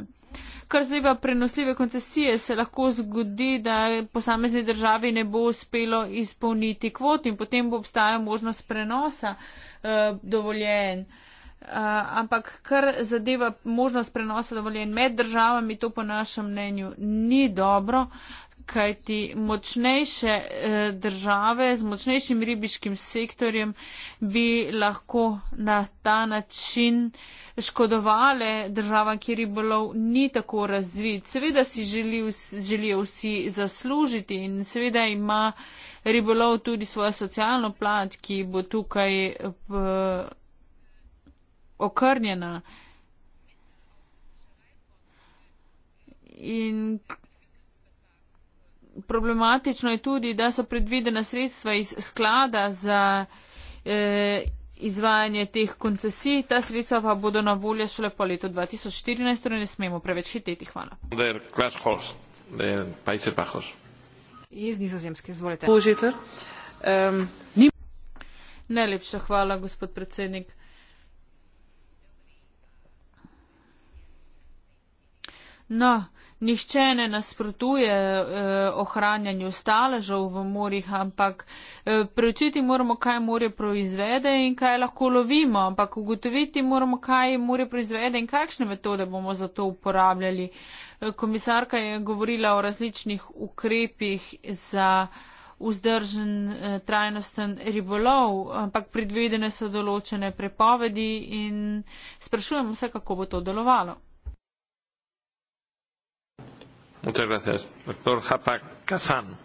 Kar zadeva prenosljive koncesije, se lahko zgodi, da posamezni državi ne bo uspelo izpolniti kvot in potem bo obstajala možnost prenosa uh, eh, dovoljen. Uh, ampak kar zadeva možnost prenosa dovoljen med državami, to po našem mnenju ni dobro, kajti močnejše uh, države z močnejšim ribiškim sektorjem bi lahko na ta način škodovale država, kjer ribolov ni tako razvit. Seveda si želi, želijo vsi zaslužiti in seveda ima ribolov tudi svojo socialno plat, ki bo tukaj. Uh, okrnjena. In problematično je tudi, da so predvidena sredstva iz sklada za eh, izvajanje teh koncesij, ta sredstva pa bodo na voljo šele po letu 2014, torej ne smemo preveč hiteti. Hvala. Najlepša hvala, gospod predsednik. No, nišče ne nasprotuje eh, ohranjanju staležev v morjih, ampak eh, preučiti moramo, kaj morje proizvede in kaj lahko lovimo, ampak ugotoviti moramo, kaj morje proizvede in kakšne metode bomo za to uporabljali. Eh, komisarka je govorila o različnih ukrepih za vzdržen eh, trajnosten ribolov, ampak predvidene so določene prepovedi in sprašujemo se, kako bo to delovalo. Muchas gracias. Doctor Hapak Kazan,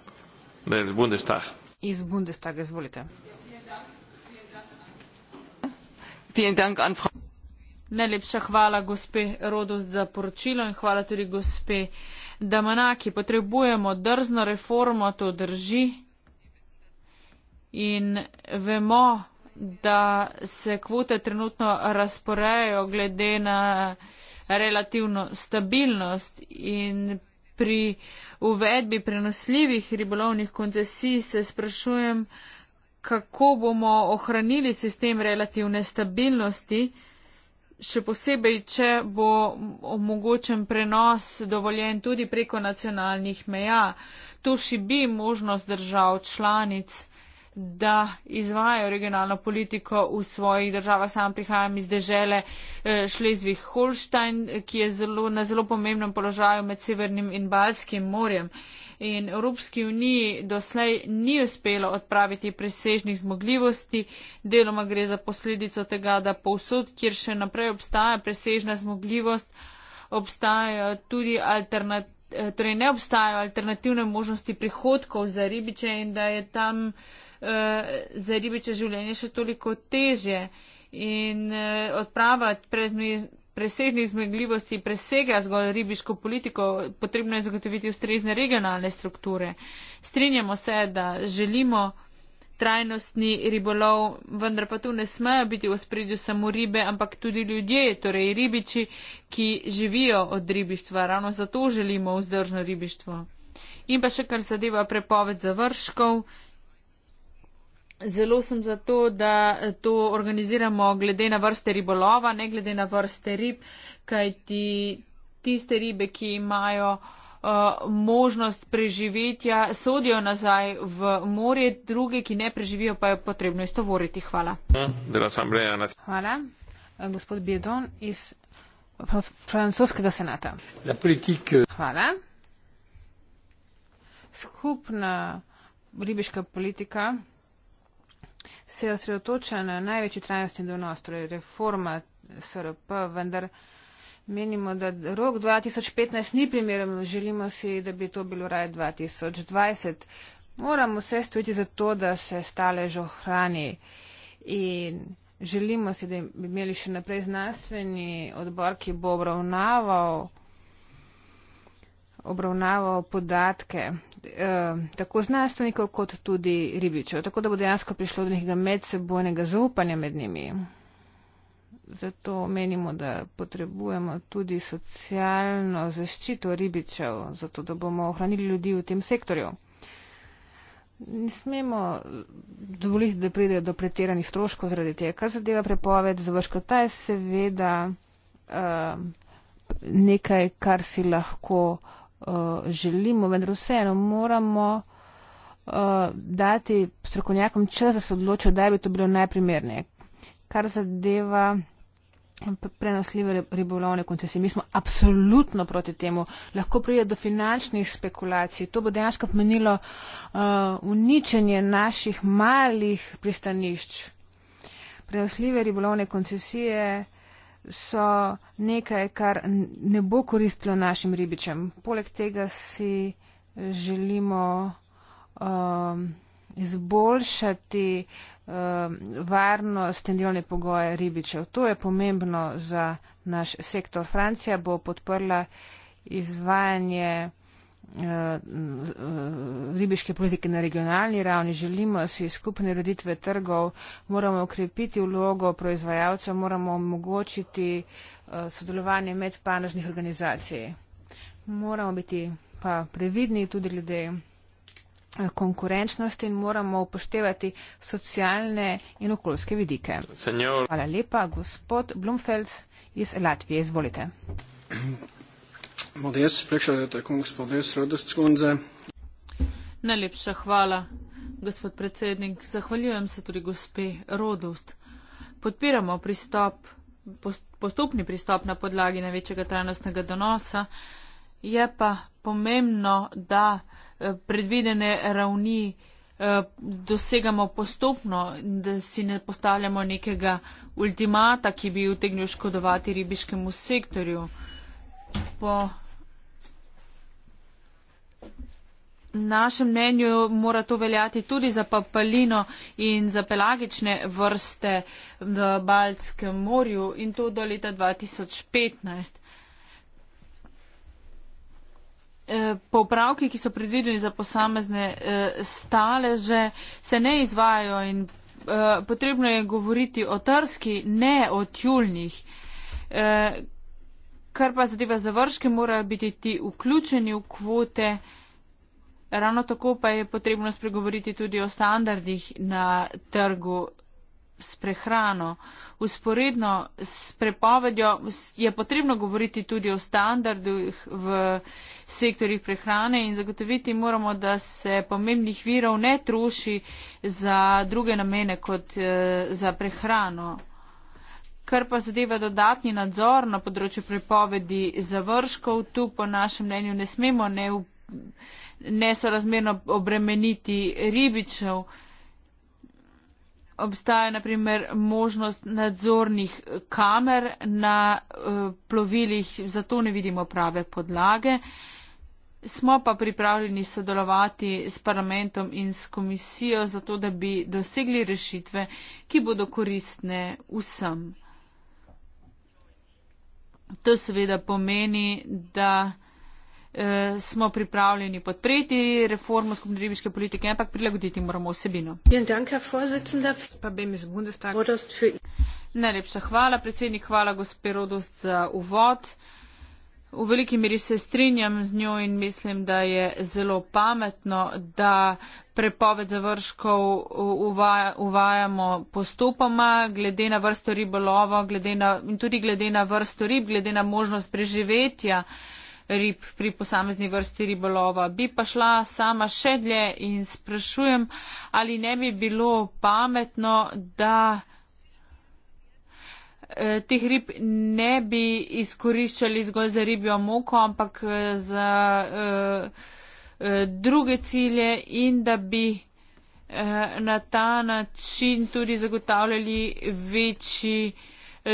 del Bundestag. Is Bundestag, esvolite. Vielen Dank an Frau. Najlepša hvala, gospe Rodos, za poročilo in hvala tudi gospe Damanaki. Potrebujemo drzno reformo, to drži. In vemo, da se kvote trenutno razporejajo glede na relativno stabilnost in pri uvedbi prenosljivih ribolovnih koncesij se sprašujem, kako bomo ohranili sistem relativne stabilnosti, še posebej, če bo omogočen prenos dovoljen tudi preko nacionalnih meja. To šibi možnost držav članic da izvajajo regionalno politiko v svojih državah. Sam prihajam iz dežele eh, Šlezvih-Holštajn, ki je zelo, na zelo pomembnem položaju med Severnim in Balskim morjem. In Evropski uniji doslej ni uspelo odpraviti presežnih zmogljivosti. Deloma gre za posledico tega, da povsod, kjer še naprej obstaja presežna zmogljivost, obstajajo tudi alternativne. Eh, torej, ne obstajajo alternativne možnosti prihodkov za ribiče in da je tam uh, za ribiče življenje še toliko teže in uh, odprava presežnih zmogljivosti presega zgolj ribiško politiko, potrebno je zagotoviti ustrezne regionalne strukture. Strinjamo se, da želimo trajnostni ribolov, vendar pa tu ne smejo biti v spredju samo ribe, ampak tudi ljudje, torej ribiči, ki živijo od ribištva. Ravno zato želimo vzdržno ribištvo. In pa še kar zadeva prepoved završkov, Zelo sem za to, da eh, to organiziramo glede na vrste ribolova, ne glede na vrste rib, kajti tiste ribe, ki imajo uh, možnost preživetja, sodijo nazaj v morje, druge, ki ne preživijo, pa je potrebno istovoriti. Hvala. Hvala. Eh, gospod Biedon iz francoskega senata. Hvala. Skupna ribiška politika se je osredotočen na največji trajnostni donos, torej reforma SRP, vendar menimo, da rok 2015 ni primeren, želimo si, da bi to bilo raje 2020. Moramo vse stojiti za to, da se stalež ohrani in želimo si, da bi imeli še naprej znanstveni odbor, ki bo obravnaval obravnavo podatke, Eh, tako znanstvenikov kot tudi ribičev. Tako da bo dejansko prišlo do nekega medsebojnega zaupanja med njimi. Zato menimo, da potrebujemo tudi socialno zaščito ribičev, zato da bomo ohranili ljudi v tem sektorju. Ne smemo dovoliti, da pride do pretiranih stroškov zaradi tega, kar zadeva prepoved. Završko ta je seveda uh, nekaj, kar si lahko uh, Eh, želimo, vendar vseeno moramo eh, dati strokovnjakom čas, da se odločijo, da bi to bilo najprimernije. Kar zadeva prenosljive ribolovne koncesije. Mi smo absolutno proti temu. Lahko pride do finančnih spekulacij. To bo dejansko pomenilo uh, uničenje naših malih pristanišč. Prenosljive ribolovne koncesije so nekaj, kar ne bo koristilo našim ribičem. Poleg tega si želimo um, izboljšati um, varnost in delovne pogoje ribičev. To je pomembno za naš sektor. Francija bo podprla izvajanje Eh, eh, ribiške politike na regionalni ravni, želimo si skupne roditve trgov, moramo ukrepiti vlogo proizvajalcev, moramo omogočiti eh, sodelovanje med panožnih organizacij. Moramo biti pa previdni tudi glede konkurenčnosti in moramo upoštevati socialne in okoljske vidike. Senjor. Hvala lepa, gospod Blumfeld iz Latvije, izvolite. Paldies, priekšādētāji kungs, paldies, Rodas kundze. Nelipša hvala, gospod predsednik, zahvaljujem se tudi gospe Rodust. Podpiramo pristop, postopni pristop na podlagi največjega trajnostnega donosa, je pa pomembno, da eh, predvidene ravni eh, dosegamo postopno, da si ne postavljamo nekega ultimata, ki bi utegnil škodovati ribiškemu sektorju. Po našem mnenju mora to veljati tudi za papalino in za pelagične vrste v Baltskem morju in to do leta 2015. E, popravki, ki so predvideni za posamezne e, staleže, se ne izvajajo in e, potrebno je govoriti o trski, ne o tjulnih. Kar pa zadeva završke, morajo biti ti vključeni v kvote. Ravno tako pa je potrebno spregovoriti tudi o standardih na trgu s prehrano. Usporedno s prepovedjo je potrebno govoriti tudi o standardih v sektorjih prehrane in zagotoviti moramo, da se pomembnih virov ne troši za druge namene kot eh, za prehrano. Kar pa zadeva dodatni nadzor na področju prepovedi završkov, tu po našem mnenju ne smemo ne upoštevati nesorazmerno obremeniti ribičev. Obstaja naprimer možnost nadzornih kamer na eh, plovilih, zato ne vidimo prave podlage. Smo pa pripravljeni sodelovati s parlamentom in s komisijo, zato da bi dosegli rešitve, ki bodo koristne vsem. To seveda pomeni, da eh, smo pripravljeni podpreti reformo skupne ribiške politike, ampak prilagoditi moramo vsebino. Najlepša hvala, predsednik, hvala gospe Rodost za uvod. V veliki meri se strinjam z njo in mislim, da je zelo pametno, da prepoved završkov uvaja, uvajamo postopoma, glede na vrsto ribolova, glede na, in tudi glede na vrsto rib, glede na možnost preživetja eh, rib pri posamezni vrsti ribolova. Bi pa šla sama še dlje in sprašujem, ali ne bi bilo pametno, da e, teh rib ne bi izkoriščali zgolj za ribjo moko, ampak e, za e, druge cilje in da bi na ta način tudi zagotavljali večji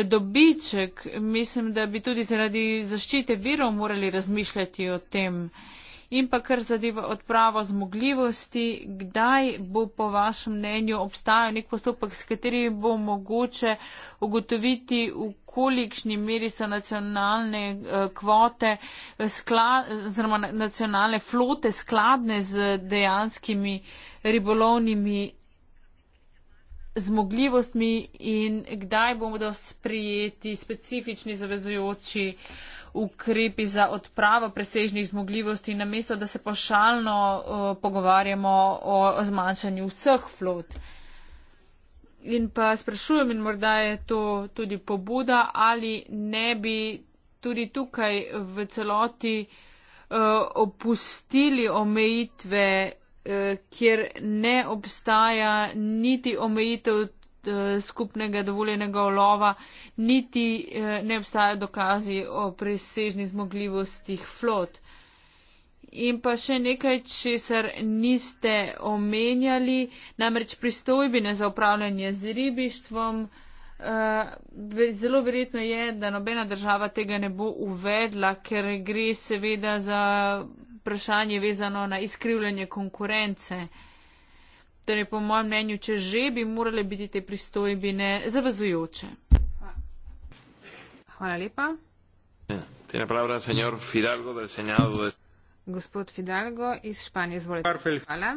dobiček, mislim, da bi tudi zaradi zaščite virov morali razmišljati o tem. In pa kar zadeva odpravo zmogljivosti, kdaj bo po vašem mnenju obstajal nek postopek, s katerim bo mogoče ugotoviti, v kolikšni meri so nacionalne eh, kvote, eh, oziroma nacionalne flote skladne z dejanskimi ribolovnimi zmogljivostmi in kdaj bodo sprijeti specifični zavezujoči ukrepi za odpravo presežnih zmogljivosti, namesto da se pošalno uh, pogovarjamo o zmanjšanju vseh flot. In pa sprašujem, in morda je to tudi pobuda, ali ne bi tudi tukaj v celoti uh, opustili omejitve Eh, kjer ne obstaja niti omejitev eh, skupnega dovoljenega olova, niti eh, ne obstaja dokazi o presežni zmogljivostih flot. In pa še nekaj, česar niste omenjali, namreč pristojbine za upravljanje z ribištvom. Zelo verjetno je, da nobena država tega ne bo uvedla, ker gre seveda za vprašanje vezano na izkrivljanje konkurence. Torej, po mojem mnenju, če že bi morale biti te pristojbine zavezujoče. Hvala lepa. Tiene palabra, señor Fidalgo, del Senado. De... Gospod Fidalgo iz Španije, izvolite. Hvala.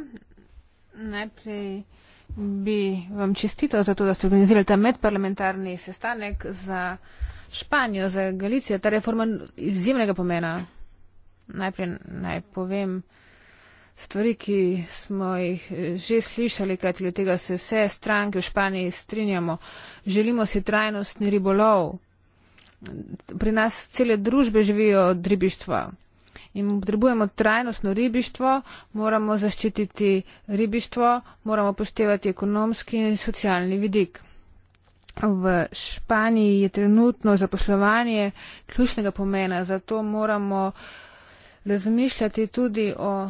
Najprej bi vam čestitev za to, da ste organizirali ta medparlamentarni sestanek za Španijo, za Galicijo. Ta reforma izjemnega pomena najprej naj povem stvari, ki smo jih že slišali, kajti od tega se vse stranke v Španiji strinjamo. Želimo si trajnostni ribolov. Pri nas cele družbe živijo od ribištva. In potrebujemo trajnostno ribištvo, moramo zaščititi ribištvo, moramo poštevati ekonomski in socialni vidik. V Španiji je trenutno zaposlovanje ključnega pomena, zato moramo uh, razmišljati tudi o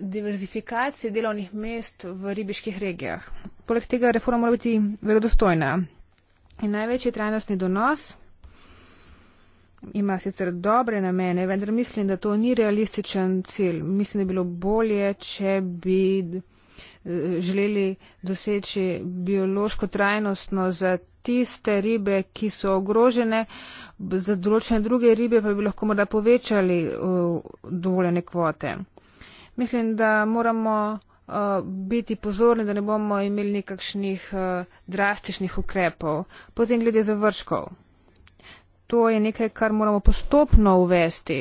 diverzifikaciji delovnih mest v ribiških regijah. Poleg tega reforma mora biti verodostojna. In največji trajnostni donos ima sicer dobre namene, vendar mislim, da to ni realističen cilj. Mislim, da bi bilo bolje, če bi eh, želeli doseči biološko trajnostno za tiste ribe, ki so ogrožene, za določene druge ribe pa bi lahko morda povečali uh, dovoljene kvote. Mislim, da moramo uh, biti pozorni, da ne bomo imeli nekakšnih uh, drastičnih ukrepov. Potem glede završkov. To je nekaj, kar moramo postopno uvesti.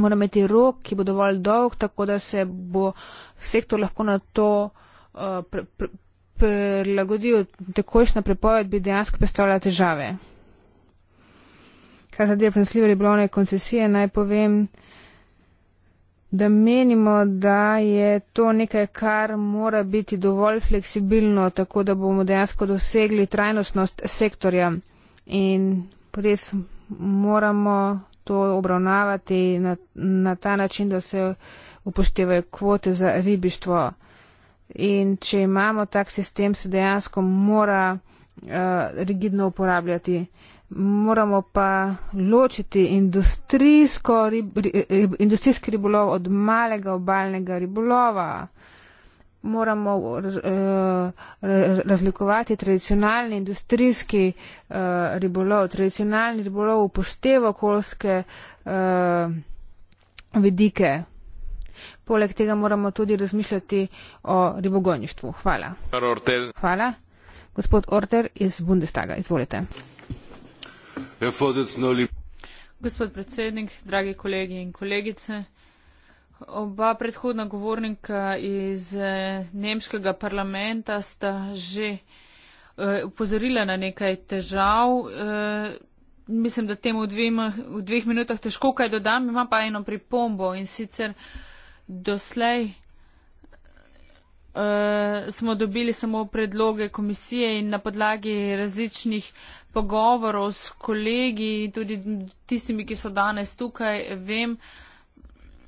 Moramo imeti rok, ki bo dovolj dolg, tako da se bo sektor lahko na to uh, pre, pre, prilagodil takojšnja prepoved, bi dejansko predstavljala težave. Kar zadeva prenosljive ribolovne koncesije, naj povem, da menimo, da je to nekaj, kar mora biti dovolj fleksibilno, tako da bomo dejansko dosegli trajnostnost sektorja in res moramo to obravnavati na, na ta način, da se upoštevajo kvote za ribištvo. In če imamo tak sistem, se dejansko mora uh, rigidno uporabljati. Moramo pa ločiti rib, rib, industrijski ribolov od malega obalnega ribolova. Moramo eh, razlikovati tradicionalni industrijski eh, ribolov. Tradicionalni ribolov upošteva okoljske vidike, Poleg tega moramo tudi razmišljati o ribogojništvu. Hvala. Hvala. Gospod Orter iz Bundestaga, izvolite. Gospod predsednik, dragi kolegi in kolegice, oba predhodna govornika iz eh, nemškega parlamenta sta že upozorila eh, na nekaj težav. Eh, mislim, da temu v, dvima, v dveh minutah težko kaj dodam, imam pa eno pripombo in sicer doslej uh, smo dobili samo predloge komisije in na podlagi različnih pogovorov s kolegi in tudi tistimi, ki so danes tukaj, vem,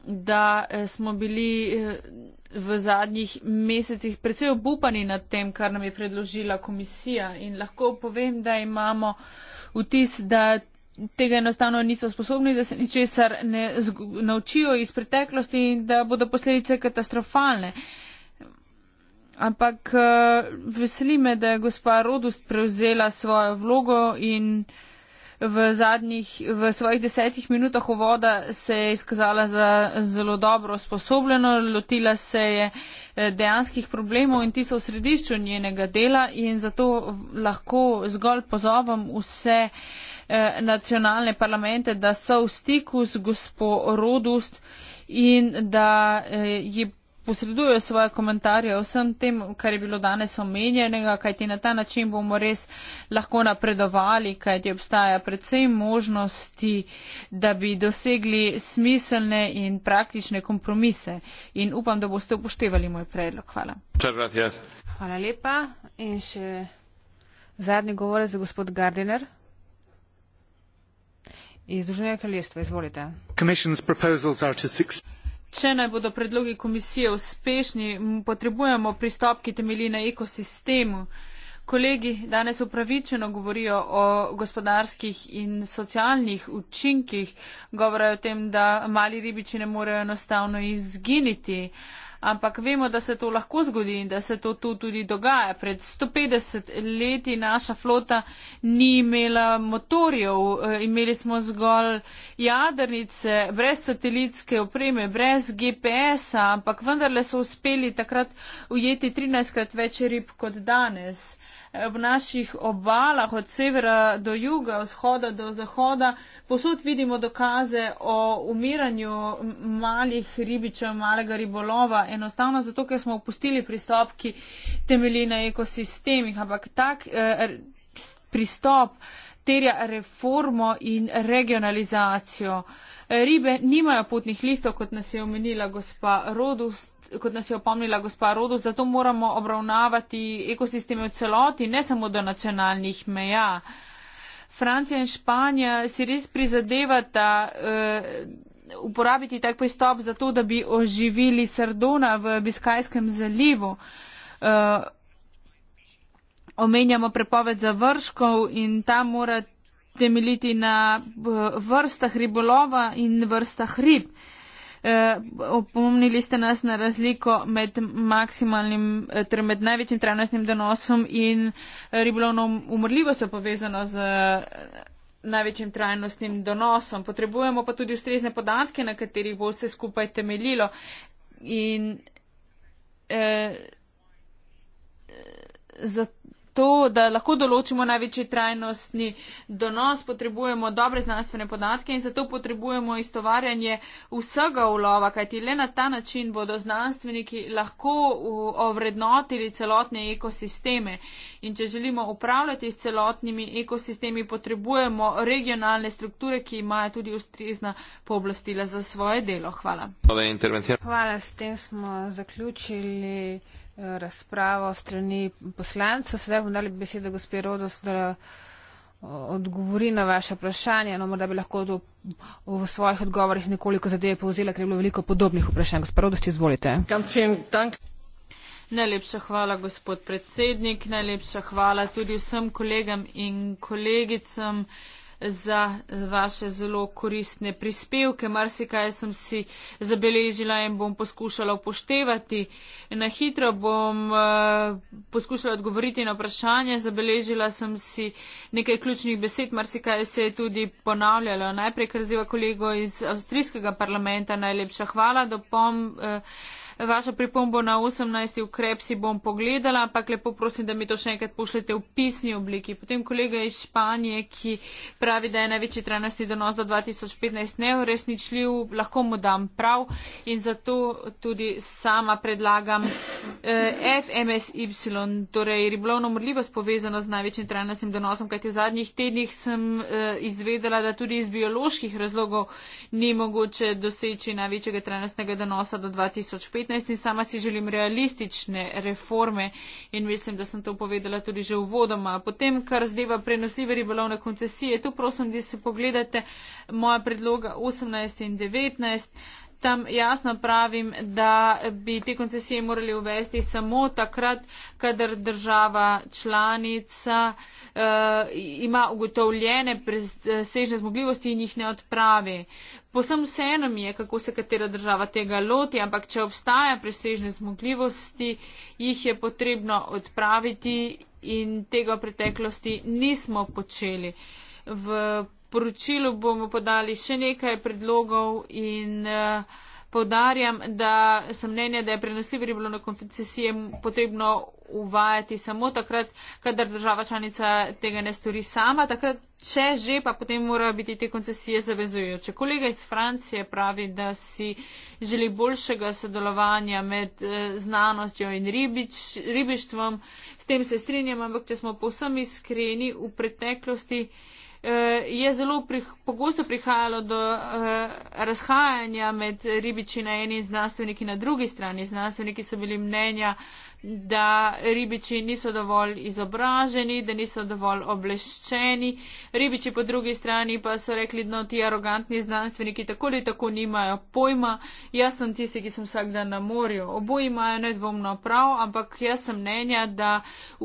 da eh, smo bili eh, v zadnjih mesecih precej obupani nad tem, kar nam je predložila komisija. In lahko povem, da imamo vtis, da tega enostavno niso sposobni, da se ničesar ne naučijo iz preteklosti in da bodo posledice katastrofalne. Ampak uh, veseli me, da je gospa Rodust prevzela svojo vlogo in uh, v, zadnjih, v svojih desetih minutah uvoda se je izkazala za zelo dobro sposobljeno, lotila se je eh, dejanskih problemov in ti so v središču njenega dela in zato lahko zgolj pozovem vse eh, nacionalne parlamente, da so v stiku z gospo Rodust in da eh, je posredujejo svoje komentarje o vsem tem, kar je bilo danes omenjenega, kajti na ta način bomo res lahko napredovali, kajti obstaja predvsem možnosti, da bi dosegli smiselne in praktične kompromise. In upam, da boste upoštevali moj predlog. Hvala. Hvala lepa. In še zadnji govorec, gospod Gardiner. Iz Združenega kraljestva, izvolite. Če naj bodo predlogi komisije uspešni, potrebujemo pristop, ki temelji na ekosistemu. Kolegi danes upravičeno govorijo o gospodarskih in socialnih učinkih, govorijo o tem, da mali ribiči ne morejo enostavno izginiti. Uh, ampak vemo, da se to lahko zgodi in da se to tu tudi dogaja. Pred 150 leti naša flota ni imela motorjev, eh, imeli smo zgolj jadrnice, brez satelitske opreme, brez GPS-a, ampak vendarle so uspeli takrat ujeti 13 krat več rib kot danes ob naših obalah, od severa do juga, od vzhoda do zahoda, posod vidimo dokaze o umiranju malih ribičev, malega ribolova. Enostavno zato, ker smo opustili pristop, ki temelji na ekosistemih. Ampak tak eh, pristop terja reformo in regionalizacijo. Ribe nimajo potnih listov, kot nas je omenila gospa Rodust kot nas je opomnila gospa Rodo, zato moramo obravnavati ekosisteme v celoti, ne samo do nacionalnih meja. Francija in Španija si res prizadevata uh, uporabiti tak pristop za to, da bi oživili Sardona v Biskajskem zalivu. Uh, omenjamo prepoved završkov in ta mora temeljiti na vrstah ribolova in vrstah rib. Uh, Eh, opomnili ste nas na razliko med, eh, torej med največjim trajnostnim donosom in eh, ribolovno umrljivostjo povezano z največjim trajnostnim donosom. Potrebujemo pa tudi ustrezne podatke, na katerih bo vse skupaj temeljilo. In, eh, zato to, da lahko določimo največji trajnostni donos, potrebujemo dobre znanstvene podatke in zato potrebujemo istovarjanje vsega ulova, kajti le na ta način bodo znanstveniki lahko ovrednotili celotne ekosisteme. In če želimo upravljati s celotnimi ekosistemi, potrebujemo regionalne strukture, ki imajo tudi ustrezna pooblastila za svoje delo. Hvala. Hvala, s tem smo zaključili razpravo strani poslancev. Sedaj bom dali besedo gospe Rodos, da odgovori na vaše vprašanje. No, morda bi lahko do, v svojih odgovorih nekoliko zadeve povzela, ker je bilo veliko podobnih vprašanj. Gospa Rodos, izvolite. Najlepša hvala, gospod predsednik. Najlepša hvala tudi vsem kolegam in kolegicam za vaše zelo koristne prispevke. Marsikaj sem si zabeležila in bom poskušala upoštevati. Na hitro bom eh, poskušala odgovoriti na vprašanje. Zabeležila sem si nekaj ključnih besed. Marsikaj se je tudi ponavljalo. Najprej, ker zdaj kolego iz avstrijskega parlamenta, najlepša hvala, da bom. Eh, vašo pripombo na 18. ukrep si bom pogledala, ampak lepo prosim, da mi to še enkrat pošljete v pisni obliki. Potem kolega iz Španije, ki pravi, da je največji trajnostni donos do 2015 neuresničljiv, lahko mu dam prav in zato tudi sama predlagam eh, FMSY, torej ribolovno umrljivost povezano z največjim trajnostnim donosom, kajti v zadnjih tednih sem eh, izvedela, da tudi iz bioloških razlogov ni mogoče doseči največjega trajnostnega donosa do 2015. 2015 in sama si želim realistične reforme in mislim, da sem to povedala tudi že uvodoma. Potem, kar zdeva prenosljive ribolovne koncesije, tu prosim, da si pogledate moja predloga 18 in 19 tam jasno pravim, da bi te koncesije morali uvesti samo takrat, kadar država članica uh, ima ugotovljene presežne zmogljivosti in jih ne odpravi. Posem vseeno mi je, kako se katera država tega loti, ampak če obstaja presežne zmogljivosti, jih je potrebno odpraviti in tega v preteklosti nismo počeli. V poročilu bomo podali še nekaj predlogov in uh, eh, povdarjam, da sem mnenja, da je prenosljiv ribolov na koncesije potrebno uvajati samo takrat, kadar država članica tega ne stori sama, takrat, če že, pa potem morajo biti te koncesije zavezujoče. Kolega iz Francije pravi, da si želi boljšega sodelovanja med eh, znanostjo in ribič, ribištvom, s tem se strinjam, ampak če smo povsem iskreni v preteklosti, uh, eh, je zelo prih, pogosto prihajalo do eh, razhajanja med ribiči na eni in znanstveniki na drugi strani. Znanstveniki so bili mnenja, da ribiči niso dovolj izobraženi, da niso dovolj obleščeni. Ribiči po drugi strani pa so rekli, no, ti arogantni znanstveniki tako ali tako nimajo pojma, jaz sem tisti, ki sem vsak dan na morju. Oboji imajo nedvomno prav, ampak jaz sem mnenja, da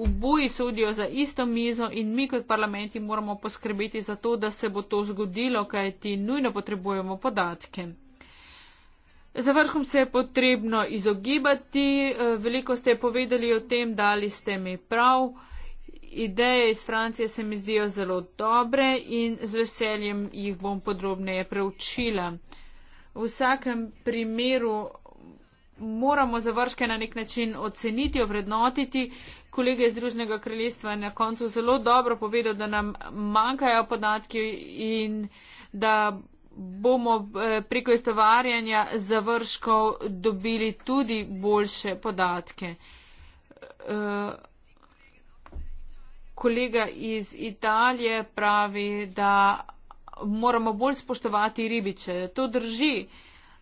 oboji sodijo za isto mizo in mi kot parlamenti moramo poskrbeti za to, da se bo to zgodilo, kajti nujno potrebujemo podatke. Za vrhom se je potrebno izogibati, eh, veliko ste povedali o tem, dali ste mi prav. Ideje iz Francije se mi zdijo zelo dobre in z veseljem jih bom podrobneje preučila. V vsakem primeru moramo završke na nek način oceniti, ovrednotiti. Kolega iz Združnega kraljestva je na koncu zelo dobro povedal, da nam manjkajo podatki in da bomo eh, preko istovarjanja završkov dobili tudi boljše podatke. Eh, kolega iz Italije pravi, da moramo bolj spoštovati ribiče. To drži,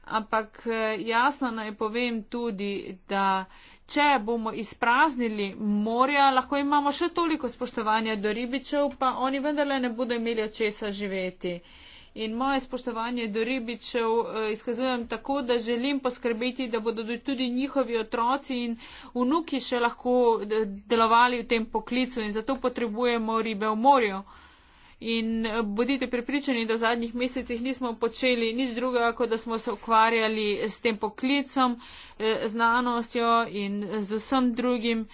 ampak eh, jasno naj povem tudi, da če bomo izpraznili morja, lahko imamo še toliko spoštovanja do ribičev, pa oni vendarle ne bodo imeli od česa živeti. Uh, In moje spoštovanje do ribičev eh, izkazujem tako, da želim poskrbeti, da bodo tudi njihovi otroci in vnuki še lahko eh, delovali v tem poklicu in zato potrebujemo ribe v morju. In eh, bodite pripričani, da v zadnjih mesecih nismo počeli nič druga, kot da smo se ukvarjali s tem poklicom, znanostjo in z vsem drugim,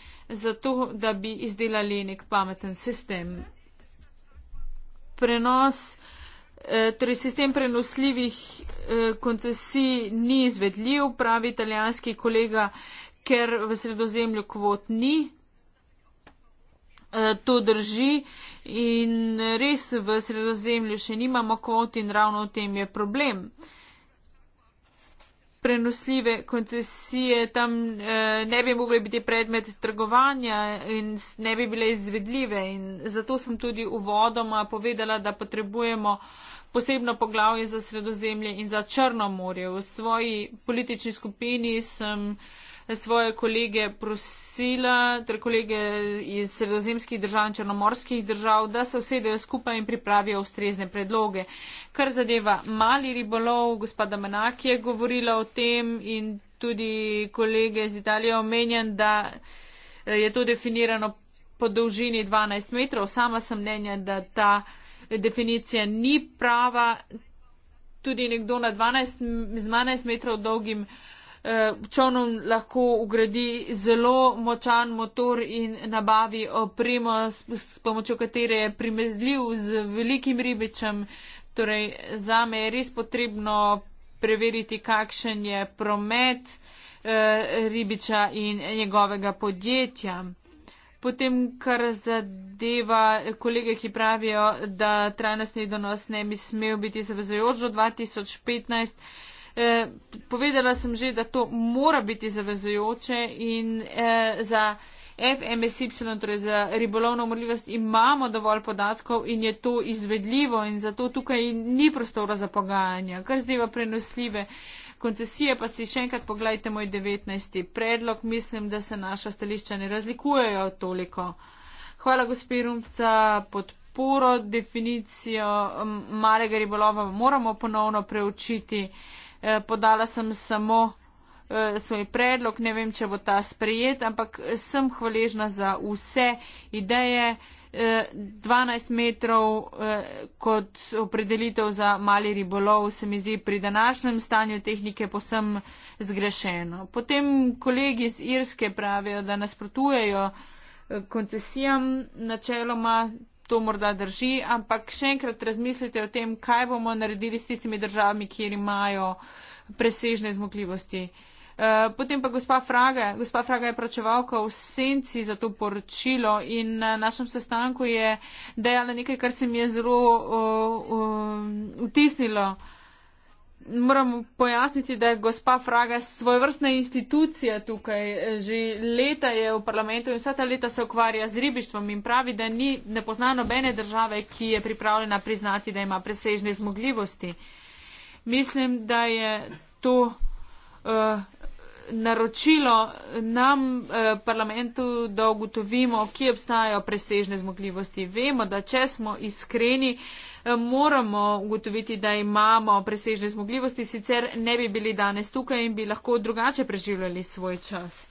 zato da bi izdelali nek pameten sistem. Prenos. Eh, torej sistem prenosljivih eh, koncesij ni izvedljiv, pravi italijanski kolega, ker v sredozemlju kvot ni. Eh, to drži in res v sredozemlju še nimamo kvot in ravno v tem je problem prenosljive koncesije tam eh, ne bi mogli biti predmet trgovanja in ne bi bile izvedljive. In zato sem tudi uvodoma povedala, da potrebujemo posebno poglavje za sredozemlje in za Črno morje. V svoji politični skupini sem eh, svoje kolege prosila, torej kolege iz sredozemskih držav in črnomorskih držav, da se usedejo skupaj in pripravijo ustrezne predloge. Kar zadeva mali ribolov, gospoda Menak je govorila o tem in tudi kolege iz Italije omenjam, da eh, je to definirano po dolžini 12 metrov. Sama sem mnenja, da ta eh, definicija ni prava. Tudi nekdo na 12, z 12 metrov dolgim uh, Eh, Čovnom lahko ugradi zelo močan motor in nabavi opremo, s pomočjo katere je primerljiv z velikim ribičem. Torej, za me je res potrebno preveriti, kakšen je promet eh, ribiča in njegovega podjetja. Potem, kar zadeva kolege, ki pravijo, da trajnostni donos ne bi smel biti zavezojoč do 2015 eh, povedala sem že, da to mora biti zavezujoče in eh, za FMSY, torej za ribolovno umrljivost, imamo dovolj podatkov in je to izvedljivo in zato tukaj ni prostora za pogajanja, kar zdiva prenosljive. Koncesije pa si še enkrat pogledajte moj 19. predlog, mislim, da se naša stališča ne razlikujejo toliko. Hvala, gospod Rumca, podporo, definicijo malega ribolova moramo ponovno preučiti. Uh, Eh, podala sem samo eh, svoj predlog, ne vem, če bo ta sprejet, ampak sem hvaležna za vse ideje. 12 eh, metrov kot opredelitev za mali ribolov se mi zdi pri današnjem stanju tehnike posem zgrešeno. Potem kolegi iz Irske pravijo, da nasprotujejo koncesijam načeloma, to morda drži, ampak še enkrat razmislite o tem, kaj bomo naredili s tistimi državami, kjer imajo presežne zmogljivosti. Eh, potem pa gospa Fraga, gospa Fraga je pračevalka v senci za to poročilo in eh, na našem sestanku je dejala nekaj, kar se mi je zelo uh, eh, uh, utisnilo moram pojasniti, da je gospa Fraga svoj vrstna institucija tukaj. Že leta je v parlamentu in vsa ta leta se ukvarja z ribištvom in pravi, da ni nepoznano bene države, ki je pripravljena priznati, da ima presežne zmogljivosti. Mislim, da je to uh, naročilo nam eh, parlamentu, da ugotovimo, kje obstajajo presežne zmogljivosti. Vemo, da če smo iskreni, eh, moramo ugotoviti, da imamo presežne zmogljivosti, sicer ne bi bili danes tukaj in bi lahko drugače preživljali svoj čas.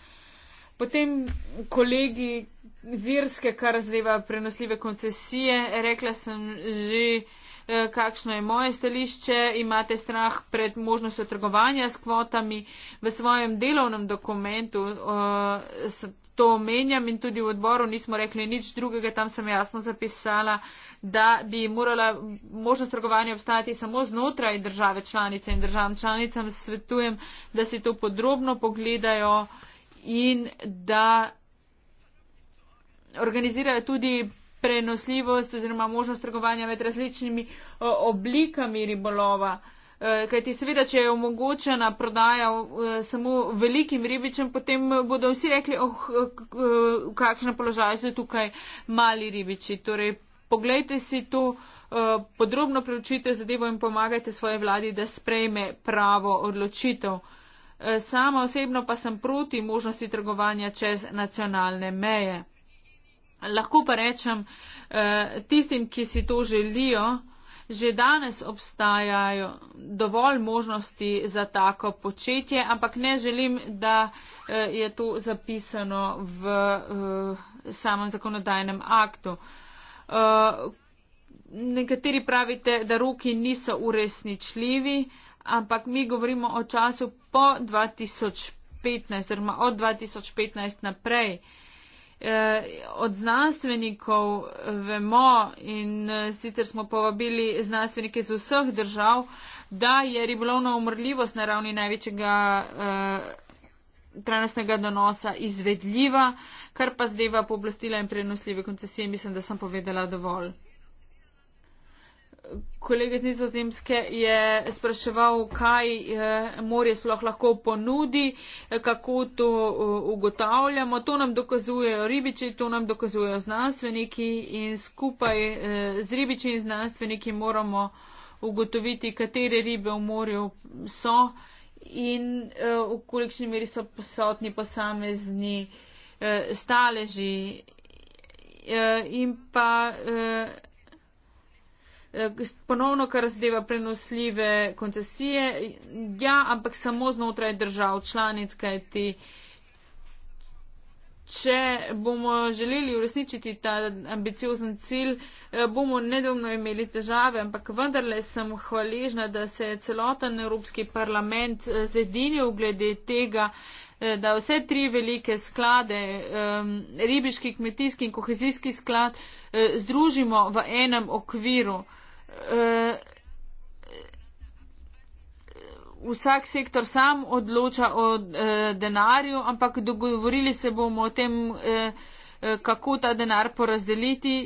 Potem kolegi zirske, kar zadeva prenosljive koncesije, rekla sem že, Eh, kakšno je moje stališče, imate strah pred možnostjo trgovanja s kvotami v svojem delovnem dokumentu. Eh, to omenjam in tudi v odboru nismo rekli nič drugega, tam sem jasno zapisala, da bi morala možnost trgovanja obstajati samo znotraj države članice in državam članicam. Svetujem, da si to podrobno pogledajo in da organizirajo tudi prenosljivost oziroma možnost trgovanja med različnimi oblikami ribolova. E, kajti seveda, če je omogočena prodaja samo velikim ribičem, potem bodo vsi rekli, oh, v kakšnem položaju so tukaj mali ribiči. Torej, poglejte si to, e, podrobno preučite zadevo in pomagajte svoje vladi, da sprejme pravo odločitev. E, sama osebno pa sem proti možnosti trgovanja čez nacionalne meje. Lahko pa rečem eh, tistim, ki si to želijo, že danes obstajajo dovolj možnosti za tako početje, ampak ne želim, da eh, je to zapisano v eh, samem zakonodajnem aktu. Nekateri pravite, da roki niso uresničljivi, ampak mi govorimo o času po 2015, od 2015 naprej eh, od znanstvenikov vemo in eh, sicer smo povabili znanstvenike iz vseh držav, da je ribolovna umrljivost na ravni največjega eh, trajnostnega donosa izvedljiva, kar pa zdaj v poblastila in prenosljive koncesije mislim, da sem povedala dovolj kolega iz Nizozemske je spraševal, kaj eh, morje sploh lahko ponudi, eh, kako to eh, ugotavljamo. To nam dokazujejo ribiči, to nam dokazujejo znanstveniki in skupaj z ribiči in znanstveniki moramo ugotoviti, katere ribe v morju so in v kolikšni meri so posotni posamezni staleži. In pa Eh, ponovno, kar zadeva prenosljive koncesije, ja, ampak samo znotraj držav članic, kajti če bomo želeli uresničiti ta ambiciozen cilj, eh, bomo nedomno imeli težave, ampak vendarle sem hvaležna, da se je celoten Evropski parlament eh, zedinil glede tega, da vse tri velike sklade, ribiški, kmetijski in kohezijski sklad, združimo v enem okviru eh, vsak sektor sam odloča o eh, denarju, ampak dogovorili se bomo o tem, eh, eh, kako ta denar porazdeliti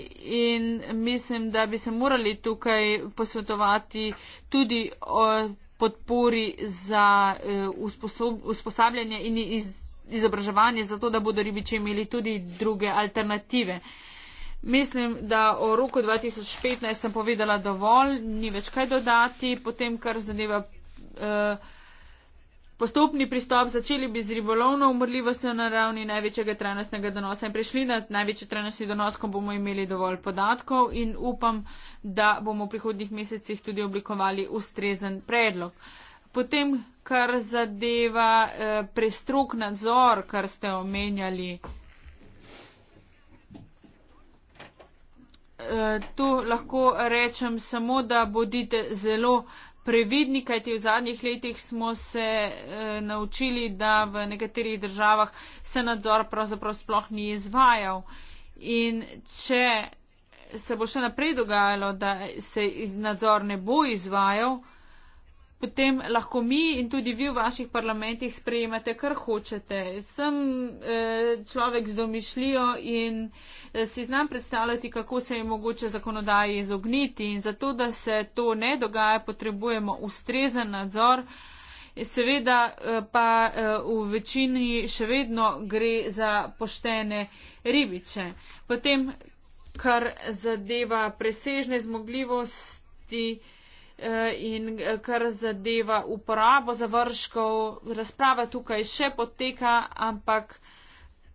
in mislim, da bi se morali tukaj posvetovati tudi o podpori za eh, usposob, usposabljanje in iz, izobraževanje, zato da bodo ribiči imeli tudi druge alternative. Eh, Mislim, da o roku 2015 sem povedala dovolj, ni več kaj dodati, potem kar zadeva eh, postopni pristop, začeli bi z ribolovno umrljivostjo na ravni največjega trajnostnega donosa in prišli na največji trajnostni donos, ko bomo imeli dovolj podatkov in upam, da bomo v prihodnjih mesecih tudi oblikovali ustrezen predlog. Potem, kar zadeva eh, prestrok nadzor, kar ste omenjali. Eh, Eh, to lahko rečem samo, da bodite zelo previdni, kajti v zadnjih letih smo se uh, naučili, da v nekaterih državah se nadzor pravzaprav sploh ni izvajal. In če se bo še naprej dogajalo, da se nadzor ne bo izvajal, uh, potem lahko mi in tudi vi v vaših parlamentih sprejemate, kar hočete. Sem eh, človek z domišljijo in eh, si znam predstavljati, kako se je mogoče zakonodaji izogniti in zato, da se to ne dogaja, potrebujemo ustrezen nadzor. Seveda eh, pa v večini še vedno gre za poštene ribiče. Potem, kar zadeva presežne zmogljivosti, Eh, in eh, kar zadeva uporabo završkov, razprava tukaj še poteka, ampak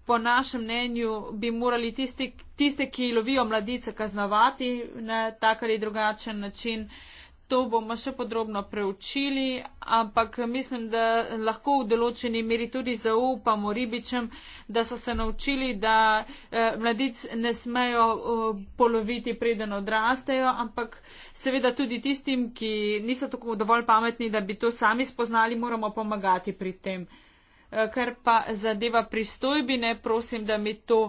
po našem mnenju bi morali tiste, tiste ki lovijo mladice, kaznovati na tak ali drugačen način. Uh, To bomo še podrobno preučili, ampak mislim, da lahko v določeni meri tudi zaupamo ribičem, da so se naučili, da eh, mladic ne smejo eh, poloviti preden odrastejo, ampak seveda tudi tistim, ki niso tako dovolj pametni, da bi to sami spoznali, moramo pomagati pri tem. Eh, Ker pa zadeva pristojbine, prosim, da mi to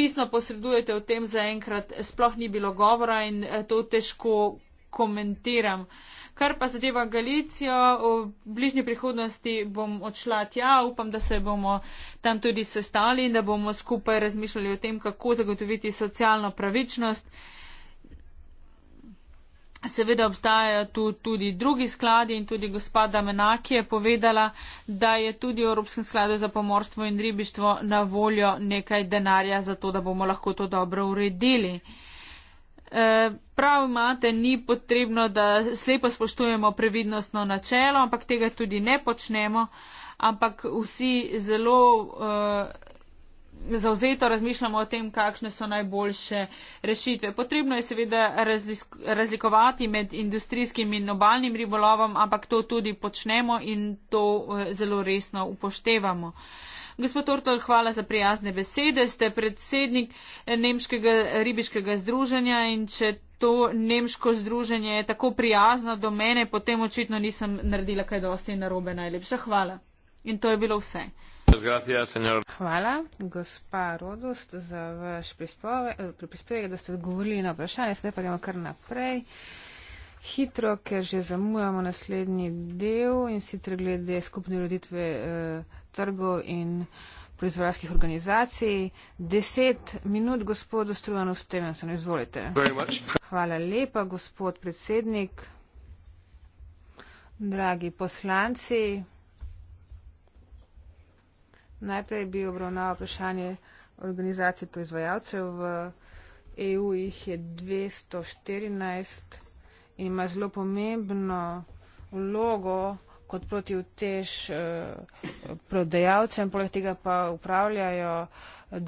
pisno posredujete, o tem zaenkrat sploh ni bilo govora in to težko komentiram. Kar pa zadeva Galicijo, v bližnji prihodnosti bom odšla tja, upam, da se bomo tam tudi sestali in da bomo skupaj razmišljali o tem, kako zagotoviti socialno pravičnost. Seveda obstajajo tu tudi drugi skladi in tudi gospoda Menaki je povedala, da je tudi v Evropskem skladu za pomorstvo in ribištvo na voljo nekaj denarja za to, da bomo lahko to dobro uredili. Prav imate, ni potrebno, da slepo spoštujemo previdnostno načelo, ampak tega tudi ne počnemo, ampak vsi zelo eh, zauzeto razmišljamo o tem, kakšne so najboljše rešitve. Potrebno je seveda razlikovati med industrijskim in obalnim ribolovom, ampak to tudi počnemo in to eh, zelo resno upoštevamo. Gospod Ortol, hvala za prijazne besede. Ste predsednik Nemškega ribiškega združenja in če to Nemško združenje je tako prijazno do mene, potem očitno nisem naredila kaj dosti narobe. Najlepša hvala. In to je bilo vse. Hvala, gospa Rodost, za vaš prispevek, da ste odgovorili na vprašanje. Sedaj pa gremo kar naprej hitro, ker že zamujamo naslednji del in sicer glede skupne roditve eh, trgov in proizvodskih organizacij. Deset minut, gospod Ostrujanov Stevenson, izvolite. Hvala lepa, gospod predsednik, dragi poslanci. Najprej bi obravnaval vprašanje organizacij proizvajalcev. V EU jih je 214 in ima zelo pomembno vlogo kot protivtež eh, prodajalcem, poleg tega pa upravljajo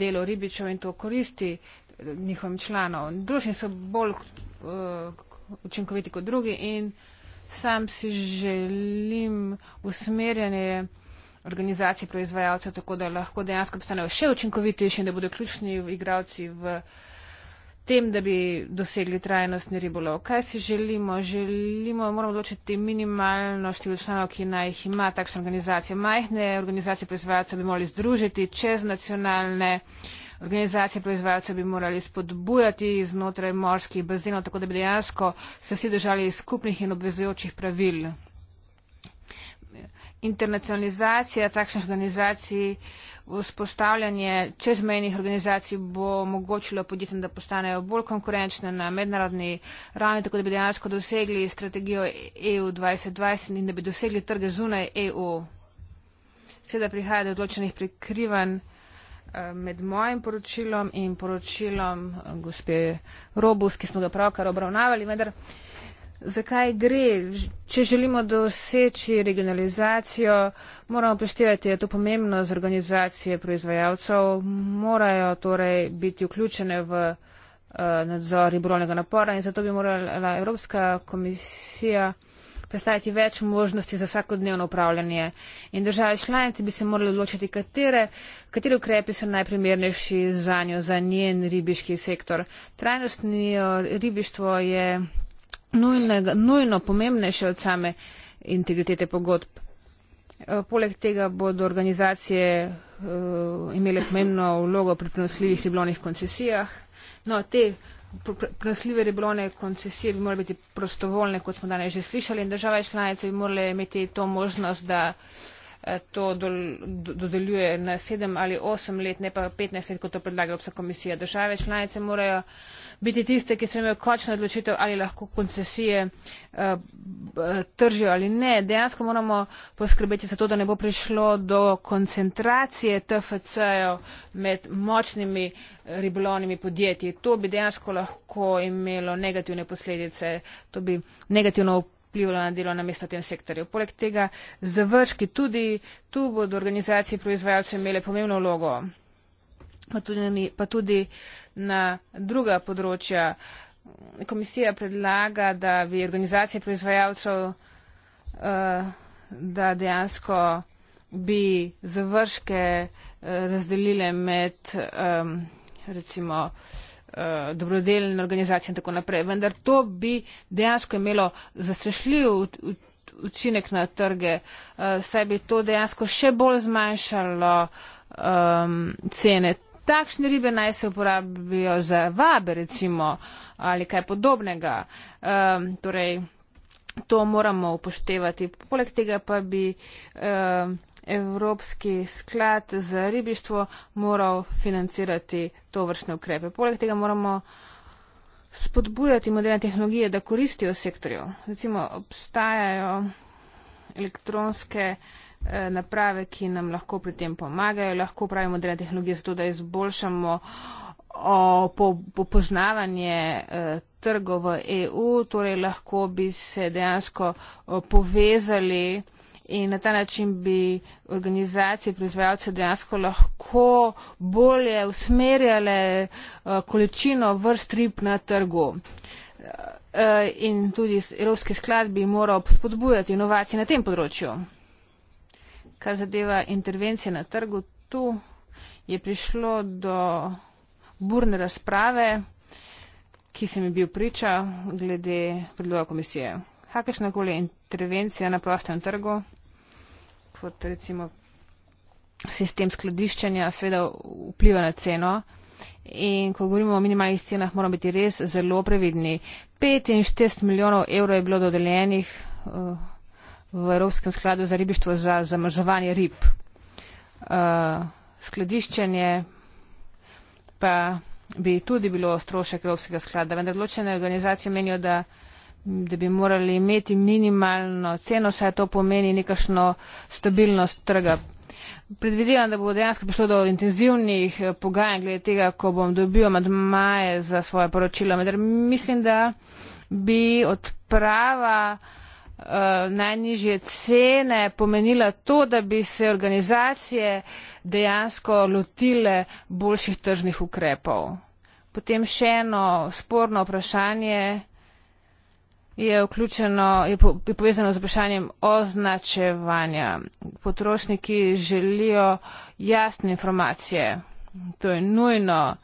delo ribičev in to koristi eh, njihovim članov. Družni so bolj eh, učinkoviti kot drugi in sam si želim usmerjanje organizacij proizvajalcev tako, da lahko dejansko postanejo še učinkovitejši in da bodo ključni igravci v eh, tem, da bi dosegli trajnostni ribolov. Kaj si želimo? Želimo, moramo določiti minimalno število članov, ki naj jih ima takšna organizacija. Majhne organizacije proizvajalcev bi morali združiti čez nacionalne. Organizacije proizvajalcev bi morali spodbujati znotraj morskih bazenov, tako da bi dejansko se vsi držali skupnih in obvezujočih pravil. Internacionalizacija takšnih organizacij uh, vzpostavljanje čezmejnih organizacij bo omogočilo podjetjem, da postanejo bolj konkurenčne na mednarodni ravni, tako da bi dejansko dosegli strategijo EU 2020 in da bi dosegli trge zunaj EU. Sveda prihaja do odločenih prikrivanj eh, med mojim poročilom in poročilom eh, gospe Robus, ki smo ga pravkar obravnavali, vendar zakaj gre. Če želimo doseči regionalizacijo, moramo upoštevati, da je to pomembno z organizacije proizvajalcev, morajo torej biti vključene v eh, nadzor ribolovnega napora in zato bi morala Evropska komisija predstaviti več možnosti za vsakodnevno upravljanje. In države članice bi se morali odločiti, katere, katere ukrepe so najprimernejši za njo, za njen ribiški sektor. Trajnostno ribištvo je nujnega, nujno pomembnejše od same integritete pogodb. Eh, poleg tega bodo organizacije uh, imele pomembno vlogo pri prenosljivih ribolovnih koncesijah. No, te prenosljive ribolovne koncesije bi morale biti prostovoljne, kot smo danes že slišali, in države članice bi morale imeti to možnost, da uh, Eh, to dodeljuje na sedem ali osem let, ne pa petnajst let, kot to predlaga Evropska komisija. Države članice morajo biti tiste, ki so imeli končno odločitev, ali lahko koncesije eh, tržijo ali ne. Dejansko moramo poskrbeti za to, da ne bo prišlo do koncentracije TFC-jev med močnimi eh, ribolovnimi podjetji. To bi dejansko lahko imelo negativne posledice, to bi negativno vplivalo vplivalo na delovna mesta v tem sektorju. Poleg tega zavržki tudi tu bodo organizacije proizvajalcev imele pomembno vlogo, pa tudi, pa tudi na druga področja. Komisija predlaga, da bi organizacije proizvajalcev, eh, da dejansko bi završke eh, razdelile med eh, recimo uh, dobrodelne organizacije in tako naprej. Vendar to bi dejansko imelo zastrešljiv učinek na trge, uh, saj bi to dejansko še bolj zmanjšalo um, cene. Takšne ribe naj se uporabijo za vabe, recimo, ali kaj podobnega. Um, torej, to moramo upoštevati. Poleg tega pa bi. Um, Evropski sklad za ribištvo moral financirati to vrstne ukrepe. Poleg tega moramo spodbujati moderne tehnologije, da koristijo sektorju. Recimo obstajajo elektronske eh, naprave, ki nam lahko pri tem pomagajo, lahko pravimo moderne tehnologije zato, da izboljšamo popoznavanje eh, trgov v EU, torej lahko bi se dejansko eh, povezali in na ta način bi organizacije proizvajalce dejansko lahko bolje usmerjale eh, količino vrst rib na trgu. Eh, in tudi Evropski sklad bi moral spodbujati inovacije na tem področju. Kar zadeva intervencije na trgu, tu je prišlo do burne razprave, ki sem ji bil priča glede predloga komisije kakršna koli intervencija na prostem trgu, kot recimo sistem skladiščenja, seveda vpliva na ceno. In ko govorimo o minimalnih cenah, moramo biti res zelo previdni. 45 milijonov evrov je bilo dodeljenih eh, v Evropskem skladu za ribištvo za zamrzovanje rib. Eh, skladiščenje pa bi tudi bilo strošek Evropskega sklada, vendar odločene organizacije menijo, da da bi morali imeti minimalno ceno, saj to pomeni nekašno stabilnost trga. Predvidevam, da bo dejansko prišlo do intenzivnih eh, pogajanj glede tega, ko bom dobil madmaje za svoje poročilo. Medar mislim, da bi odprava uh, najnižje cene pomenila to, da bi se organizacije dejansko lotile boljših tržnih ukrepov. Potem še eno sporno vprašanje je vključeno je povezano z vprašanjem označevanja potrošniki želijo jasne informacije to je nujno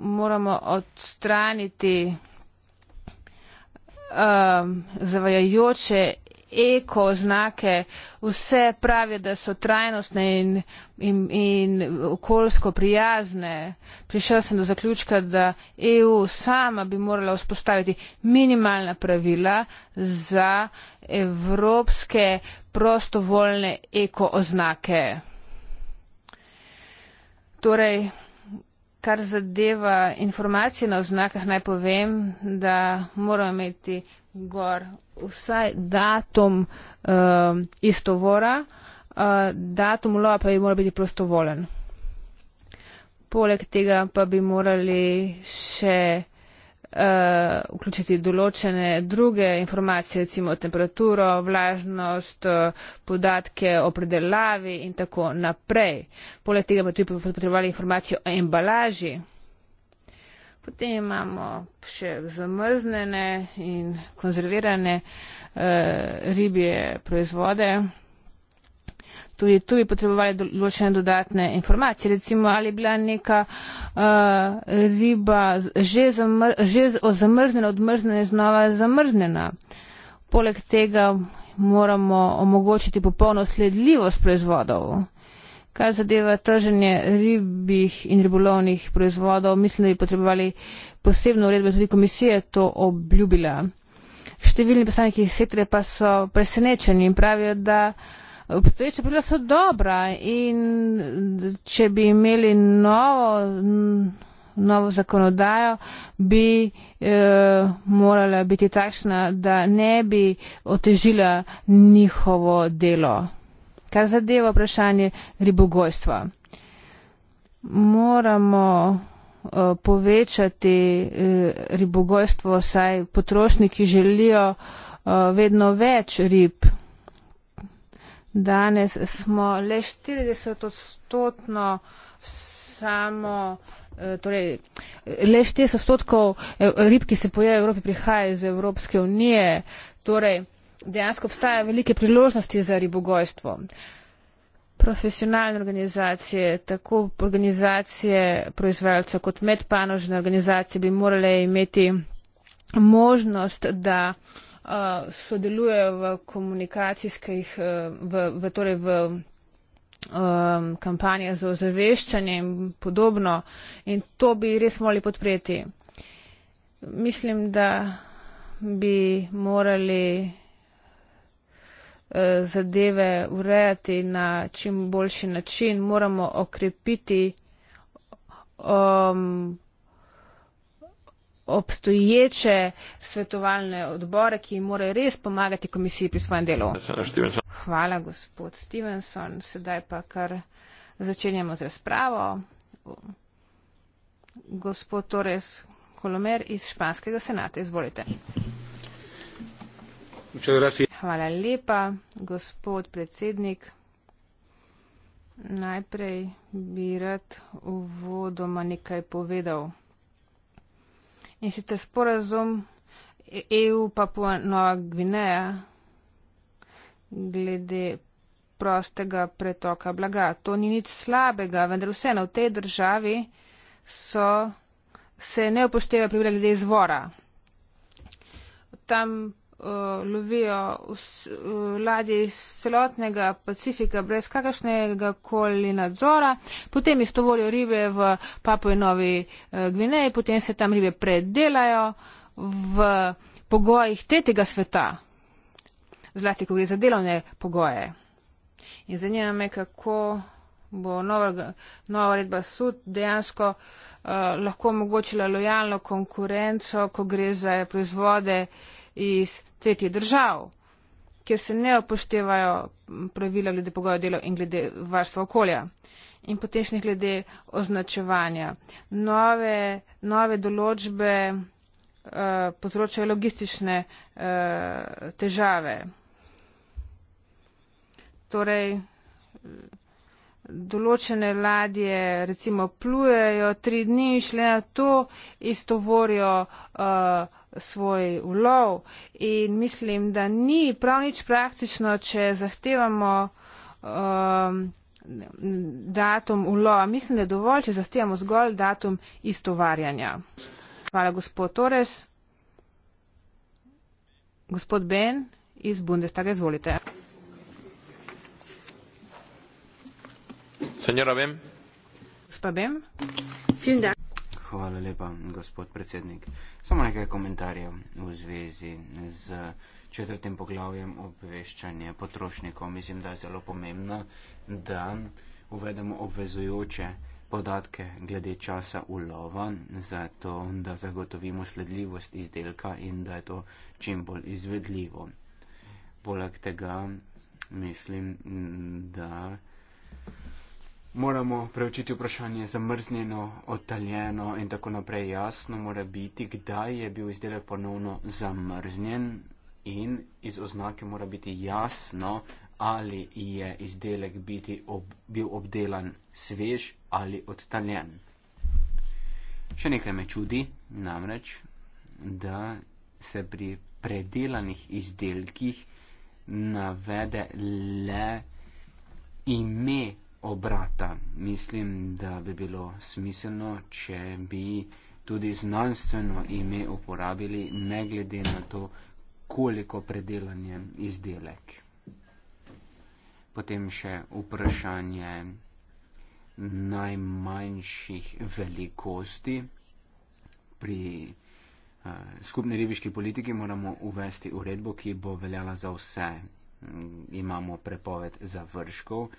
moramo odstraniti um, zavajajoče eko oznake, vse pravijo, da so trajnostne in, in, in okoljsko prijazne. Prišel sem do zaključka, da EU sama bi morala vzpostaviti minimalna pravila za evropske prostovoljne eko oznake. Torej, kar zadeva informacije na oznakah, naj povem, da moramo imeti gor vsaj datum uh, ehm, istovora, uh, eh, datum ulova pa bi moral biti prostovolen. Poleg tega pa bi morali še uh, vključiti določene druge informacije, recimo temperaturo, vlažnost, eh, podatke o predelavi in tako naprej. Poleg tega pa tudi potrebovali informacije o embalaži. Potem imamo še zamrznjene in konzervirane eh, ribje proizvode. Tu, je, tu bi potrebovali določene dodatne informacije, recimo ali je bila neka eh, riba že, zamr, že zamrznjena, odmrznjena, znova zamrznjena. Poleg tega moramo omogočiti popolno sledljivost proizvodov. Kar zadeva trženje ribih in ribolovnih proizvodov, mislim, da bi potrebovali posebno uredbo, tudi komisija to obljubila. Številni predstavniki sektorja pa so presenečeni in pravijo, da obstoječa pravila so dobra in če bi imeli novo, novo zakonodajo, bi eh, morala biti takšna, da ne bi otežila njihovo delo kar zadeva vprašanje ribogojstva. Moramo eh, povečati eh, ribogojstvo, saj potrošniki želijo eh, vedno več rib. Danes smo le 40 odstotno samo, torej le 40 odstotkov rib, ki se pojejo v Evropi, prihaja iz Evropske unije. Torej, dejansko obstajajo velike priložnosti za ribogojstvo. Profesionalne organizacije, tako organizacije proizvajalcev kot medpanožne organizacije bi morale imeti možnost, da uh, sodelujejo v komunikacijskih, uh, v, v, torej v um, kampanje za ozaveščanje in podobno. In to bi res morali podpreti. Mislim, da bi morali. Eh, zadeve urejati na čim boljši način, moramo okrepiti um, obstoječe svetovalne odbore, ki morajo res pomagati komisiji pri svojem delu. Hvala, gospod Stevenson. Sedaj pa kar začenjamo z razpravo. Gospod Torres Kolomer iz Španskega senata, izvolite. Hvala lepa, gospod predsednik. Najprej bi rad uvodoma nekaj povedal. In sicer sporazum EU Papua Nova Gvineja glede prostega pretoka blaga. To ni nič slabega, vendar vseeno v tej državi so, se ne upošteva pri glede izvora. Tam uh, lovijo uh, ladje iz celotnega Pacifika brez kakršnega koli nadzora, potem iztovolijo ribe v Papoj Novi uh, Gvineji, potem se tam ribe predelajo v pogojih tretjega sveta, zlasti, ko gre za delovne pogoje. In zanima me, kako bo nova, nova redba sud dejansko uh, lahko omogočila lojalno konkurenco, ko gre za proizvode uh, iz tretjih držav, kjer se ne upoštevajo pravila glede pogoja dela in glede varstva okolja in potešnih glede označevanja. Nove, nove določbe uh, povzročajo logistične uh, težave. Torej, določene ladje recimo plujejo tri dni in šle na to, istovorijo uh, svoj ulov in mislim, da ni prav nič praktično, če zahtevamo um, datum ulova. Mislim, da je dovolj, če zahtevamo zgolj datum istovarjanja. Hvala, gospod Torres. Gospod Ben iz Bundestaga, izvolite. Senjora Bem. Gospa Bem. Fin da. Hvala lepa, gospod predsednik. Samo nekaj komentarjev v zvezi z četrtim poglavjem obveščanje potrošnikov. Mislim, da je zelo pomembno, da uvedemo obvezujoče podatke glede časa ulova, zato da zagotovimo sledljivost izdelka in da je to čim bolj izvedljivo. Poleg tega mislim, da moramo preučiti vprašanje zamrznjeno, odtaljeno in tako naprej. Jasno mora biti, kdaj je bil izdelek ponovno zamrznjen in iz oznake mora biti jasno, ali je izdelek biti ob, bil obdelan svež ali odtaljen. Še nekaj me čudi, namreč, da se pri predelanih izdelkih navede le ime obrata. Mislim, da bi bilo smiselno, če bi tudi znanstveno ime uporabili, ne glede na to, koliko predelan je izdelek. Potem še vprašanje najmanjših velikosti. Pri eh, skupni ribiški politiki moramo uvesti uredbo, ki bo veljala za vse. Imamo prepoved za vrškov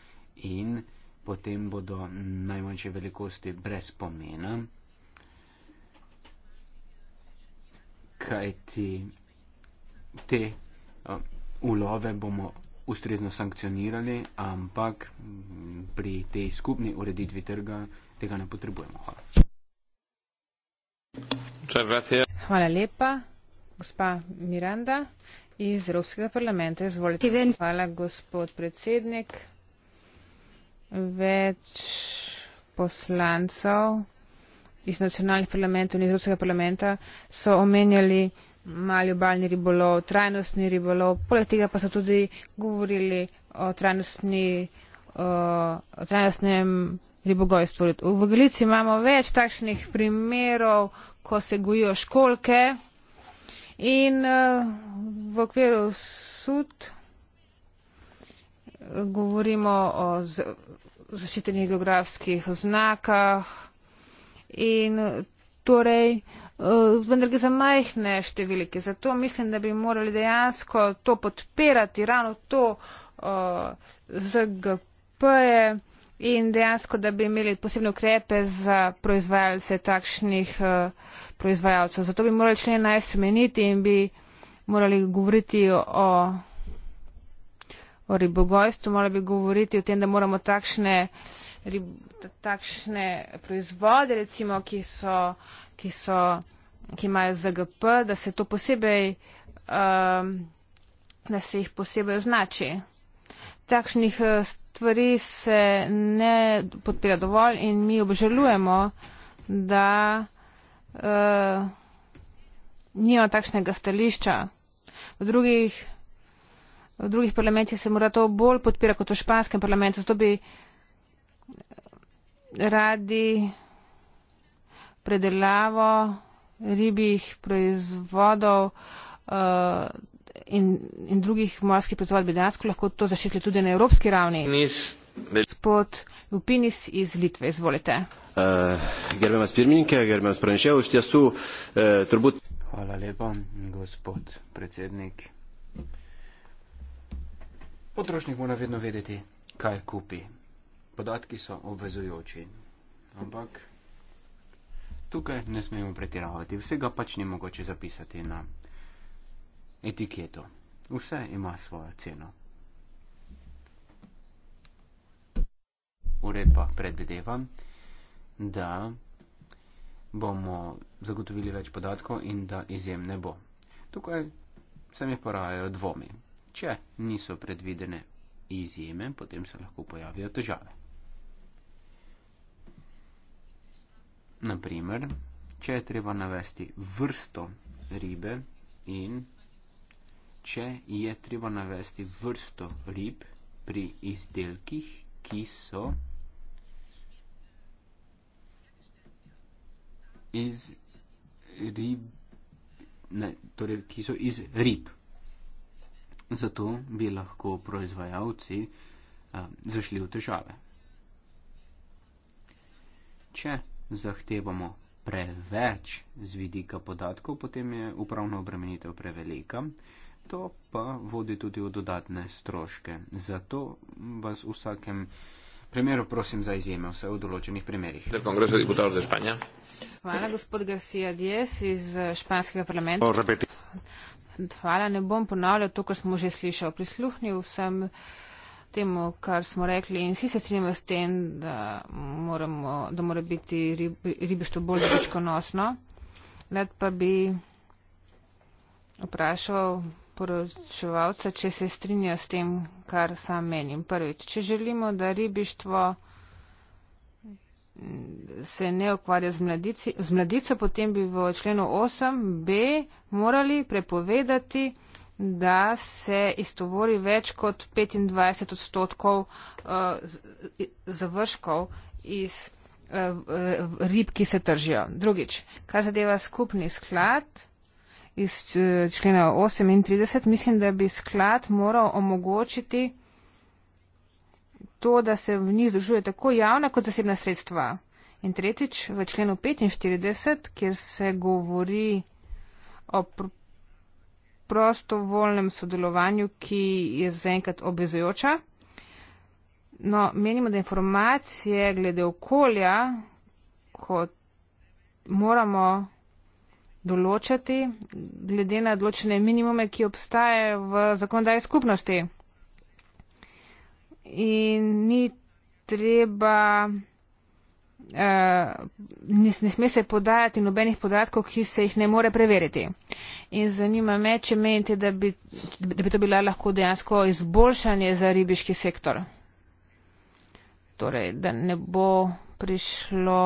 in eh, potem bodo najmanjše velikosti brez pomena, kajti te ulove bomo ustrezno sankcionirali, ampak pri tej skupni ureditvi trga tega ne potrebujemo. Hvala. Hvala lepa, gospa Miranda iz Evropskega parlamenta. Izvolite. Hvala, gospod predsednik več poslancev iz nacionalnih parlamentov in iz Evropskega parlamenta so omenjali mali obaljni ribolov, trajnostni ribolov, poleg tega pa so tudi govorili o, o trajnostnem ribogojstvu. V Galici imamo več takšnih primerov, ko se gojijo školke in eh, v okviru sud govorimo o zaščitenih geografskih znakah in torej eh, vendar gre za majhne številke. Zato mislim, da bi morali dejansko to podpirati, ravno to eh, ZGP-je in dejansko, da bi imeli posebne ukrepe za proizvajalce takšnih eh, proizvajalcev. Zato bi morali člene najspremeniti in bi morali govoriti o o ribogojstvu, morali bi govoriti o tem, da moramo takšne, rib, takšne proizvode, recimo, ki, so, ki, so, ki imajo ZGP, da se, posebej, um, da se jih posebej označi. Takšnih eh, stvari se ne podpira dovolj in mi obžalujemo, da uh, eh, nima takšnega stališča. V drugih v drugih parlamentih se mora to bolj podpira kot v španskem parlamentu, zato bi radi predelavo ribjih proizvodov uh, in, in drugih morskih proizvod bi dejansko lahko to zaščitili tudi na evropski ravni. Gospod Lupinis iz Litve, izvolite. Uh, štjastu, uh, Hvala lepa, gospod predsednik. Potrošnik mora vedno vedeti, kaj kupi. Podatki so obvezujoči. Ampak tukaj ne smemo pretiravati. Vsega pač ni mogoče zapisati na etiketo. Vse ima svojo ceno. Uredba predvideva, da bomo zagotovili več podatkov in da izjem ne bo. Tukaj se mi porajajo dvomi če niso predvidene izjeme, potem se lahko pojavijo težave. Naprimer, če je treba navesti vrsto ribe in če je treba navesti vrsto rib pri izdelkih, ki so iz rib, ne, torej, ki so iz rib. Zato bi lahko proizvajalci eh, zašli v težave. Če zahtevamo preveč z vidika podatkov, potem je upravna obremenitev prevelika, to pa vodi tudi v dodatne stroške. Zato vas v vsakem primeru prosim za izjeme, vse v določenih primerjih. Hvala, gospod Garcia Diez iz eh, španskega parlamenta. Hvala, ne bom ponavljal to, kar smo že slišali. Prisluhnil sem temu, kar smo rekli in vsi se strinjamo s tem, da, moramo, da mora biti rib, ribištvo bolj ribičkonosno. Led pa bi vprašal poročevalca, če se strinja s tem, kar sam menim. Prvič, če želimo, da ribištvo se ne ukvarja z, mladici, z mladico, potem bi v členu 8b morali prepovedati, da se istovori več kot 25 odstotkov eh, završkov iz eh, rib, ki se tržijo. Drugič, kar zadeva skupni sklad iz eh, člena 38, mislim, da bi sklad moral omogočiti to, da se v njih združuje tako javna kot zasebna sredstva. In tretjič, v členu 45, kjer se govori o pr prostovoljnem sodelovanju, ki je zaenkrat obvezujoča. No, menimo, da informacije glede okolja, kot moramo določati, glede na določene minimume, ki obstajajo v zakonodaji skupnosti in ni treba. Uh, ne, ne sme se podajati nobenih podatkov, ki se jih ne more preveriti. In zanima me, če menite, da bi, da bi to bila lahko dejansko izboljšanje za ribiški sektor. Torej, da ne bo prišlo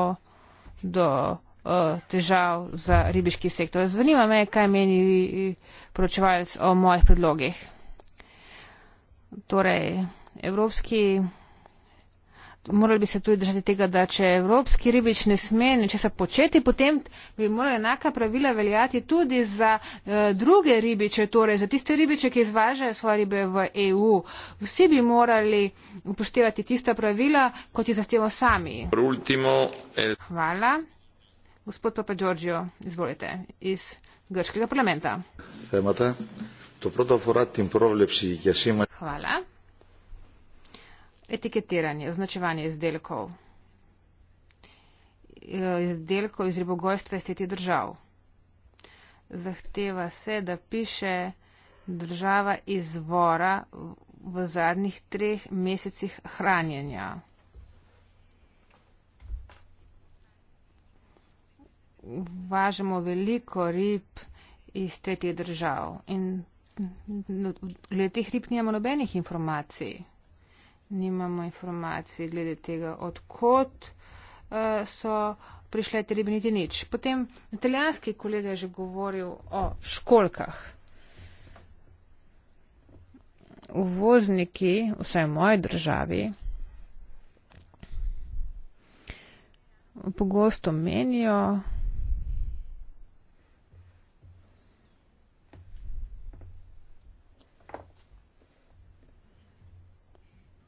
do uh, težav za ribiški sektor. Zanima me, kaj meni poročevalc o mojih predlogih. Torej, evropski. Morali bi se tudi držati tega, da če evropski ribič ne sme nečesa početi, potem bi morala enaka pravila veljati tudi za uh, druge ribiče, torej za tiste ribiče, ki izvažajo svoje ribe v EU. Vsi bi morali upoštevati tista pravila, kot jih zahtevamo sami. Hvala. Gospod Papa Đorđio, izvolite, iz grškega parlamenta. Hvala etiketiranje, označevanje izdelkov, izdelkov iz ribogojstva iz tretjih držav. Zahteva se, da piše država izvora v zadnjih treh mesecih hranjenja. Važemo veliko rib iz tretjih držav in glede teh rib nimamo nobenih informacij nimamo informacij glede tega, odkot uh, eh, so prišle te ribe, niti nič. Potem italijanski kolega je že govoril o školkah. Uvozniki, vsaj v moji državi, pogosto menijo,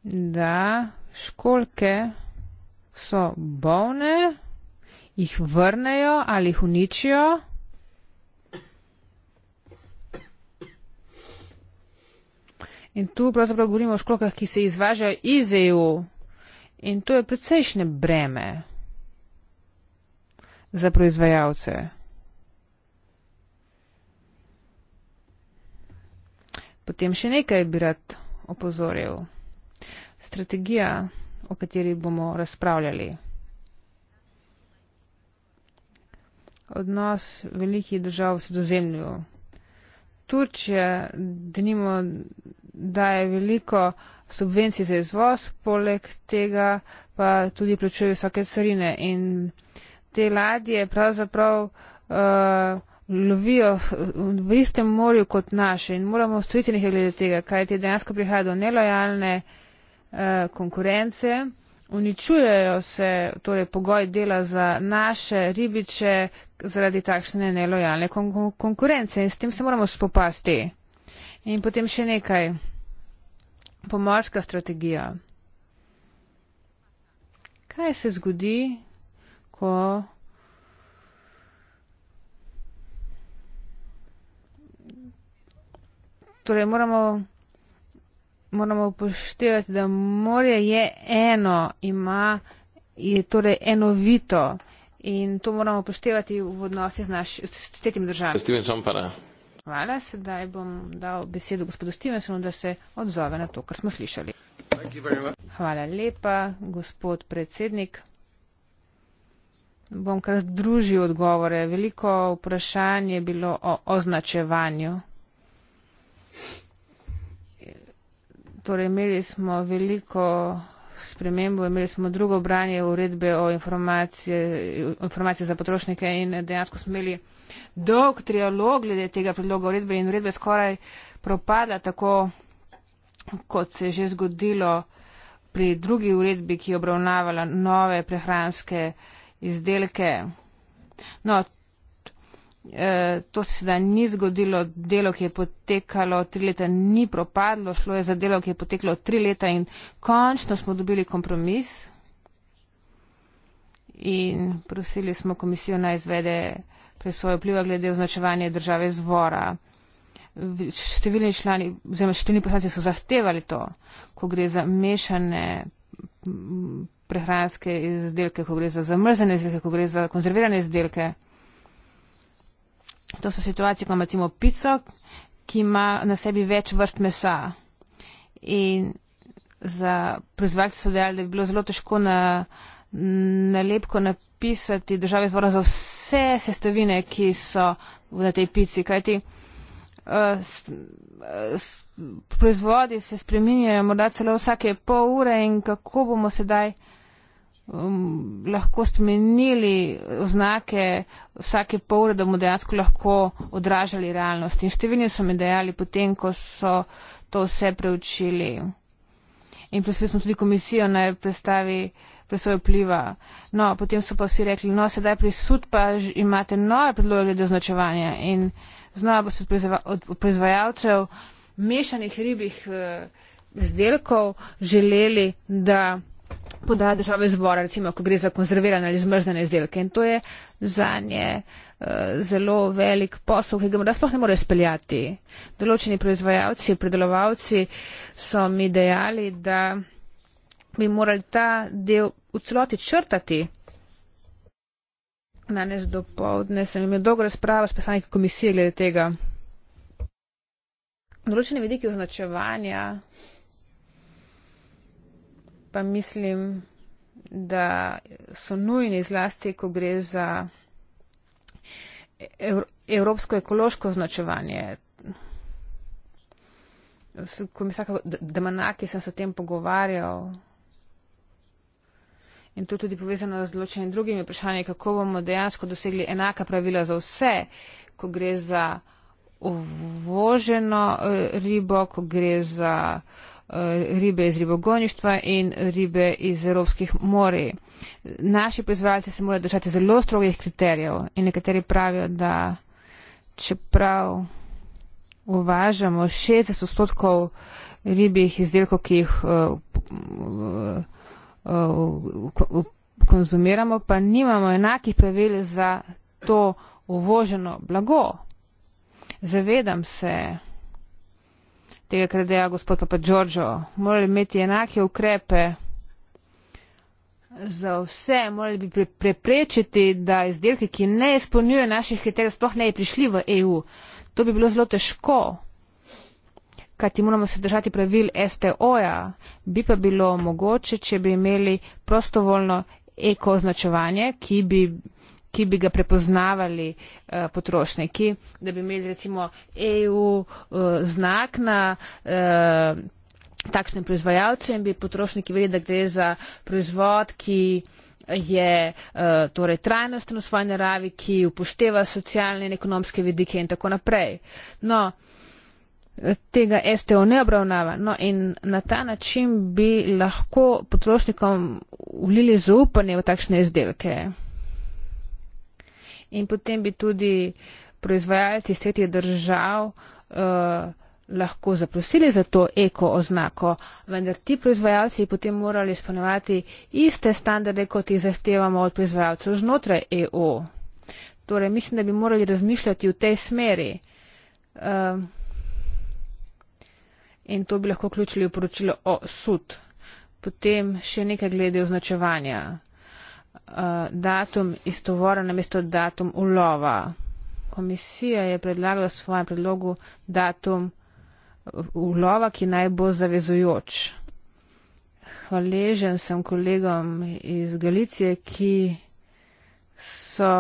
da školjke so bolne, jih vrnejo ali jih uničijo. In tu pravzaprav govorimo o školjkah, ki se izvažajo iz EU. In to je precejšnje breme za proizvajalce. Potem še nekaj bi rad opozoril strategija, o kateri bomo razpravljali. Odnos velikih držav v sredozemlju. Turčija, denimo, daje veliko subvencij za izvoz, poleg tega pa tudi plačuje visoke carine. In te ladje pravzaprav uh, lovijo v istem morju kot naše in moramo stojiti nekaj glede tega, kaj ti dejansko prihaja do nelojalne uh, Eh, konkurence, uničujejo se torej, pogoj dela za naše ribiče zaradi takšne nelojalne kon konkurence in s tem se moramo spopasti. In potem še nekaj. Pomorska strategija. Kaj se zgodi, ko torej moramo moramo upoštevati, da morje je eno, ima, je torej enovito in to moramo upoštevati v odnosi z, naš, s, s tretjimi državami. Steven Šampana. Hvala, sedaj bom dal besedo gospodu Stevensonu, da se odzove na to, kar smo slišali. Hvala lepa, gospod predsednik. Bom kar združil odgovore. Veliko vprašanje je bilo o označevanju. Torej, imeli smo veliko spremembo, imeli smo drugo branje uredbe o informacije, informacije za potrošnike in dejansko smo imeli dolg trialog glede tega predloga uredbe in uredbe skoraj propada tako, kot se je že zgodilo pri drugi uredbi, ki je obravnavala nove prehranske izdelke. No, E, to se sedaj ni zgodilo, delo, ki je potekalo tri leta, ni propadlo, šlo je za delo, ki je poteklo tri leta in končno smo dobili kompromis in prosili smo komisijo naj izvede presojo vpliva glede označevanja države zvora. Številni člani, oziroma številni poslanci so zahtevali to, ko gre za mešane prehranske izdelke, ko gre za zamrzane izdelke, ko gre za konzervirane izdelke. To so situacije, ko imamo pico, ki ima na sebi več vrst mesa. In za proizvajalce so dejali, da bi bilo zelo težko na, na lepko napisati države zvora za vse sestavine, ki so na tej pici. Kajti uh, s, uh, s, proizvodi se spreminjajo morda celo vsake pol ure in kako bomo sedaj um, lahko spremenili oznake vsake pol ure, da bomo dejansko lahko odražali realnost. In številni so mi dejali potem, ko so to vse preučili. In prosili smo tudi komisijo naj predstavi presoje vpliva. No, potem so pa vsi rekli, no, sedaj prisut pa imate nove predloge glede označevanja in znova bo se od proizvajalcev mešanih ribih eh, izdelkov želeli, da podaja države zbora, recimo, ko gre za konzervirane ali zmrznjene izdelke. In to je za nje eh, zelo velik posel, ki ga morda sploh ne more speljati. Določeni proizvajalci, predelovalci so mi dejali, da bi morali ta del v celoti črtati. Danes do povdne sem imel dolgo razpravo s predstavniki komisije glede tega. Določene vidike označevanja pa mislim, da so nujni zlasti, ko gre za evropsko ekološko označevanje. Ko mi vsako demanaki sem se o tem pogovarjal in to tudi povezano z določenimi drugimi vprašanji, kako bomo dejansko dosegli enaka pravila za vse, ko gre za uvoženo eh, ribo, ko gre za uh, Eh, ribe iz ribogonjištva in ribe iz evropskih morij. Naši proizvajalci se morajo držati zelo strogih kriterijev in nekateri pravijo, da čeprav uvažamo 60 odstotkov ribih izdelkov, ki jih eh, konzumiramo, pa nimamo enakih pravil za to uvoženo blago. Zavedam se, tega, kar dela gospod Papa Đorđo. Morali imeti enake ukrepe za vse, morali bi preprečiti, da izdelke, ki ne izpolnjujejo naših kriterijev, sploh ne bi prišli v EU. To bi bilo zelo težko, kajti moramo se držati pravil STO-ja. Bi pa bilo mogoče, če bi imeli prostovoljno eko označevanje, ki bi ki bi ga prepoznavali eh, potrošniki, da bi imeli recimo EU eh, znak na eh, takšnem proizvajalcu in bi potrošniki vedeli, da gre za proizvod, ki je eh, torej trajnosten v svoji naravi, ki upošteva socialne in ekonomske vidike in tako naprej. No, tega STO ne obravnava. No in na ta način bi lahko potrošnikom vlili zaupanje v takšne izdelke in potem bi tudi proizvajalci iz tretjih držav uh, lahko zaprosili za to eko oznako, vendar ti proizvajalci potem morali izpolnjevati iste standarde, kot jih zahtevamo od proizvajalcev znotraj EU. Torej, mislim, da bi morali razmišljati v tej smeri. Uh, in to bi lahko vključili v poročilo o sud. Potem še nekaj glede označevanja. Eh, datum istovora namesto datum ulova. Komisija je predlagala v svojem predlogu datum ulova, ki naj bo zavezujoč. Hvaležen sem kolegom iz Galicije, ki so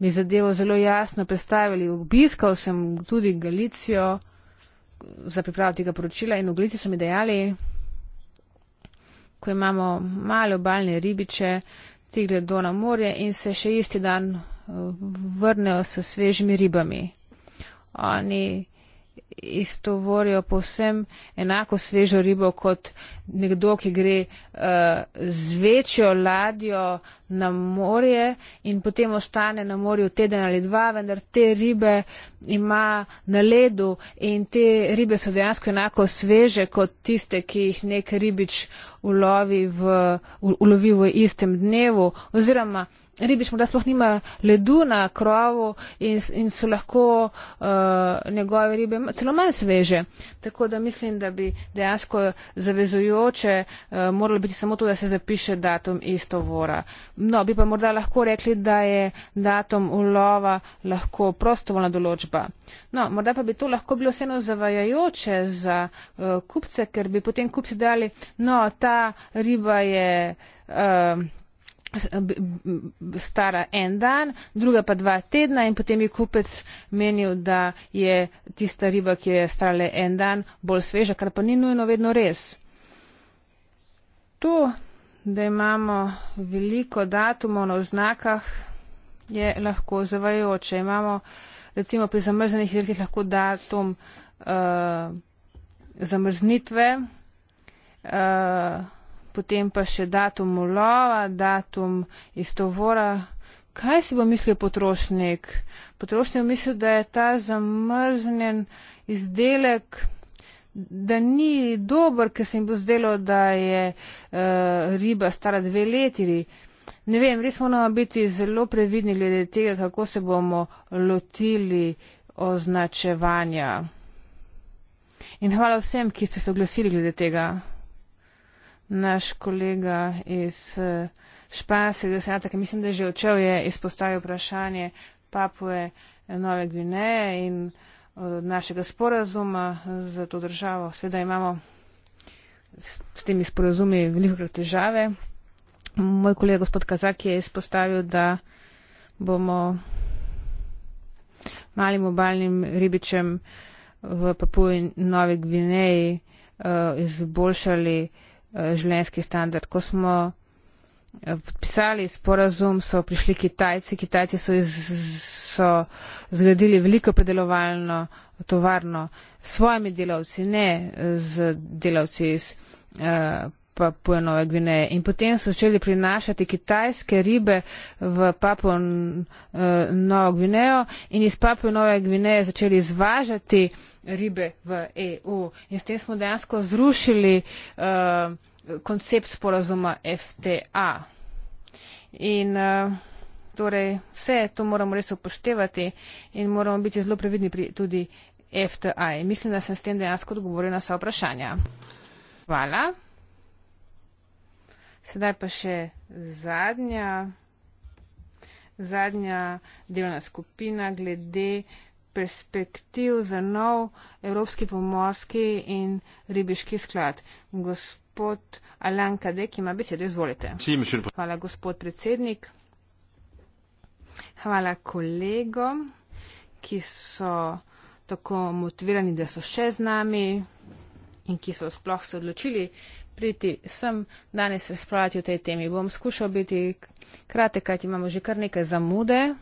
mi zadevo zelo jasno predstavili. Obiskal sem tudi Galicijo za pripravo tega poročila in v Galiciji so mi dejali, ko imamo male obaljne ribiče, ti gredo na morje in se še isti dan eh, vrnejo s svežimi ribami. Oni istovorijo povsem enako svežo ribo kot nekdo, ki gre uh, z večjo ladjo na morje in potem ostane na morju teden ali dva, vendar te ribe ima na ledu in te ribe so dejansko enako sveže kot tiste, ki jih nek ribič ulovi v, ulovi v istem dnevu oziroma ribiš morda sploh nima ledu na krovu in, in so lahko uh, njegove ribe celo manj sveže. Tako da mislim, da bi dejansko zavezujoče uh, moralo biti samo to, da se zapiše datum istovora. No, bi pa morda lahko rekli, da je datum ulova lahko prostovoljna določba. No, morda pa bi to lahko bilo vseeno zavajajoče za uh, kupce, ker bi potem kupci dali, no, ta riba je. Uh, stara en dan, druga pa dva tedna in potem je kupec menil, da je tista riba, ki je stara le en dan, bolj sveža, kar pa ni nujno vedno res. To, da imamo veliko datumov na oznakah, je lahko zavajoče. Imamo recimo pri zamrznenih izdelkih lahko datum uh, zamrznitve. Uh, potem pa še datum ulova, datum iz tovora. Kaj si bo mislil potrošnik? Potrošnik je mislil, da je ta zamrznjen izdelek, da ni dober, ker se jim bo zdelo, da je uh, riba stara dve letiri. Ne vem, res moramo biti zelo previdni glede tega, kako se bomo lotili označevanja. In hvala vsem, ki ste se oglasili glede tega naš kolega iz eh, španskega senata, ki mislim, da je že odšel, je izpostavil vprašanje Papue Nove Gvineje in eh, našega sporazuma z to državo. Sveda imamo s temi sporazumi veliko težave. Moj kolega gospod Kazak je izpostavil, da bomo malim obaljnim ribičem v Papuji Nove Gvineji uh, izboljšali uh, Eh, življenjski standard. Ko smo eh, podpisali sporazum, so prišli Kitajci. Kitajci so, iz, so zgradili veliko predelovalno tovarno s svojimi delavci, ne z delavci iz. Uh, Papue Nove Gvineje. In potem so začeli prinašati kitajske ribe v Papu uh, eh, Novo Gvinejo in iz Papue Nove Gvineje začeli izvažati ribe v EU. In s tem smo dejansko zrušili uh, koncept sporazuma FTA. In uh, torej vse to moramo res upoštevati in moramo biti zelo previdni pri tudi FTA. In mislim, da sem s tem dejansko odgovoril na vsa vprašanja. Hvala. Sedaj pa še zadnja, zadnja delna skupina glede perspektiv za nov Evropski pomorski in ribiški sklad. Gospod Alan Kadek ima besedo, izvolite. Hvala, gospod predsednik. Hvala kolegom, ki so tako motivirani, da so še z nami in ki so sploh se odločili, priti sem danes razpravljati o tej temi. Bom skušal biti kratek, kajti imamo že kar nekaj zamude.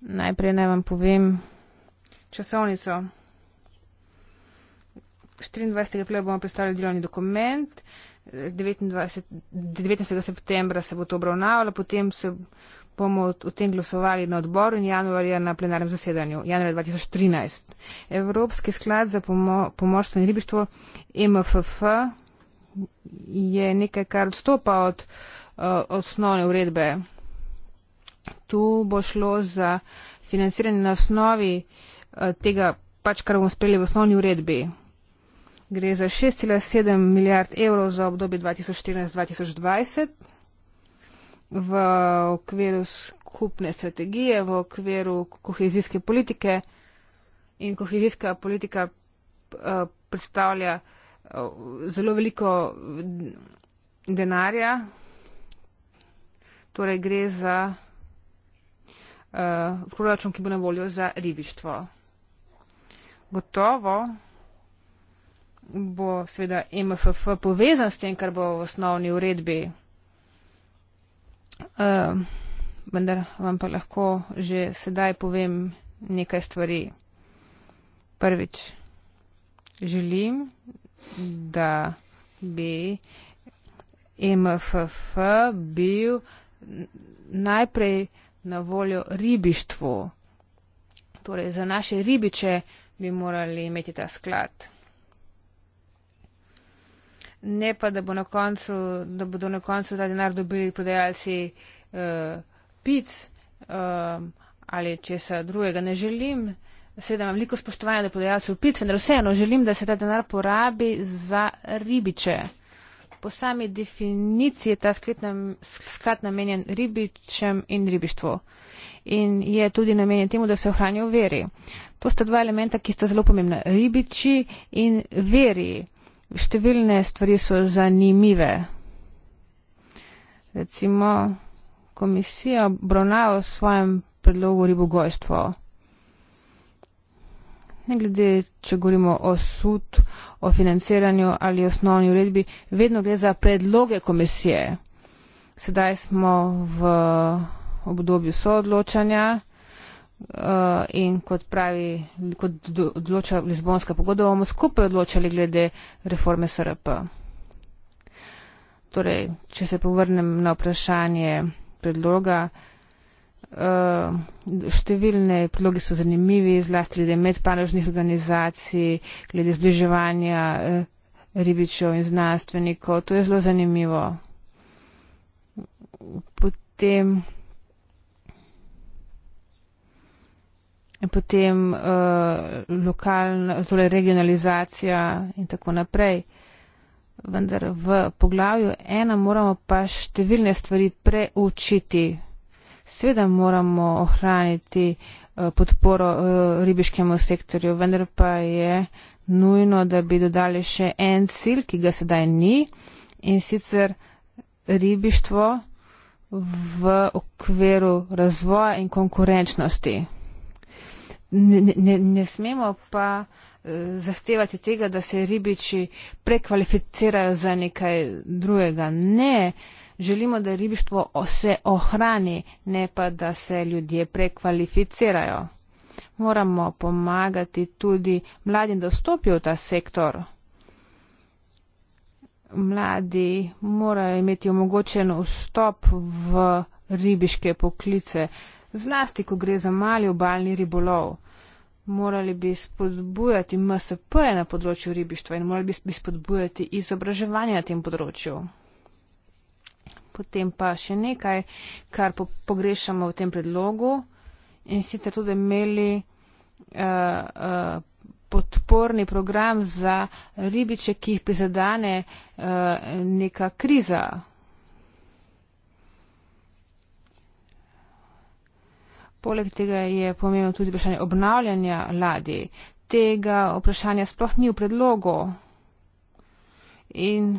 Najprej naj vam povem časovnico. 24. aprila bomo predstavili delovni dokument, 29, 19. septembra se bo to obravnavalo, potem se bomo o tem glasovali na odboru in januarja na plenarnem zasedanju, januarja 2013. Evropski sklad za pomo pomorstvo in ribištvo MFF je nekaj, kar odstopa od uh, osnovne uredbe. Tu bo šlo za financiranje na osnovi uh, tega, pač kar bomo sprejeli v osnovni uredbi. Gre za 6,7 milijard evrov za obdobje 2014-2020 v okviru skupne strategije, v okviru kohezijske politike in kohezijska politika eh, predstavlja eh, zelo veliko mm, denarja. Torej gre za uh, proračun, ki bo na voljo za ribištvo. Gotovo bo seveda MFF povezan s tem, kar bo v osnovni uredbi Eh, vendar vam pa lahko že sedaj povem nekaj stvari. Prvič, želim, da bi MFF bil najprej na voljo ribištvu. Torej, za naše ribiče bi morali imeti ta sklad ne pa da, bo na koncu, da bodo na koncu ta denar dobili prodajalci uh, pic uh, ali česa drugega. Ne želim, seveda imam veliko spoštovanja do prodajalcev pic, vendar vseeno želim, da se ta denar porabi za ribiče. Po sami definiciji je ta sklad namenjen ribičem in ribištvu. In je tudi namenjen temu, da se ohranijo veri. To sta dva elementa, ki sta zelo pomembna. Ribiči in veri številne stvari so zanimive. Recimo, komisija obravnava v svojem predlogu ribogojstvo. Ne glede, če govorimo o sud, o financiranju ali osnovni uredbi, vedno gre za predloge komisije. Sedaj smo v obdobju soodločanja. Eh, in kot pravi, kot odloča Lizbonska pogodba, bomo skupaj odločali glede reforme SRP. Torej, če se povrnem na vprašanje predloga, eh, številne predloge so zanimivi, zlasti glede medpanožnih organizacij, glede zbliževanja eh, ribičev in znanstvenikov. To je zelo zanimivo. Potem. in potem uh, lokalna, torej regionalizacija in tako naprej. Vendar v poglavju ena moramo pa številne stvari preučiti. Sveda moramo ohraniti uh, podporo uh, ribiškemu sektorju, vendar pa je nujno, da bi dodali še en cilj, ki ga sedaj ni in sicer ribištvo v okviru razvoja in konkurenčnosti ne, ne smemo pa eh, zahtevati tega, da se ribiči prekvalificirajo za nekaj drugega. Ne, želimo, da ribištvo se ohrani, ne pa, da se ljudje prekvalificirajo. Moramo pomagati tudi mladim, da vstopijo v ta sektor. Mladi morajo imeti omogočen vstop v ribiške poklice zlasti, ko gre za mali obaljni ribolov. Morali bi spodbujati MSP -e na področju ribištva in morali bi spodbujati izobraževanje na tem področju. Potem pa še nekaj, kar po pogrešamo v tem predlogu in sicer tudi imeli uh, uh, podporni program za ribiče, ki jih prizadane uh, eh, neka kriza. Poleg tega je pomembno tudi vprašanje obnavljanja ladje. Tega vprašanja sploh ni v predlogu. In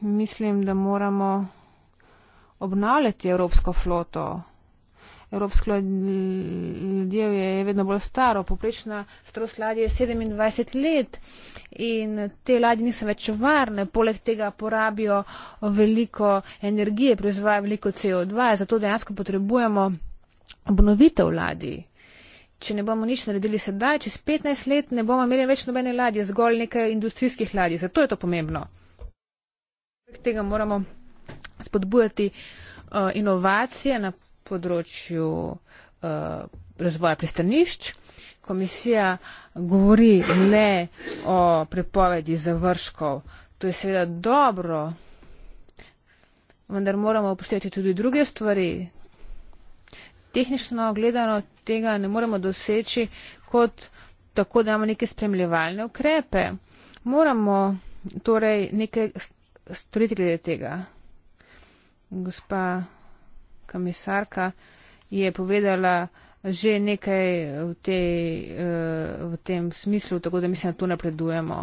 mislim, da moramo obnavljati evropsko floto. Evropsko ladje je vedno bolj staro, poprečna starost ladje je 27 let in te ladje niso več varne, poleg tega porabijo veliko energije, proizvajajo veliko CO2, zato dejansko potrebujemo obnovitev ladij. Če ne bomo nič naredili sedaj, čez 15 let ne bomo imeli več nobene ladje, zgolj nekaj industrijskih ladij. Zato je to pomembno. Prek tega moramo spodbujati uh, inovacije na področju uh, razvoja pristanišč. Komisija govori le o prepovedi završkov. To je seveda dobro, vendar moramo upoštevati tudi druge stvari, tehnično gledano tega ne moremo doseči kot tako, da imamo neke spremljevalne ukrepe. Moramo torej nekaj storiti glede tega. Gospa komisarka je povedala že nekaj v, tej, eh, v tem smislu, tako da mislim, da tu napredujemo.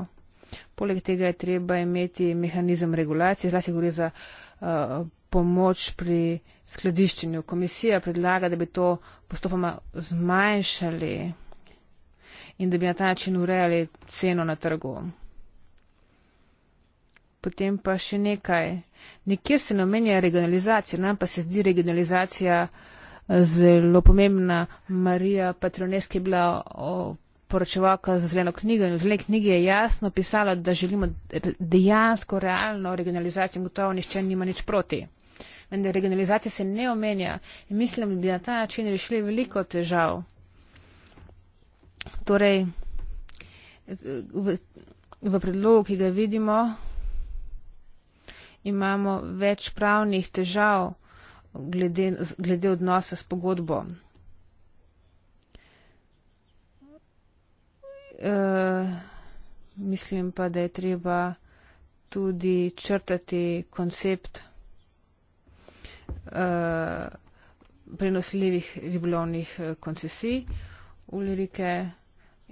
Poleg tega je treba imeti mehanizem regulacije, zlasti gre za uh, pomoč pri skladiščenju. Komisija predlaga, da bi to postopoma zmanjšali in da bi na ta način urejali ceno na trgu. Potem pa še nekaj. Nekjer se namenja regionalizacija, nam pa se zdi regionalizacija eh, zelo pomembna. Marija Patroneski je bila poročevalka za zeleno knjigo in v zeleni knjigi je jasno pisala, da želimo dejansko realno regionalizacijo in gotovo nišče nima nič proti vendar regionalizacija se ne omenja in mislim, da bi na ta način rešili veliko težav. Torej, v, v predlogu, ki ga vidimo, imamo več pravnih težav glede, glede odnosa s pogodbo. Uh, mislim pa, da je treba tudi črtati koncept Eh, prenosljivih ribolovnih eh, koncesij. Ulrike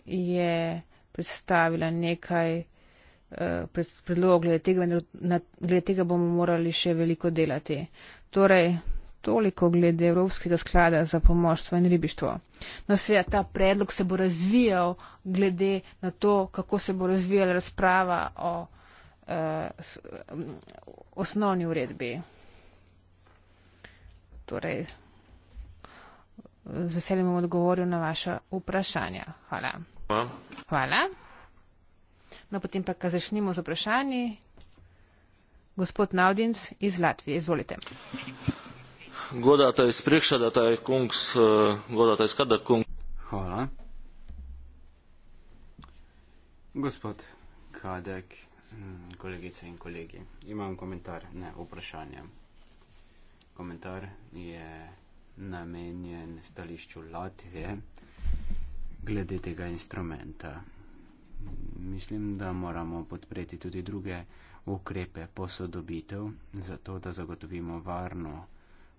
je predstavila nekaj uh, predlogov glede tega, vendar glede tega bomo morali še veliko delati. Torej, toliko glede Evropskega sklada za pomorstvo in ribištvo. No, seveda, ta predlog se bo razvijal glede na to, kako se bo razvijala razprava o uh, osnovni uredbi torej z veseljem bom odgovoril na vaše vprašanja. Hvala. Hvala. No, potem pa, kar začnimo z vprašanji. Gospod Naudinc iz Latvije, izvolite. Godata iz Prekša, da ta je kungs, eh, godata iz Kada kungs. Hvala. Gospod Kadek, mm, kolegice in kolegi, imam komentar, ne vprašanje komentar je namenjen stališču Latvije glede tega instrumenta. Mislim, da moramo podpreti tudi druge ukrepe posodobitev, zato da zagotovimo varno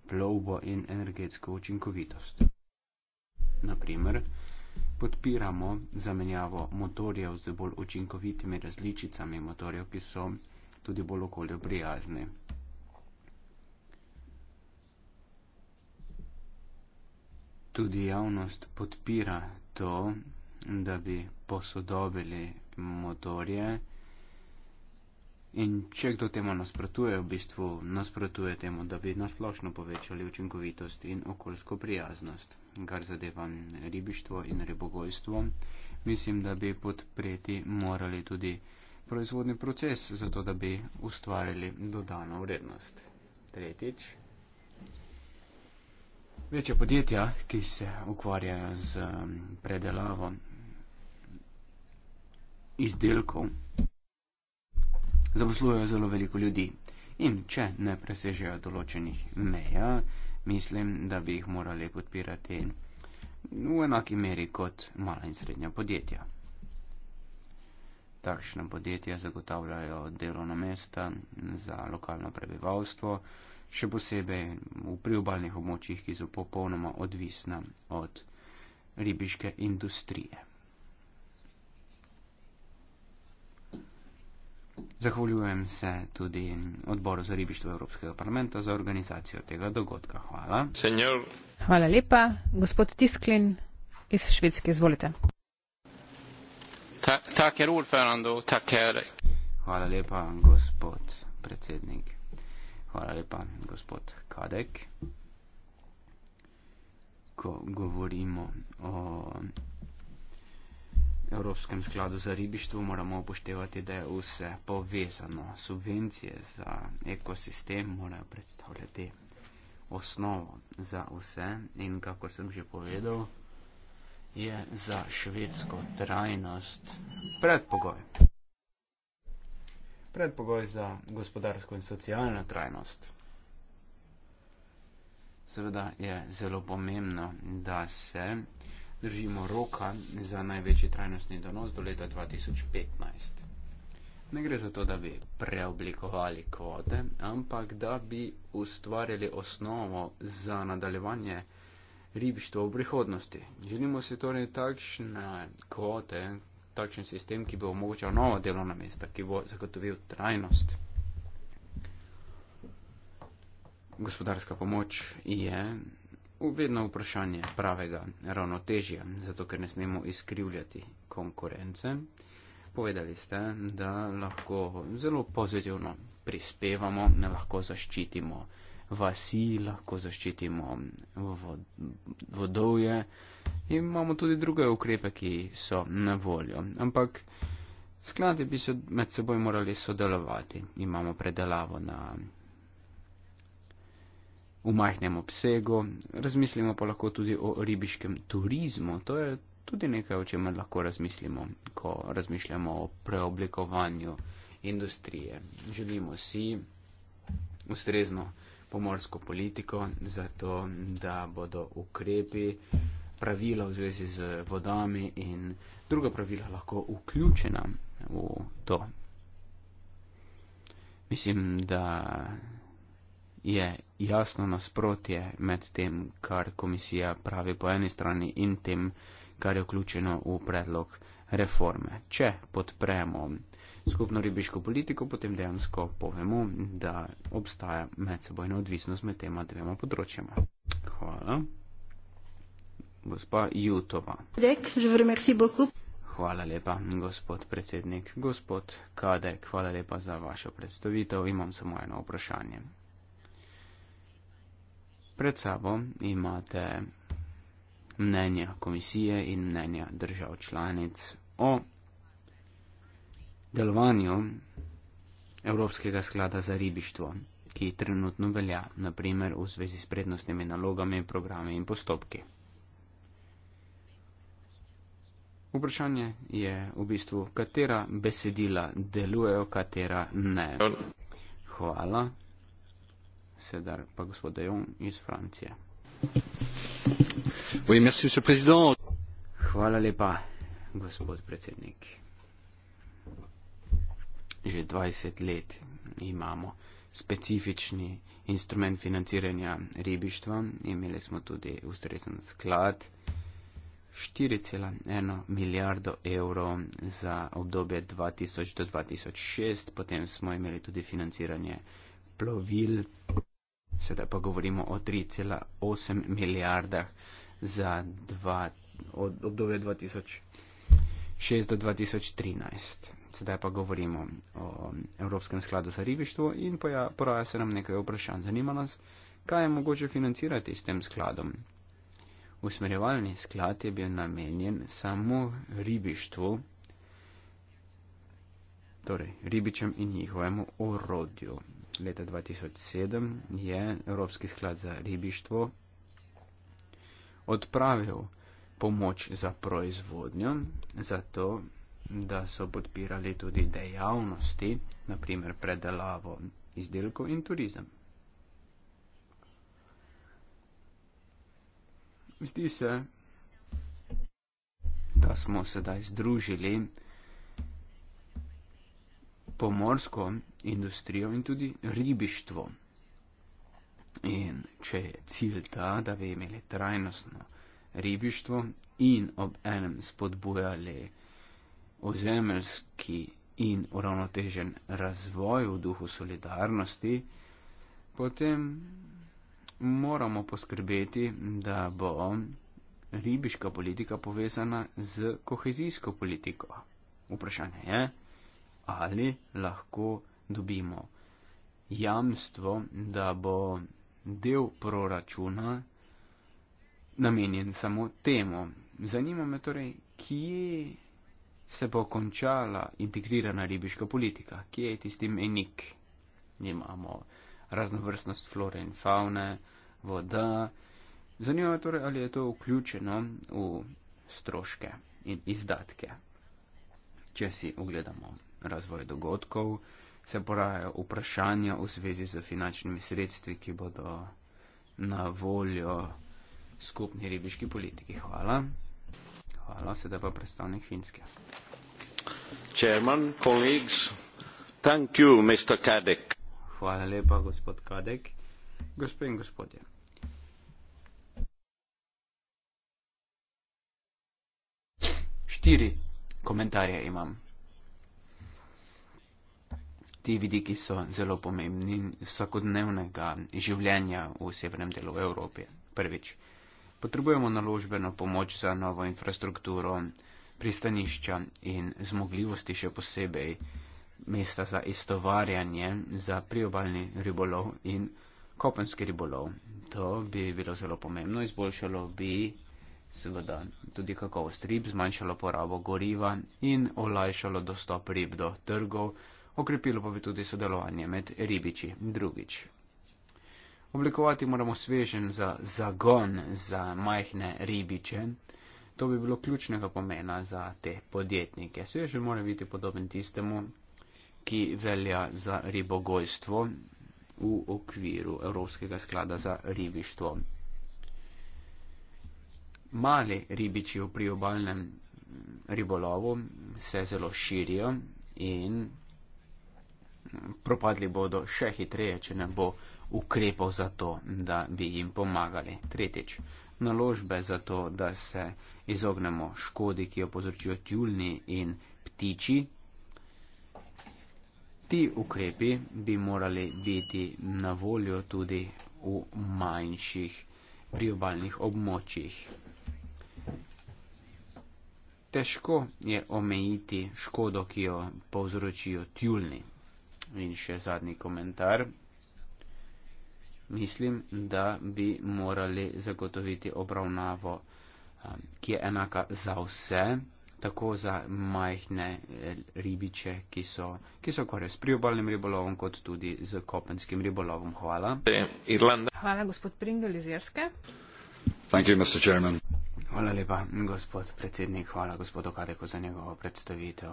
plovbo in energetsko učinkovitost. Naprimer, podpiramo zamenjavo motorjev z bolj učinkovitimi različicami motorjev, ki so tudi bolj okolju prijazni. tudi javnost podpira to, da bi posodobili motorje. In če kdo temu nasprotuje, v bistvu nasprotuje temu, da bi nasplošno povečali učinkovitost in okoljsko prijaznost, kar zadeva ribištvo in ribogojstvo, mislim, da bi podpreti morali tudi proizvodni proces, zato da bi ustvarili dodano vrednost. Tretjič. Večja podjetja, ki se ukvarjajo z predelavo izdelkov, zaposlujejo zelo veliko ljudi in če ne presežejo določenih meja, mislim, da bi jih morali podpirati v enaki meri kot mala in srednja podjetja. Takšna podjetja zagotavljajo delovna mesta za lokalno prebivalstvo, še posebej v priobalnih območjih, ki so popolnoma odvisna od ribiške industrije. Zahvaljujem se tudi odboru za ribištvo Evropskega parlamenta za organizacijo tega dogodka. Hvala. Senjor. Hvala lepa. Gospod Tisklin iz Švedske, izvolite. Ta, ta, ker, Ulf, Rando, ta, ker. Hvala lepa, gospod predsednik. Hvala lepa, gospod Kadek. Ko govorimo o Evropskem skladu za ribištvo, moramo upoštevati, da je vse povezano. Subvencije za ekosistem morajo predstavljati osnovo za vse in kako sem že povedal, je za švedsko trajnost predpogoj predpogoj za gospodarsko in socialno trajnost. Seveda je zelo pomembno, da se držimo roka za največji trajnostni donos do leta 2015. Ne gre za to, da bi preoblikovali kvote, ampak da bi ustvarili osnovo za nadaljevanje ribištva v prihodnosti. Želimo si torej takšne kvote, takšen sistem, ki bo omogočal nova delovna mesta, ki bo zagotovil trajnost. Gospodarska pomoč je vedno vprašanje pravega ravnotežja, zato ker ne smemo izkrivljati konkurence. Povedali ste, da lahko zelo pozitivno prispevamo, da lahko zaščitimo vasi, lahko zaščitimo vod, vodovje imamo tudi druge ukrepe, ki so na voljo. Ampak skladi bi se med seboj morali sodelovati. Imamo predelavo na v majhnem obsegu, razmislimo pa lahko tudi o ribiškem turizmu. To je tudi nekaj, o čemer lahko razmislimo, ko razmišljamo o preoblikovanju industrije. Želimo si ustrezno pomorsko politiko, zato da bodo ukrepi pravila v zvezi z vodami in druga pravila lahko vključena v to. Mislim, da je jasno nasprotje med tem, kar komisija pravi po eni strani in tem, kar je vključeno v predlog reforme. Če podpremo skupno ribiško politiko, potem dejansko povemo, da obstaja medsebojna odvisnost med tema dvema področjama. Hvala gospa Jutova. Hvala lepa, gospod predsednik. Gospod Kadek, hvala lepa za vašo predstavitev. Imam samo eno vprašanje. Pred sabo imate mnenja komisije in mnenja držav članic o delovanju Evropskega sklada za ribištvo, ki trenutno velja, naprimer v zvezi s prednostnimi nalogami, programi in postopki. Vprašanje je v bistvu, katera besedila delujejo, katera ne. Hvala. Sedaj pa gospod Dejon iz Francije. Hvala lepa, gospod predsednik. Že 20 let imamo specifični instrument financiranja ribištva. Imeli smo tudi ustrezen sklad. 4,1 milijardo evrov za obdobje 2000 do 2006, potem smo imeli tudi financiranje plovil, sedaj pa govorimo o 3,8 milijardah za dva, od, obdobje 2006 do 2013. Sedaj pa govorimo o Evropskem skladu za ribištvo in poja, poraja se nam nekaj vprašanj. Zanima nas, kaj je mogoče financirati s tem skladom. Usmerjevalni sklad je bil namenjen samo ribištvu, torej ribičem in njihovemu orodju. Leta 2007 je Evropski sklad za ribištvo odpravil pomoč za proizvodnjo, zato da so podpirali tudi dejavnosti, naprimer predelavo izdelkov in turizem. Zdi se, da smo sedaj združili pomorsko industrijo in tudi ribištvo. In če je cilj ta, da bi imeli trajnostno ribištvo in ob enem spodbujali ozemeljski in uravnotežen razvoj v duhu solidarnosti, potem moramo poskrbeti, da bo ribiška politika povezana z kohezijsko politiko. Vprašanje je, ali lahko dobimo jamstvo, da bo del proračuna namenjen samo temu. Zanima me torej, kje se bo končala integrirana ribiška politika, kje je tisti menik. Imamo raznovrstnost flore in faune, voda. Zanima me torej, ali je to vključeno v stroške in izdatke. Če si ogledamo razvoj dogodkov, se porajajo vprašanja v zvezi z finančnimi sredstvi, ki bodo na voljo skupni ribiški politiki. Hvala. Hvala, sedaj pa predstavnik Finske. Chairman, colleagues, thank you, Mr. Kadek. Hvala lepa, gospod Kadek. Gospe in gospodje. Štiri komentarje imam. Ti vidiki so zelo pomembni vsakodnevnega življenja v severnem delu Evrope. Prvič, potrebujemo naložbeno pomoč za novo infrastrukturo, pristanišča in zmogljivosti še posebej mesta za istovarjanje za priobalni ribolov in kopenski ribolov. To bi bilo zelo pomembno, izboljšalo bi seveda tudi kakovost rib, zmanjšalo porabo goriva in olajšalo dostop rib do trgov, okrepilo pa bi tudi sodelovanje med ribiči drugič. Oblikovati moramo svežen za zagon za majhne ribiče. To bi bilo ključnega pomena za te podjetnike. Svežen mora biti podoben tistemu, ki velja za ribogojstvo v okviru Evropskega sklada za ribištvo. Mali ribiči v priobalnem ribolovu se zelo širijo in propadli bodo še hitreje, če ne bo ukrepov za to, da bi jim pomagali. Tretjič, naložbe za to, da se izognemo škodi, ki jo povzročijo tjulni in ptiči, ti ukrepi bi morali biti na voljo tudi v manjših priobalnih območjih. Težko je omejiti škodo, ki jo povzročijo tjulni. In še zadnji komentar. Mislim, da bi morali zagotoviti obravnavo, ki je enaka za vse tako za majhne eh, ribiče, ki so, ki so korist priobalnim ribolovom, kot tudi z kopenskim ribolovom. Hvala. Hvala, gospod Pringel iz Jerske. Hvala lepa, gospod predsednik. Hvala gospodu Kadeku za njegovo predstavitev.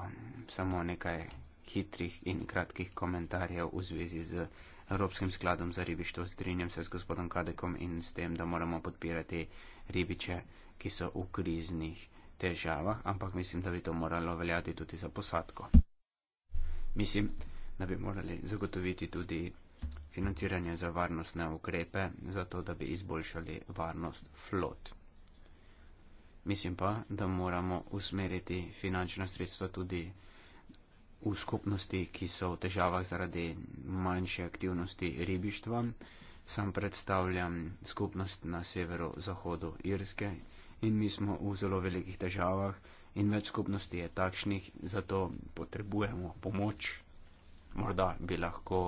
Samo nekaj hitrih in kratkih komentarjev v zvezi z Evropskim skladom za ribištvo. Strinjam se z gospodom Kadekom in s tem, da moramo podpirati ribiče, ki so v kriznih težava, ampak mislim, da bi to moralo veljati tudi za posadko. Mislim, da bi morali zagotoviti tudi financiranje za varnostne ukrepe, zato da bi izboljšali varnost flot. Mislim pa, da moramo usmeriti finančna sredstva tudi v skupnosti, ki so v težavah zaradi manjše aktivnosti ribištva. Sam predstavljam skupnost na severu-zahodu Irske in mi smo v zelo velikih težavah in več skupnosti je takšnih, zato potrebujemo pomoč. Morda bi lahko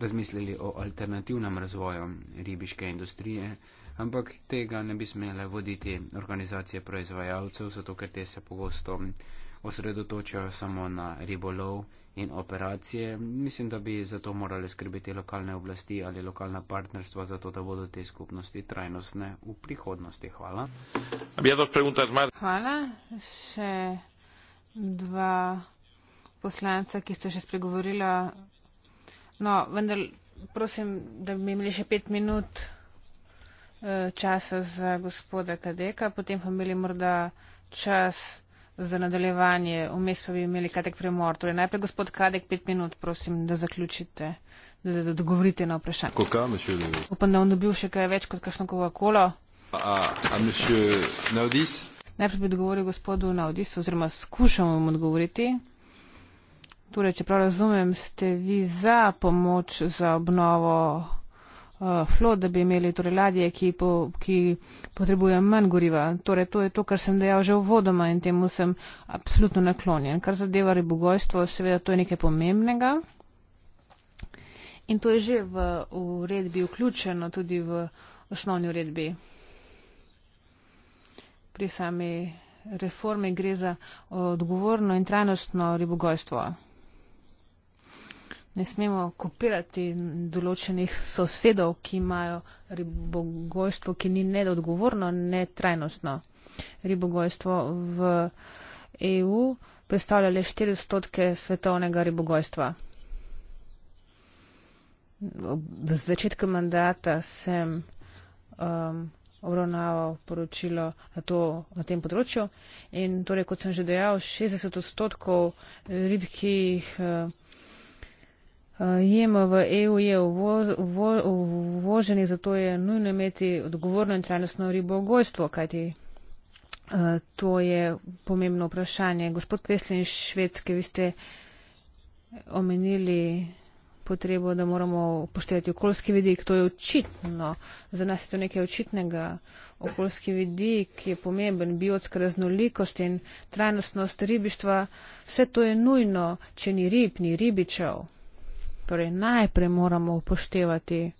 razmislili o alternativnem razvoju ribiške industrije, ampak tega ne bi smele voditi organizacije proizvajalcev, zato ker te se pogosto osredotočajo samo na ribolov in operacije. Mislim, da bi za to morali skrbeti lokalne oblasti ali lokalna partnerstva, zato da bodo te skupnosti trajnostne v prihodnosti. Hvala. Hvala. Še dva poslanca, ki ste še spregovorila. No, vendar prosim, da bi imeli še pet minut eh, časa za gospoda Kadeka, potem pa imeli morda čas za nadaljevanje. Vmes pa bi imeli kratek premor. Torej, najprej gospod Kadek, pet minut, prosim, da zaključite, da, da, da dogovorite na vprašanje. Koka, monsieur Levy? Upam, da on dobil še kaj več kot kakšno kolo. A, a monsieur Naudis? Najprej bi dogovoril gospodu Naudis, oziroma skušamo mu odgovoriti. Torej, čeprav razumem, ste vi za pomoč za obnovo uh, eh, flot, da bi imeli torej ladje, ki, po, ki potrebujejo manj goriva. Torej, to je to, kar sem dejal že v vodoma in temu sem absolutno naklonjen. Kar zadeva ribogojstvo, seveda to je nekaj pomembnega. In to je že v uredbi vključeno tudi v osnovni uredbi. Pri sami reformi gre za odgovorno in trajnostno ribogojstvo ne smemo kopirati določenih sosedov, ki imajo ribogojstvo, ki ni nedodgovorno, ne trajnostno. Ribogojstvo v EU predstavlja le 4 odstotke svetovnega ribogojstva. V začetku mandata sem um, obravnaval poročilo na, to, na tem področju in torej, kot sem že dejal, 60 odstotkov rib, ki jih. Uh, Eh, Jema v EU je uvoženi, zato je nujno imeti odgovorno in trajnostno ribogojstvo, kajti eh, to je pomembno vprašanje. Gospod Kveslin iz Švedske, vi ste omenili potrebo, da moramo upoštevati okoljski vidik. To je očitno. Za nas je to nekaj očitnega. Okoljski vidik je pomemben, biotska raznolikost in trajnostnost ribištva. Vse to je nujno, če ni rib, ni ribičev. Torej, najprej moramo upoštevati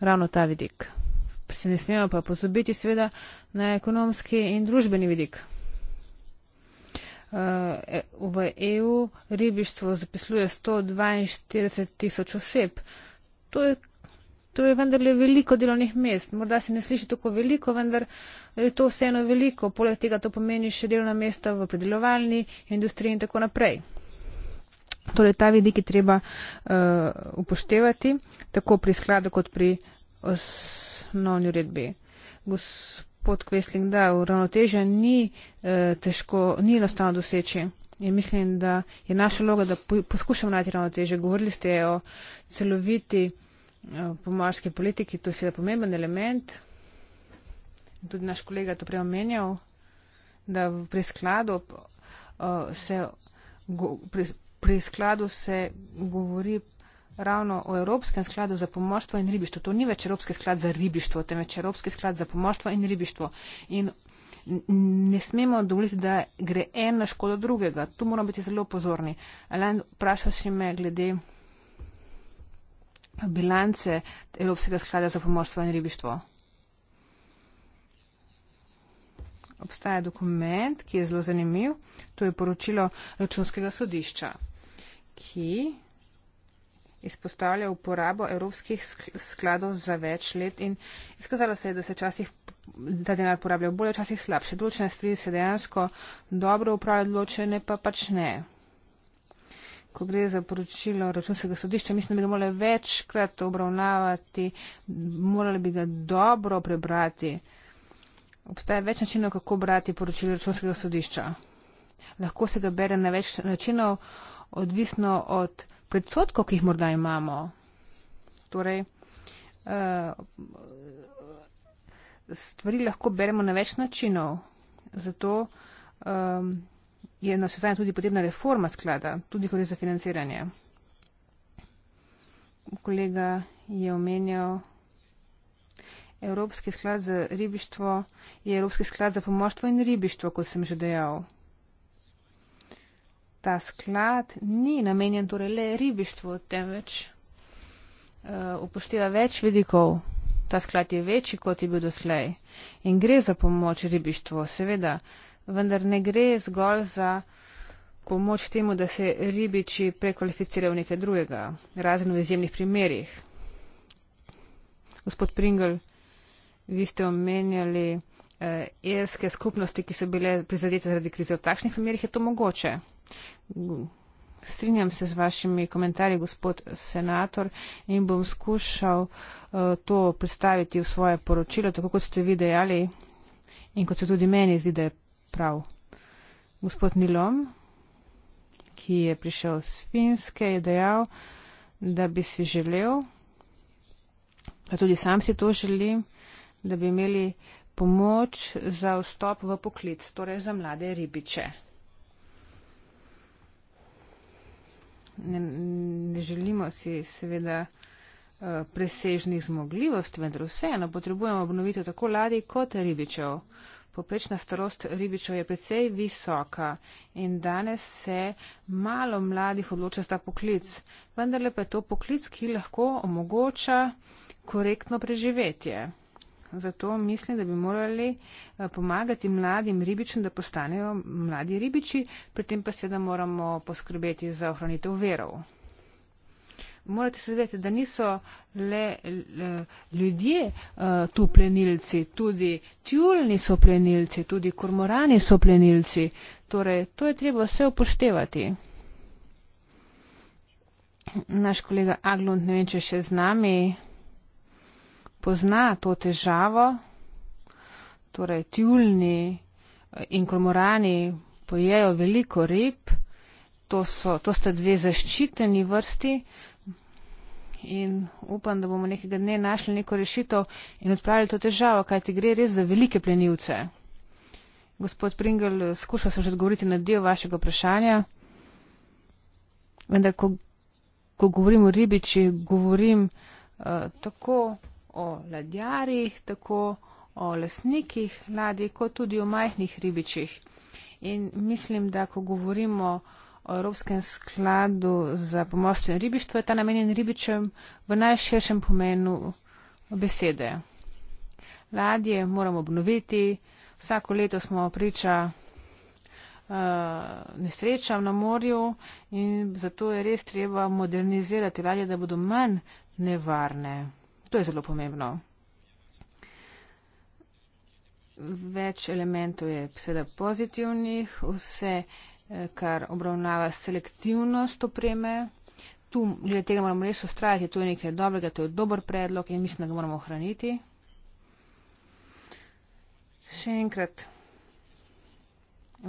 ravno ta vidik. Se ne smemo pa pozabiti, seveda, na ekonomski in družbeni vidik. Eh, e, v EU ribištvo zapisuje 142 tisoč oseb. To je, to je vendarle veliko delovnih mest. Morda se ne sliši tako veliko, vendar je to vseeno veliko. Poleg tega to pomeni še delovna mesta v predelovalni industriji in tako naprej. Torej, ta vidik je treba uh, upoštevati, tako pri skladu kot pri osnovni uredbi. Gospod Kvesling, da uravnoteže ni uh, težko, ni enostavno doseči. In mislim, da je naša loga, da poskušamo najti ravnoteže. Govorili ste o celoviti eh, pomorski politiki, to je seveda pomemben element. Tudi naš kolega je to preomenjal, da pri skladu se pri skladu se govori ravno o Evropskem skladu za pomorstvo in ribištvo. To ni več Evropski sklad za ribištvo, temveč Evropski sklad za pomorstvo in ribištvo. In ne smemo dovoliti, da gre en na škodo drugega. Tu moramo biti zelo pozorni. Alain, vprašal si me glede bilance Evropskega sklada za pomorstvo in ribištvo. Obstaja dokument, ki je zelo zanimiv. To je poročilo računskega sodišča ki izpostavlja uporabo evropskih skladov za več let in izkazalo se je, da se včasih ta denar uporablja bolje, včasih slabše. Določene stvari se dejansko dobro upravljajo, določene pa pač ne. Ko gre za poročilo računskega sodišča, mislim, da bi ga morali večkrat obravnavati, morali bi ga dobro prebrati. Obstaja več načinov, kako brati poročilo računskega sodišča. Lahko se ga bere na več načinov odvisno od predsotkov, ki jih morda imamo. Torej, eh, stvari lahko beremo na več načinov. Zato um, je na vse tudi potrebna reforma sklada, tudi kot je za financiranje. Kolega je omenjal, Evropski sklad za ribištvo je Evropski sklad za pomoštvo in ribištvo, kot sem že dejal ta sklad ni namenjen torej le ribištvu, temveč uh, upošteva več vidikov. Ta sklad je večji, kot je bil doslej in gre za pomoč ribištvu, seveda, vendar ne gre zgolj za pomoč temu, da se ribiči prekvalificirajo v nekaj drugega, razen v izjemnih primerjih. Gospod Pringl, vi ste omenjali eh, irske eh, skupnosti, ki so bile prizadete zaradi krize. V takšnih primerjih je to mogoče. Strinjam se z vašimi komentarji, gospod senator, in bom skušal uh, to predstaviti v svoje poročilo, tako kot ste vi dejali in kot se tudi meni zdi, da je prav. Gospod Nilom, ki je prišel z Finske, je dejal, da bi si želel, pa tudi sam si to želim, da bi imeli pomoč za vstop v poklic, torej za mlade ribiče. ne, ne želimo si seveda eh, presežnih zmogljivosti, vendar vseeno potrebujemo obnovitev tako ladij kot ribičev. Poprečna starost ribičev je precej visoka in danes se malo mladih odloča za ta poklic, vendar pa je to poklic, ki lahko omogoča korektno preživetje. Zato mislim, da bi morali eh, pomagati mladim ribičem, da postanejo mladi ribiči, pri tem pa seveda moramo poskrbeti za ohranitev verov. Morate se zavedati, da niso le ljudje eh, tu plenilci, tudi tjulni so plenilci, tudi kormorani so plenilci. Torej, to je treba vse upoštevati. Naš kolega Aglund, ne vem, če še z nami pozna to težavo, torej tjulni in kormorani pojejo veliko rib, to, so, to sta dve zaščiteni vrsti in upam, da bomo nekega dne našli neko rešitev in odpravili to težavo, kaj ti gre res za velike plenilce. Gospod Pringel, skušal sem že odgovoriti na del vašega vprašanja, vendar ko, ko govorim o ribiči, govorim uh, tako o ladjarjih, tako o lasnikih ladij, kot tudi o majhnih ribičih. In mislim, da ko govorimo o Evropskem skladu za pomorstvo in ribištvo, je ta namenjen ribičem v najširšem pomenu besede. Ladje moramo obnoviti, vsako leto smo priča eh, nesrečam na morju in zato je res treba modernizirati ladje, da bodo manj nevarne. To je zelo pomembno. Več elementov je seveda pozitivnih, vse, eh, kar obravnava selektivnost opreme. Tu, glede tega moramo res ustrajati, to je nekaj dobrega, to je dober predlog in mislim, da ga moramo ohraniti. Še enkrat,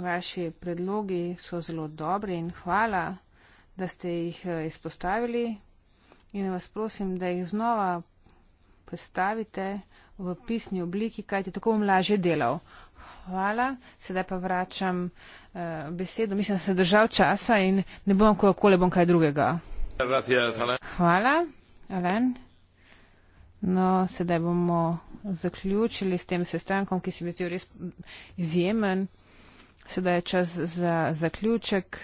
vaši predlogi so zelo dobri in hvala, da ste jih eh, izpostavili in vas prosim, da jih znova postavite v pisni obliki, kajti tako bom lažje delal. Hvala, sedaj pa vračam uh, besedo. Mislim, da sem se držal časa in ne bom kakokoli bom kaj drugega. Hvala, Alen. No, sedaj bomo zaključili s tem sestankom, ki se mi zdi res izjemen. Sedaj je čas za zaključek.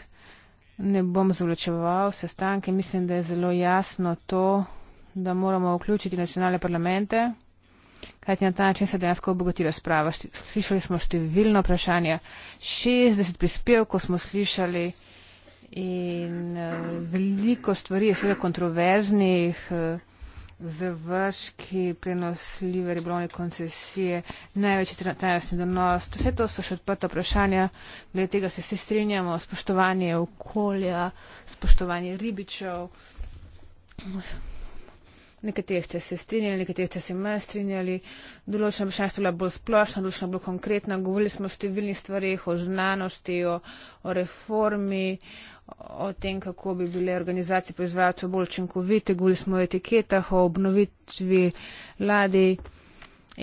Ne bom zavlačeval sestanke, mislim, da je zelo jasno to da moramo vključiti nacionalne parlamente, kajti na ta način se dejansko obogati razprava. Slišali smo številno vprašanje, 60 prispevkov smo slišali in eh, veliko stvari je seveda kontroverznih, eh, završki, prenosljive ribolovne koncesije, največji trenutni donos. Vse to so še odprta vprašanja, glede tega se vsi strinjamo, spoštovanje okolja, spoštovanje ribičev nekateri ste se strinjali, nekateri ste se ne strinjali, določena vprašanja so bila bolj splošna, določena bolj konkretna, govorili smo o številnih stvarih, o znanosti, o, o reformi, o tem, kako bi bile organizacije proizvajalcev bolj učinkovite, govorili smo o etiketah, o obnovitvi ladij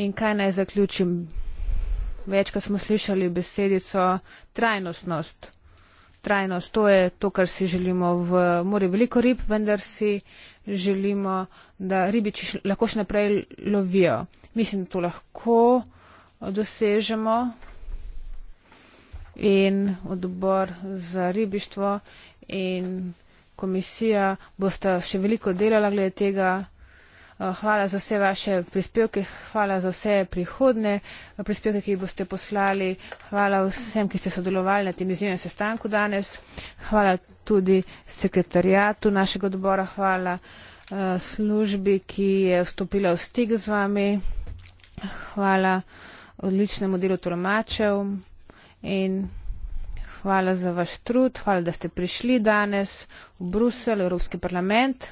in kaj naj zaključim. Večkrat smo slišali besedico trajnostnost. Trajnost, to je to, kar si želimo v morju. Veliko rib, vendar si želimo, da ribiči lahko še naprej lovijo. Mislim, da to lahko eh, dosežemo in odbor za ribištvo in komisija bosta še veliko delala glede tega. Eh, hvala za vse vaše prispevke, hvala za vse prihodne eh, prispevke, ki jih boste poslali. Hvala vsem, ki ste sodelovali na tem izjemnem sestanku danes. Hvala tudi sekretarijatu našega odbora, hvala eh, službi, ki je vstopila v stik z vami. Hvala odličnemu delu tolmačev in hvala za vaš trud, hvala, da ste prišli danes v Bruselj, v Evropski parlament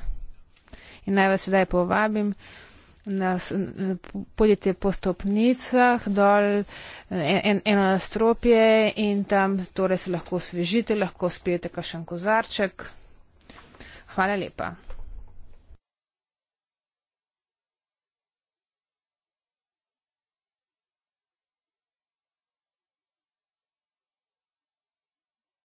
in naj vas sedaj povabim. Nas, pojdite po stopnicah, dol en, eno nastropje in tam torej se lahko osvežite, lahko spijete kašen kozarček. Hvala lepa.